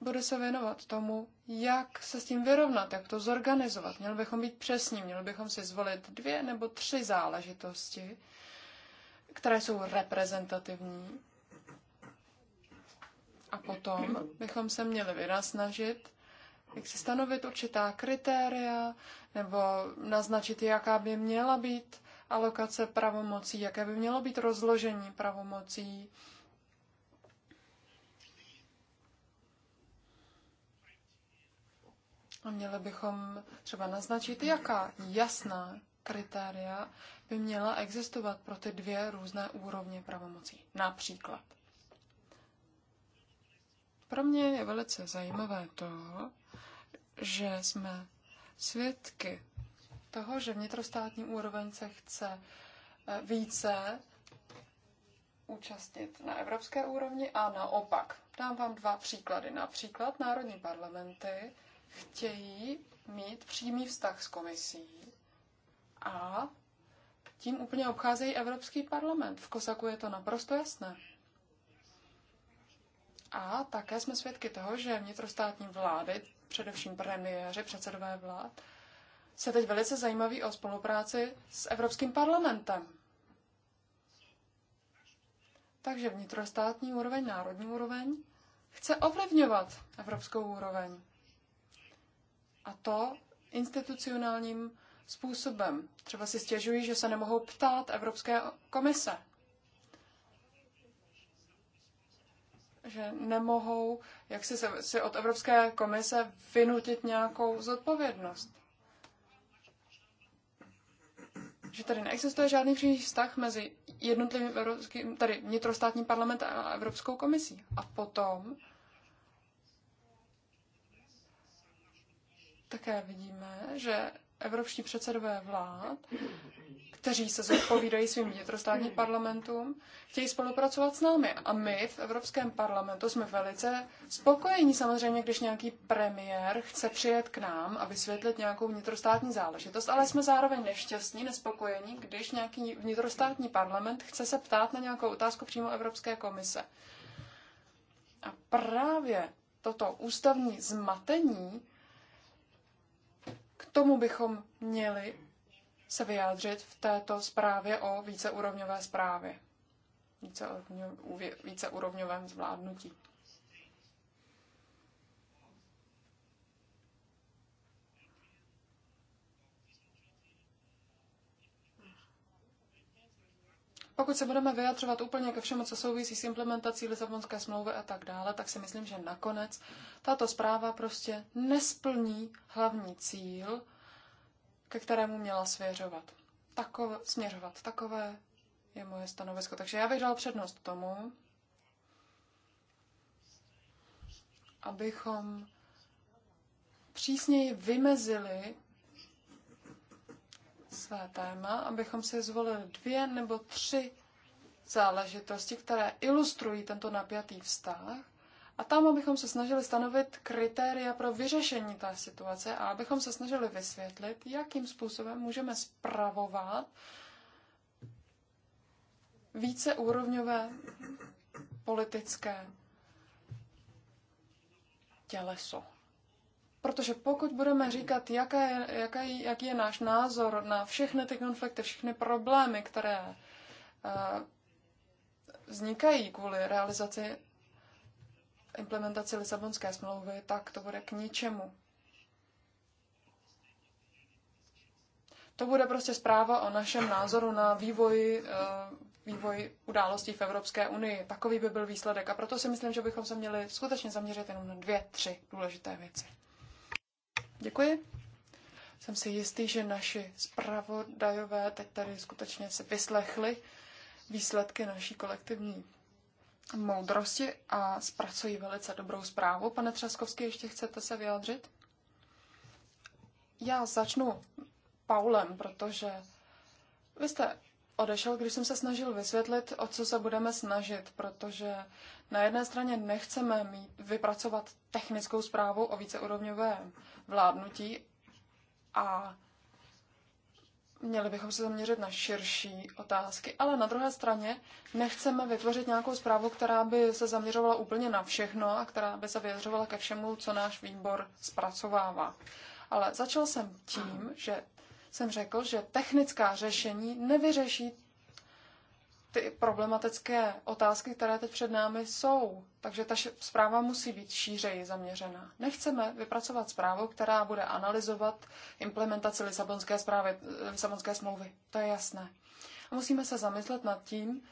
bude se věnovat tomu, jak se s tím vyrovnat, jak to zorganizovat. Měli bychom být přesní, měli bychom si zvolit dvě nebo tři záležitosti, které jsou reprezentativní. A potom bychom se měli vynasnažit, jak si stanovit určitá kritéria, nebo naznačit, jaká by měla být alokace pravomocí, jaké by mělo být rozložení pravomocí, A měli bychom třeba naznačit, jaká jasná kritéria by měla existovat pro ty dvě různé úrovně pravomocí. Například. Pro mě je velice zajímavé to, že jsme svědky toho, že vnitrostátní úroveň se chce eh, více účastnit na evropské úrovni a naopak. Dám vám dva příklady. Například národní parlamenty chtějí mít přímý vztah s komisí a tím úplně obcházejí Evropský parlament. V Kosaku je to naprosto jasné. A také jsme svědky toho, že vnitrostátní vlády, především premiéři, předsedové vlád, se teď velice zajímaví o spolupráci s Evropským parlamentem. Takže vnitrostátní úroveň, národní úroveň chce ovlivňovat evropskou úroveň. A to institucionálním způsobem. Třeba si stěžují, že se nemohou ptát Evropské komise. Že nemohou jak si, si od Evropské komise vynutit nějakou zodpovědnost. Že tady neexistuje žádný přímý vztah mezi jednotlivým evropským, tady vnitrostátním parlamentem a Evropskou komisí. A potom také vidíme, že evropští předsedové vlád, kteří se zodpovídají svým vnitrostátním parlamentům, chtějí spolupracovat s námi. A my v Evropském parlamentu jsme velice spokojení samozřejmě, když nějaký premiér chce přijet k nám a vysvětlit nějakou vnitrostátní záležitost, ale jsme zároveň nešťastní, nespokojení, když nějaký vnitrostátní parlament chce se ptát na nějakou otázku přímo Evropské komise. A právě toto ústavní zmatení tomu bychom měli se vyjádřit v této zprávě o víceúrovňové zprávě, víceúrovňovém zvládnutí. Pokud se budeme vyjadřovat úplně ke všemu, co souvisí s implementací Lisabonské smlouvy a tak dále, tak si myslím, že nakonec tato zpráva prostě nesplní hlavní cíl, ke kterému měla svěřovat. Takové, směřovat takové je moje stanovisko. Takže já bych dal přednost tomu, abychom přísněji vymezili své téma, abychom si zvolili dvě nebo tři záležitosti, které ilustrují tento napjatý vztah a tam, abychom se snažili stanovit kritéria pro vyřešení té situace a abychom se snažili vysvětlit, jakým způsobem můžeme spravovat úrovňové politické těleso. Protože pokud budeme říkat, jaká je, jaká, jaký je náš názor na všechny ty konflikty, všechny problémy, které uh, vznikají kvůli realizaci implementaci Lisabonské smlouvy, tak to bude k ničemu. To bude prostě zpráva o našem názoru na vývoji, eh, vývoj událostí v Evropské unii. Takový by byl výsledek. A proto si myslím, že bychom se měli skutečně zaměřit jenom na dvě, tři důležité věci. Děkuji. Jsem si jistý, že naši zpravodajové teď tady skutečně se vyslechli výsledky naší kolektivní moudrosti a zpracují velice dobrou zprávu. Pane Třaskovský, ještě chcete se vyjádřit? Já začnu Paulem, protože vy jste odešel, když jsem se snažil vysvětlit, o co se budeme snažit, protože na jedné straně nechceme mít, vypracovat technickou zprávu o víceúrovňovém vládnutí a měli bychom se zaměřit na širší otázky, ale na druhé straně nechceme vytvořit nějakou zprávu, která by se zaměřovala úplně na všechno a která by se vyjadřovala ke všemu, co náš výbor zpracovává. Ale začal jsem tím, že jsem řekl, že technická řešení nevyřeší ty problematické otázky, které teď před námi jsou. Takže ta zpráva musí být šířeji zaměřená. Nechceme vypracovat zprávu, která bude analyzovat implementaci Lisabonské, zprávy, eh, Lisabonské smlouvy. To je jasné. A musíme se zamyslet nad tím,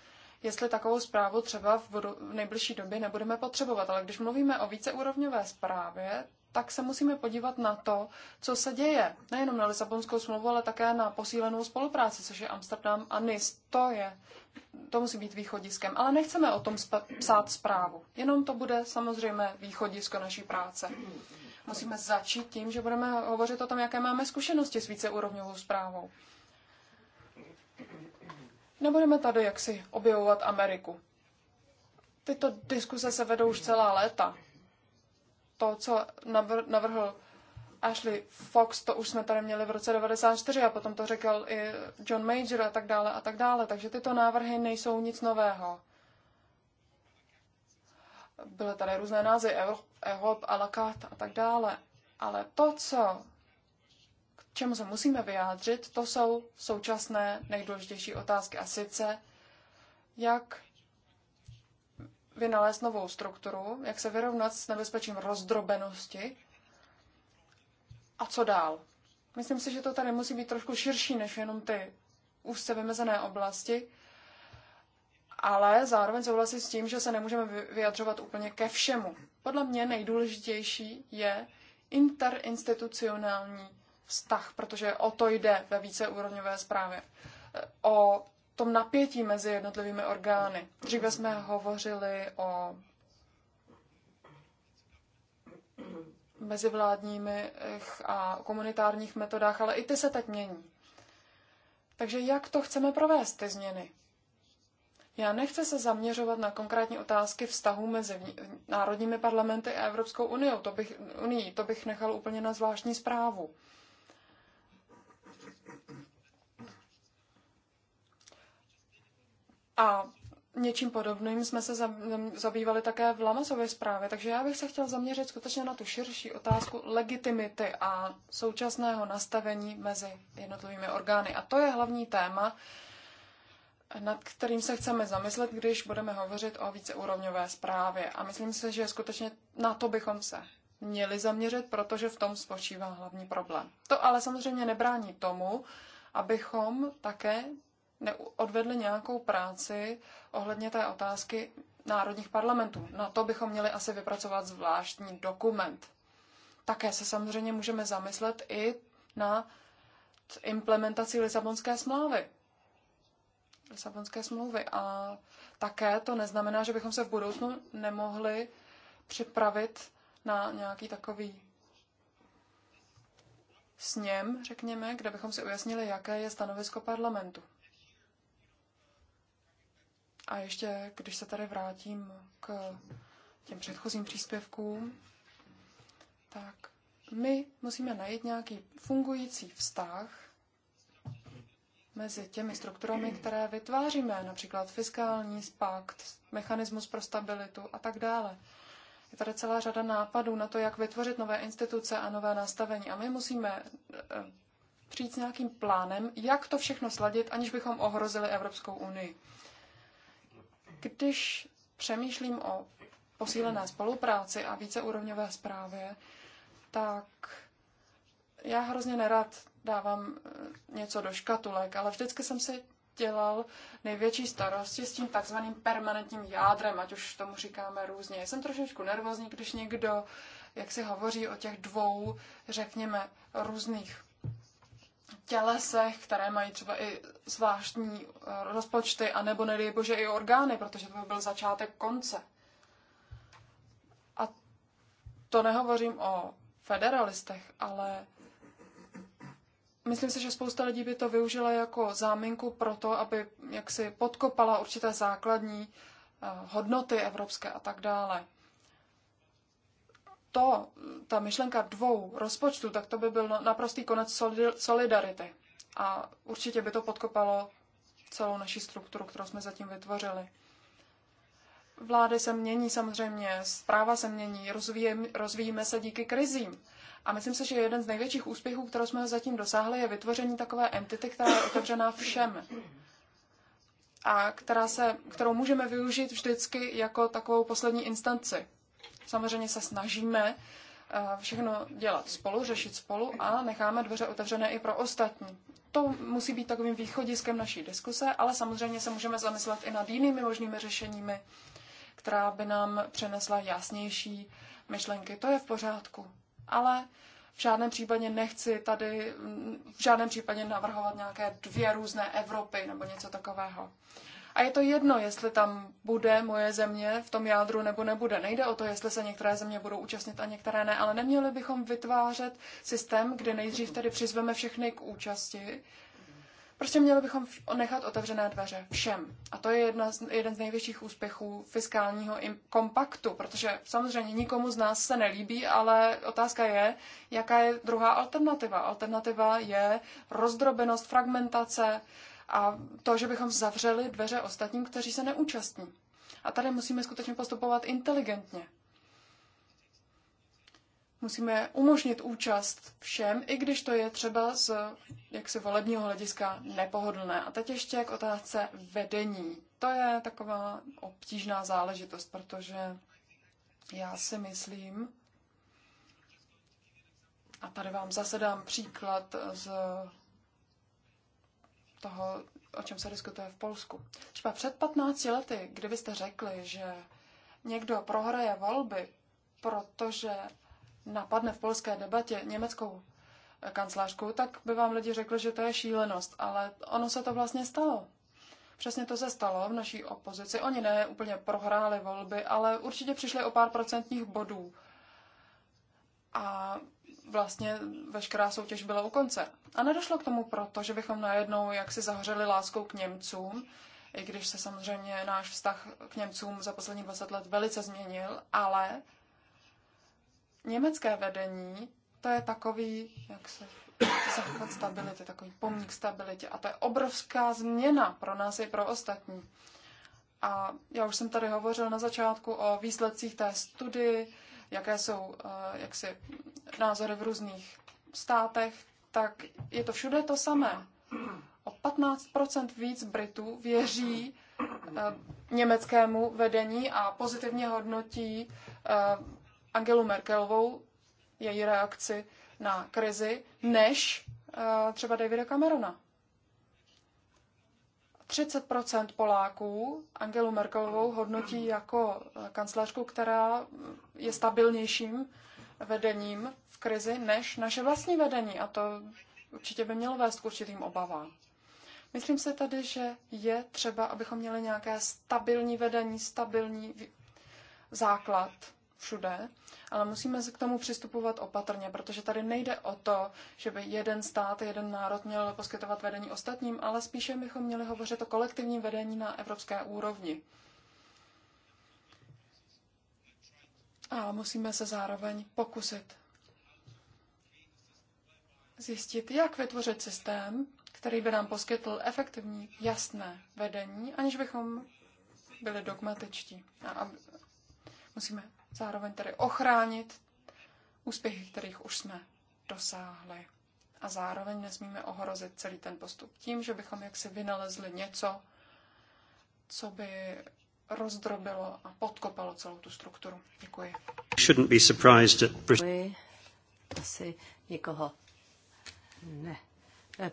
jestli takovou zprávu třeba v, budu, v nejbližší době nebudeme potřebovat. Ale když mluvíme o víceúrovňové zprávě, tak se musíme podívat na to, co se děje. Nejenom na Lisabonskou smlouvu, ale také na posílenou spolupráci, což je Amsterdam a NIS. To je, to musí být východiskem. Ale nechceme o tom psát zprávu. Jenom to bude samozřejmě východisko naší práce. Musíme začít tím, že budeme hovořit o tom, jaké máme zkušenosti s víceúrovňovou zprávou. Nebudeme tady jaksi objevovat Ameriku. Tyto diskuse se vedou už celá léta to, co navrhl Ashley Fox, to už jsme tady měli v roce 94 a potom to řekl i John Major a tak dále a tak dále. Takže tyto návrhy nejsou nic nového. Byly tady různé názvy, EHOP, a la carte a tak dále. Ale to, co, k čemu se musíme vyjádřit, to jsou současné nejdůležitější otázky. A sice, jak vynalézt novou strukturu, jak se vyrovnat s nebezpečím rozdrobenosti a co dál. Myslím si, že to tady musí být trošku širší než jenom ty úzce vymezené oblasti, ale zároveň souhlasím s tím, že se nemůžeme vyjadřovat úplně ke všemu. Podle mě nejdůležitější je interinstitucionální vztah, protože o to jde ve víceúrovňové zprávě. O tom napětí mezi jednotlivými orgány. Dříve jsme hovořili o mezivládními a komunitárních metodách, ale i ty se teď mění. Takže jak to chceme provést, ty změny? Já nechci se zaměřovat na konkrétní otázky vztahu mezi národními parlamenty a Evropskou unii. To bych, unii, to bych nechal úplně na zvláštní zprávu. A něčím podobným jsme se zabývali také v Lamasově zprávě, takže já bych se chtěl zaměřit skutečně na tu širší otázku legitimity a současného nastavení mezi jednotlivými orgány. A to je hlavní téma, nad kterým se chceme zamyslet, když budeme hovořit o víceúrovňové zprávě. A myslím si, že skutečně na to bychom se měli zaměřit, protože v tom spočívá hlavní problém. To ale samozřejmě nebrání tomu, abychom také odvedli nějakou práci ohledně té otázky národních parlamentů. Na to bychom měli asi vypracovat zvláštní dokument. Také se samozřejmě můžeme zamyslet i na implementaci Lisabonské smlouvy. Lisabonské smlouvy. A také to neznamená, že bychom se v budoucnu nemohli připravit na nějaký takový sněm, řekněme, kde bychom si ujasnili, jaké je stanovisko parlamentu. A ještě, když se tady vrátím k těm předchozím příspěvkům, tak my musíme najít nějaký fungující vztah mezi těmi strukturami, které vytváříme, například fiskální pakt, mechanismus pro stabilitu a tak dále. Je tady celá řada nápadů na to, jak vytvořit nové instituce a nové nastavení. A my musíme eh, přijít s nějakým plánem, jak to všechno sladit, aniž bychom ohrozili Evropskou unii. Když přemýšlím o posílené spolupráci a víceúrovňové zprávě, tak já hrozně nerad dávám eh, něco do škatulek, ale vždycky jsem si dělal největší starosti s tím takzvaným permanentním jádrem, ať už tomu říkáme různě. Jsem trošičku nervózní, když někdo, jak si hovoří o těch dvou, řekněme, různých tělesech, které mají třeba i zvláštní eh, rozpočty, anebo nedej bože i orgány, protože to by byl začátek konce. A to nehovořím o federalistech, ale myslím si, že spousta lidí by to využila jako záminku pro to, aby jaksi podkopala určité základní eh, hodnoty evropské a tak dále to, ta myšlenka dvou rozpočtů, tak to by byl naprostý konec solidarity. A určitě by to podkopalo celou naši strukturu, kterou jsme zatím vytvořili. Vlády se mění samozřejmě, zpráva se mění, rozvíjíme, rozvíjíme se díky krizím. A myslím si, že jeden z největších úspěchů, kterou jsme zatím dosáhli, je vytvoření takové entity, která je otevřená všem a která se, kterou můžeme využít vždycky jako takovou poslední instanci. Samozřejmě se snažíme eh, všechno dělat spolu, řešit spolu a necháme dveře otevřené i pro ostatní. To musí být takovým východiskem naší diskuse, ale samozřejmě se můžeme zamyslet i nad jinými možnými řešeními, která by nám přenesla jasnější myšlenky. To je v pořádku. Ale v žádném případě nechci tady mm, v žádném případě navrhovat nějaké dvě různé Evropy nebo něco takového. A je to jedno, jestli tam bude moje země v tom jádru nebo nebude. Nejde o to, jestli se některé země budou účastnit a některé ne, ale neměli bychom vytvářet systém, kde nejdřív tedy přizveme všechny k účasti. Prostě měli bychom nechat otevřené dveře všem. A to je jedna z, jeden z největších úspěchů fiskálního kompaktu, protože samozřejmě nikomu z nás se nelíbí, ale otázka je, jaká je druhá alternativa. Alternativa je rozdrobenost, fragmentace, uh, a to, že bychom zavřeli dveře ostatním, kteří se neúčastní. A tady musíme skutečně postupovat inteligentně. Musíme umožnit účast všem, i když to je třeba z jaksi volebního hlediska nepohodlné. A teď ještě k otázce vedení. To je taková obtížná záležitost, protože já si myslím, a tady vám zase dám příklad z toho, o čem se diskutuje v Polsku. Třeba před 15 lety, kdybyste řekli, že někdo prohraje volby, protože napadne v polské debatě německou kancelářku, tak by vám lidi řekli, že to je šílenost, ale ono se to vlastně stalo. Přesně to se stalo v naší opozici. Oni ne úplně prohráli volby, ale určitě přišli o pár procentních bodů. A vlastně veškerá soutěž byla u konce. A nedošlo k tomu proto, že bychom najednou jaksi zahořeli láskou k Němcům, i když se samozřejmě náš vztah k Němcům za poslední 20 let velice změnil, ale německé vedení, to je takový, jak se základ stability, takový pomník stabilitě. A to je obrovská změna pro nás i pro ostatní. A já už jsem tady hovořil na začátku o výsledcích té studii, jaké jsou eh, jaksi názory v různých státech, tak je to všude to samé. O 15% víc Britů věří eh, německému vedení a pozitivně hodnotí eh, Angelu Merkelovou, její reakci na krizi, než třeba Davida Camerona. 30 Poláků Angelu Merkelovou hodnotí jako eh, kancelářku, která je stabilnějším vedením v krizi než naše vlastní vedení. A to určitě by mělo vést k určitým obavám. Myslím se tady, že je třeba, abychom měli nějaké stabilní vedení, stabilní základ, všude, ale musíme se k tomu přistupovat opatrně, protože tady nejde o to, že by jeden stát, jeden národ měl poskytovat vedení ostatním, ale spíše bychom měli hovořit o kolektivním vedení na evropské úrovni. A musíme se zároveň pokusit zjistit, jak vytvořit systém, který by nám poskytl efektivní, jasné vedení, aniž bychom byli dogmatičtí. A musíme zároveň tedy ochránit úspěchy, kterých už jsme dosáhli. A zároveň nesmíme ohrozit celý ten postup tím, že bychom jaksi vynalezli něco, co by rozdrobilo a podkopalo celou tu strukturu. Děkuji. Shouldn't be surprised at... Asi nikoho ne.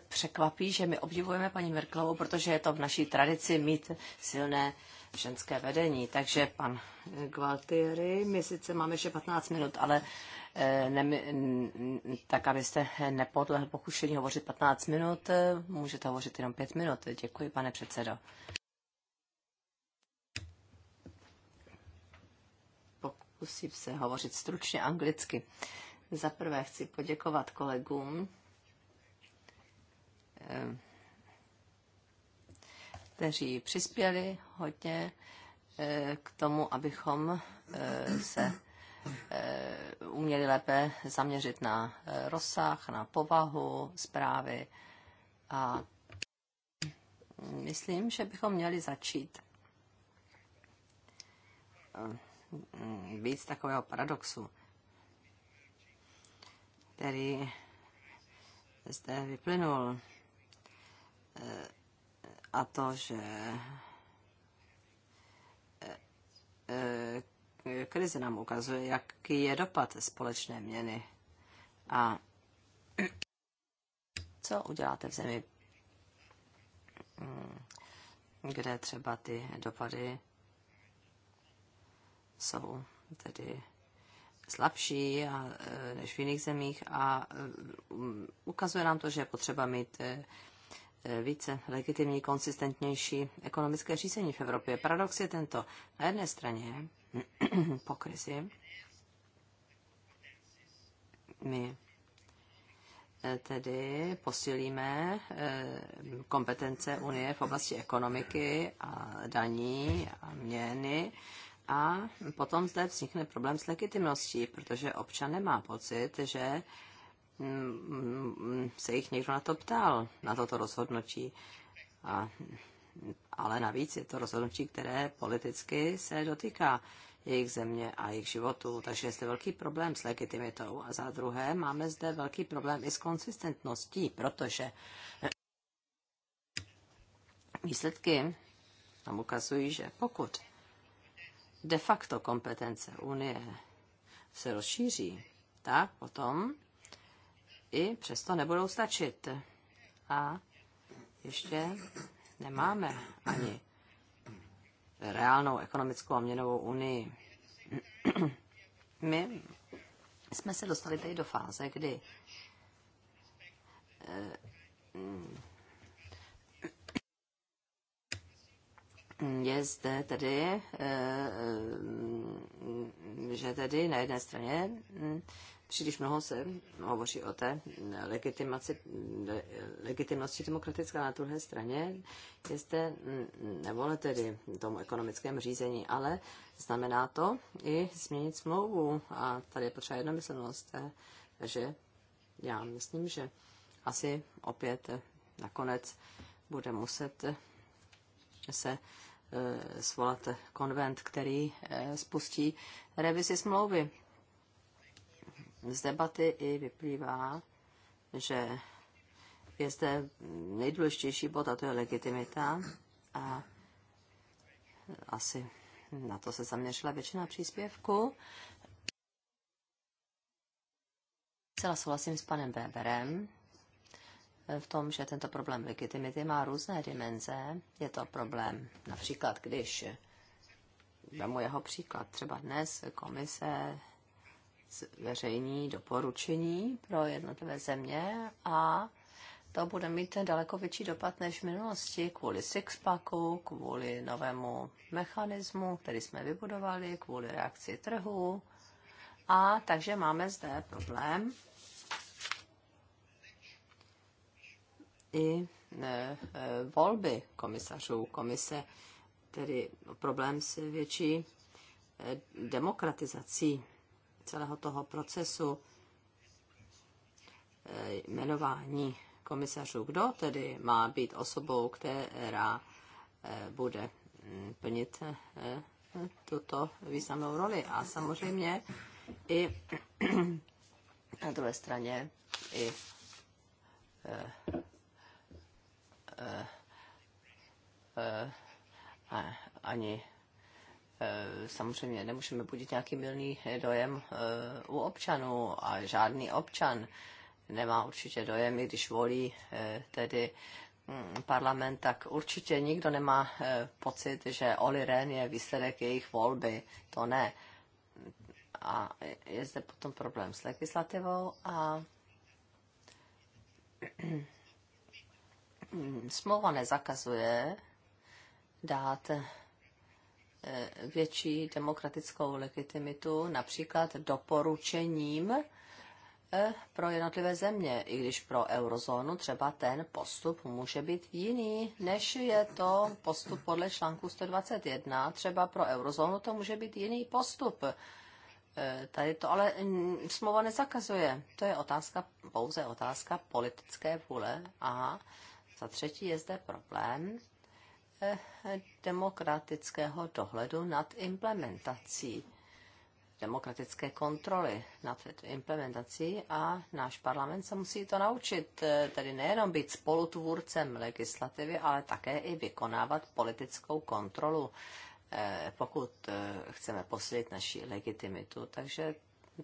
Překvapí, že my obdivujeme paní Merklovou, protože je to v naší tradici mít silné ženské vedení. Takže pan Gualtieri, my sice máme ještě 15 minut, ale eh, ne, tak, abyste nepodlehl pokušení hovořit 15 minut, eh, můžete hovořit jenom 5 minut. Děkuji, pane předsedo. Pokusím se hovořit stručně anglicky. Za prvé chci poděkovat kolegům, eh, kteří přispěli hodně eh, k tomu, abychom eh, se eh, uměli lépe zaměřit na rozsah, na povahu zprávy a myslím, že bychom měli začít víc takového paradoxu, který zde vyplynul a to, že eh, eh, krize nám ukazuje, jaký je dopad společné měny a co uděláte v zemi, hm, kde třeba ty dopady jsou tedy slabší eh, než v jiných zemích a ukazuje nám to, že je potřeba mít více legitimní, konsistentnější ekonomické řízení v Evropě. Paradox je tento. Na jedné straně po krizi my eh, tedy posilíme eh, kompetence Unie v oblasti ekonomiky a daní a měny. A potom zde vznikne problém s legitimností, protože občan nemá pocit, že Mm, se jich někdo na to ptal, na toto rozhodnutí. A, ale navíc je to rozhodnutí, které politicky se dotýká jejich země a jejich životů. Takže je zde velký problém s legitimitou. A za druhé máme zde velký problém i s konsistentností, protože výsledky nám ukazují, že pokud de facto kompetence Unie se rozšíří, tak potom i přesto nebudou stačit. A ještě nemáme ani reálnou ekonomickou a měnovou unii. My jsme se dostali tady do fáze, kdy eh, je zde tedy, eh, mm, že tedy na jedné straně mm, příliš mnoho se hovoří o té legitimaci, legitimnosti demokratické, na druhé straně je zde mm, nevole tedy tomu ekonomickém řízení, ale znamená to i změnit smlouvu a tady je potřeba jednomyslnost. Takže já myslím, že asi opět nakonec bude muset se e, svolat konvent, který e, spustí revizi smlouvy. Z debaty i vyplývá, že je zde nejdůležitější bod, a to je legitimita. A asi na to se zaměřila většina příspěvku. Celá souhlasím s panem Weberem, v tom, že tento problém legitimity má různé dimenze. Je to problém například, když vemu jeho příklad, třeba dnes komise zveřejní doporučení pro jednotlivé země a to bude mít daleko větší dopad než v minulosti kvůli sixpacku, kvůli novému mechanismu, který jsme vybudovali, kvůli reakci trhu. A takže máme zde problém i e, e, volby komisařů. Komise tedy problém s větší e, demokratizací celého toho procesu jmenování komisařů. Kdo tedy má být osobou, která bude plnit tuto významnou roli? A samozřejmě i na druhé straně i Eh, eh, ani eh, samozřejmě nemůžeme budit nějaký milný dojem u občanů a žádný občan nemá určitě dojem, i když volí tedy mm, parlament, tak určitě nikdo nemá pocit, že Oli Ren je výsledek jejich volby. To ne. A je zde potom problém s legislativou a Mm, smlouva nezakazuje dát eh, větší demokratickou legitimitu například doporučením eh, pro jednotlivé země, i když pro eurozónu třeba ten postup může být jiný, než je to postup podle článku 121. Třeba pro eurozónu to může být jiný postup. Eh, tady to ale mm, smlouva nezakazuje. To je otázka, pouze otázka politické vůle a za třetí je zde problém eh, demokratického dohledu nad implementací, demokratické kontroly nad implementací a náš parlament se musí to naučit, eh, tedy nejenom být spolutvůrcem legislativy, ale také i vykonávat politickou kontrolu, eh, pokud chceme posílit naši legitimitu. Takže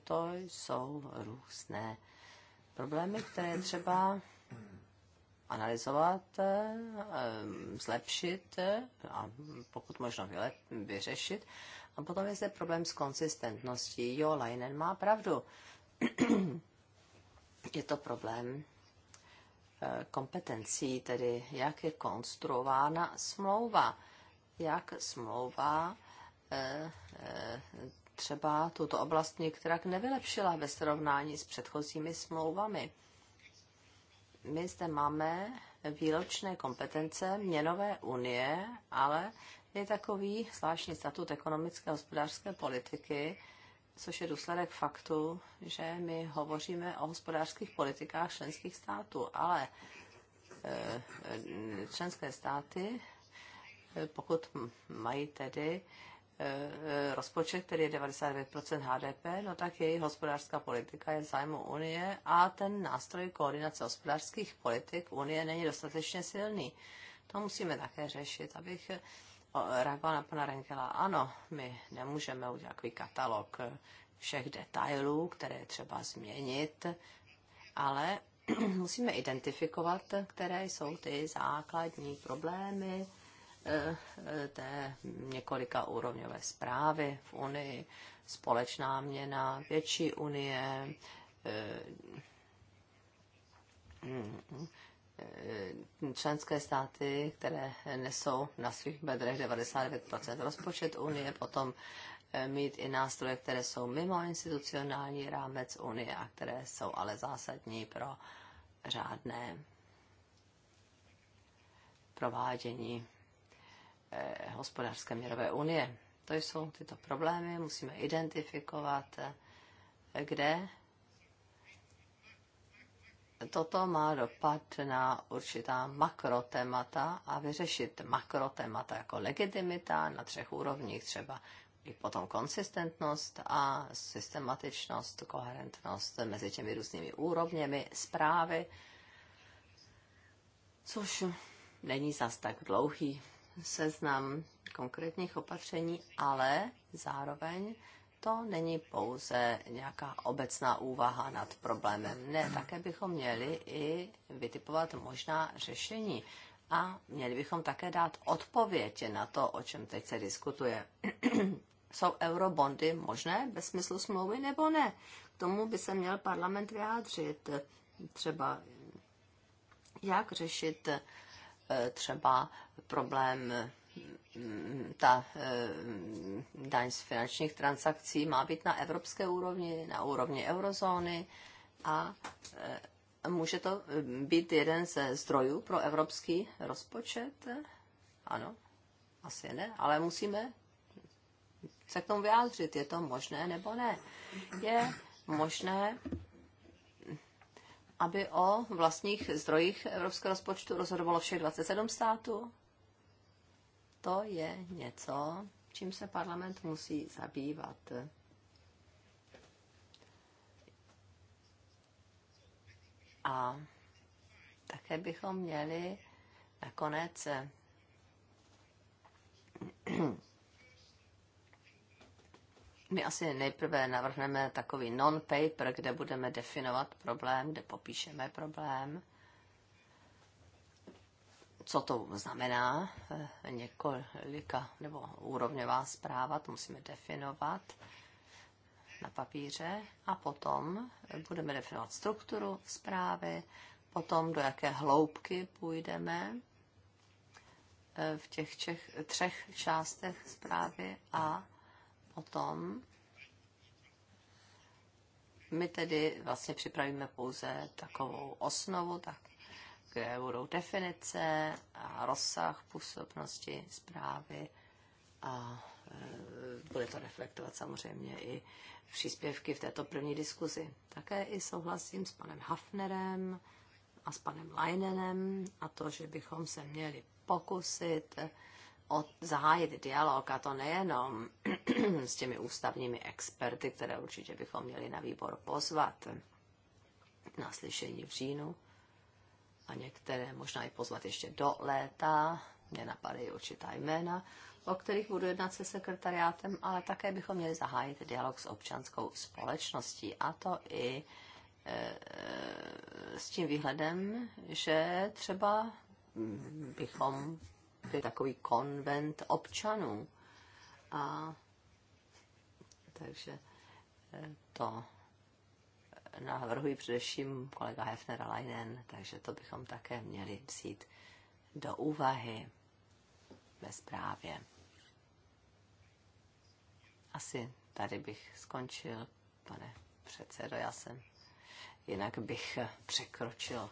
to jsou různé problémy, které třeba analyzovat, eh, eh, zlepšit eh, a pokud možno vyřešit. A potom je zde problém s konsistentností. Jo, Leinen má pravdu. je to problém kompetencí, tedy jak je konstruována smlouva. Jak smlouva třeba tuto oblast některak nevylepšila ve srovnání s předchozími smlouvami my zde máme výročné kompetence měnové unie, ale je takový zvláštní statut ekonomické a hospodářské politiky, což je důsledek faktu, že my hovoříme o hospodářských politikách členských států, ale eh, eh, členské státy, eh, pokud mají tedy Eh, eh, rozpočet, který je 99% HDP, no tak její hospodářská politika je v zájmu Unie a ten nástroj koordinace hospodářských politik Unie není dostatečně silný. To musíme také řešit, abych eh, reagovala na pana Renkela. Ano, my nemůžeme udělat takový katalog všech detailů, které je třeba změnit, ale musíme identifikovat, které jsou ty základní problémy, té několika úrovňové zprávy v Unii, společná měna, větší unie, eh, členské státy, které nesou na svých bedrech 99% rozpočet Unie, potom eh, mít i nástroje, které jsou mimo institucionální rámec Unie a které jsou ale zásadní pro řádné provádění Eh, hospodářské měrové unie. To jsou tyto problémy, musíme identifikovat, eh, kde toto má dopad na určitá makrotémata a vyřešit makrotémata jako legitimita na třech úrovních, třeba i potom konsistentnost a systematičnost, koherentnost mezi těmi různými úrovněmi zprávy, což není zas tak dlouhý seznam konkrétních opatření, ale zároveň to není pouze nějaká obecná úvaha nad problémem. Ne, také bychom měli i vytipovat možná řešení. A měli bychom také dát odpověď na to, o čem teď se diskutuje. Jsou eurobondy možné bez smyslu smlouvy nebo ne? K tomu by se měl parlament vyjádřit. Třeba jak řešit eh, třeba problém mm, ta mm, daň z finančních transakcí má být na evropské úrovni, na úrovni eurozóny a e, může to mm, být jeden ze zdrojů pro evropský rozpočet? Ano, asi ne, ale musíme se k tomu vyjádřit, je to možné nebo ne. Je možné, aby o vlastních zdrojích evropského rozpočtu rozhodovalo všech 27 států? to je něco, čím se parlament musí zabývat. A také bychom měli nakonec my asi nejprve navrhneme takový non-paper, kde budeme definovat problém, kde popíšeme problém co to znamená eh, několika nebo úrovňová zpráva, to musíme definovat na papíře a potom budeme definovat strukturu zprávy, potom do jaké hloubky půjdeme eh, v těch čech, třech částech zprávy a potom my tedy vlastně připravíme pouze takovou osnovu, tak kde budou definice a rozsah působnosti zprávy a e, bude to reflektovat samozřejmě i příspěvky v této první diskuzi. Také i souhlasím s panem Hafnerem a s panem Leinenem a to, že bychom se měli pokusit od, zahájit dialog, a to nejenom s těmi ústavními experty, které určitě bychom měli na výbor pozvat na slyšení v říjnu, a některé možná i pozvat ještě do léta, mě napadají určitá jména, o kterých budu jednat se sekretariátem, ale také bychom měli zahájit dialog s občanskou společností a to i e, e s tím výhledem, že třeba bychom byli takový konvent občanů. A takže e, to navrhují především kolega Hefner a Leinen, takže to bychom také měli vzít do úvahy ve zprávě. Asi tady bych skončil, pane předsedo, já jsem. Jinak bych překročil,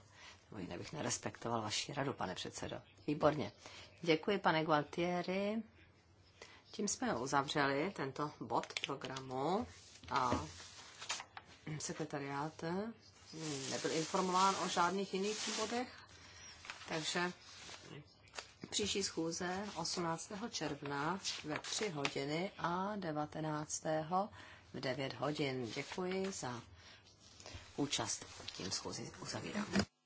nebo jinak bych nerespektoval vaši radu, pane předsedo. Výborně. Děkuji, pane Gualtieri. Tím jsme uzavřeli tento bod programu a sekretariát eh, nebyl informován o žádných jiných bodech, takže příští schůze 18. června ve 3 hodiny a 19. v 9 hodin. Děkuji za účast. Tím schůzi uzavírám.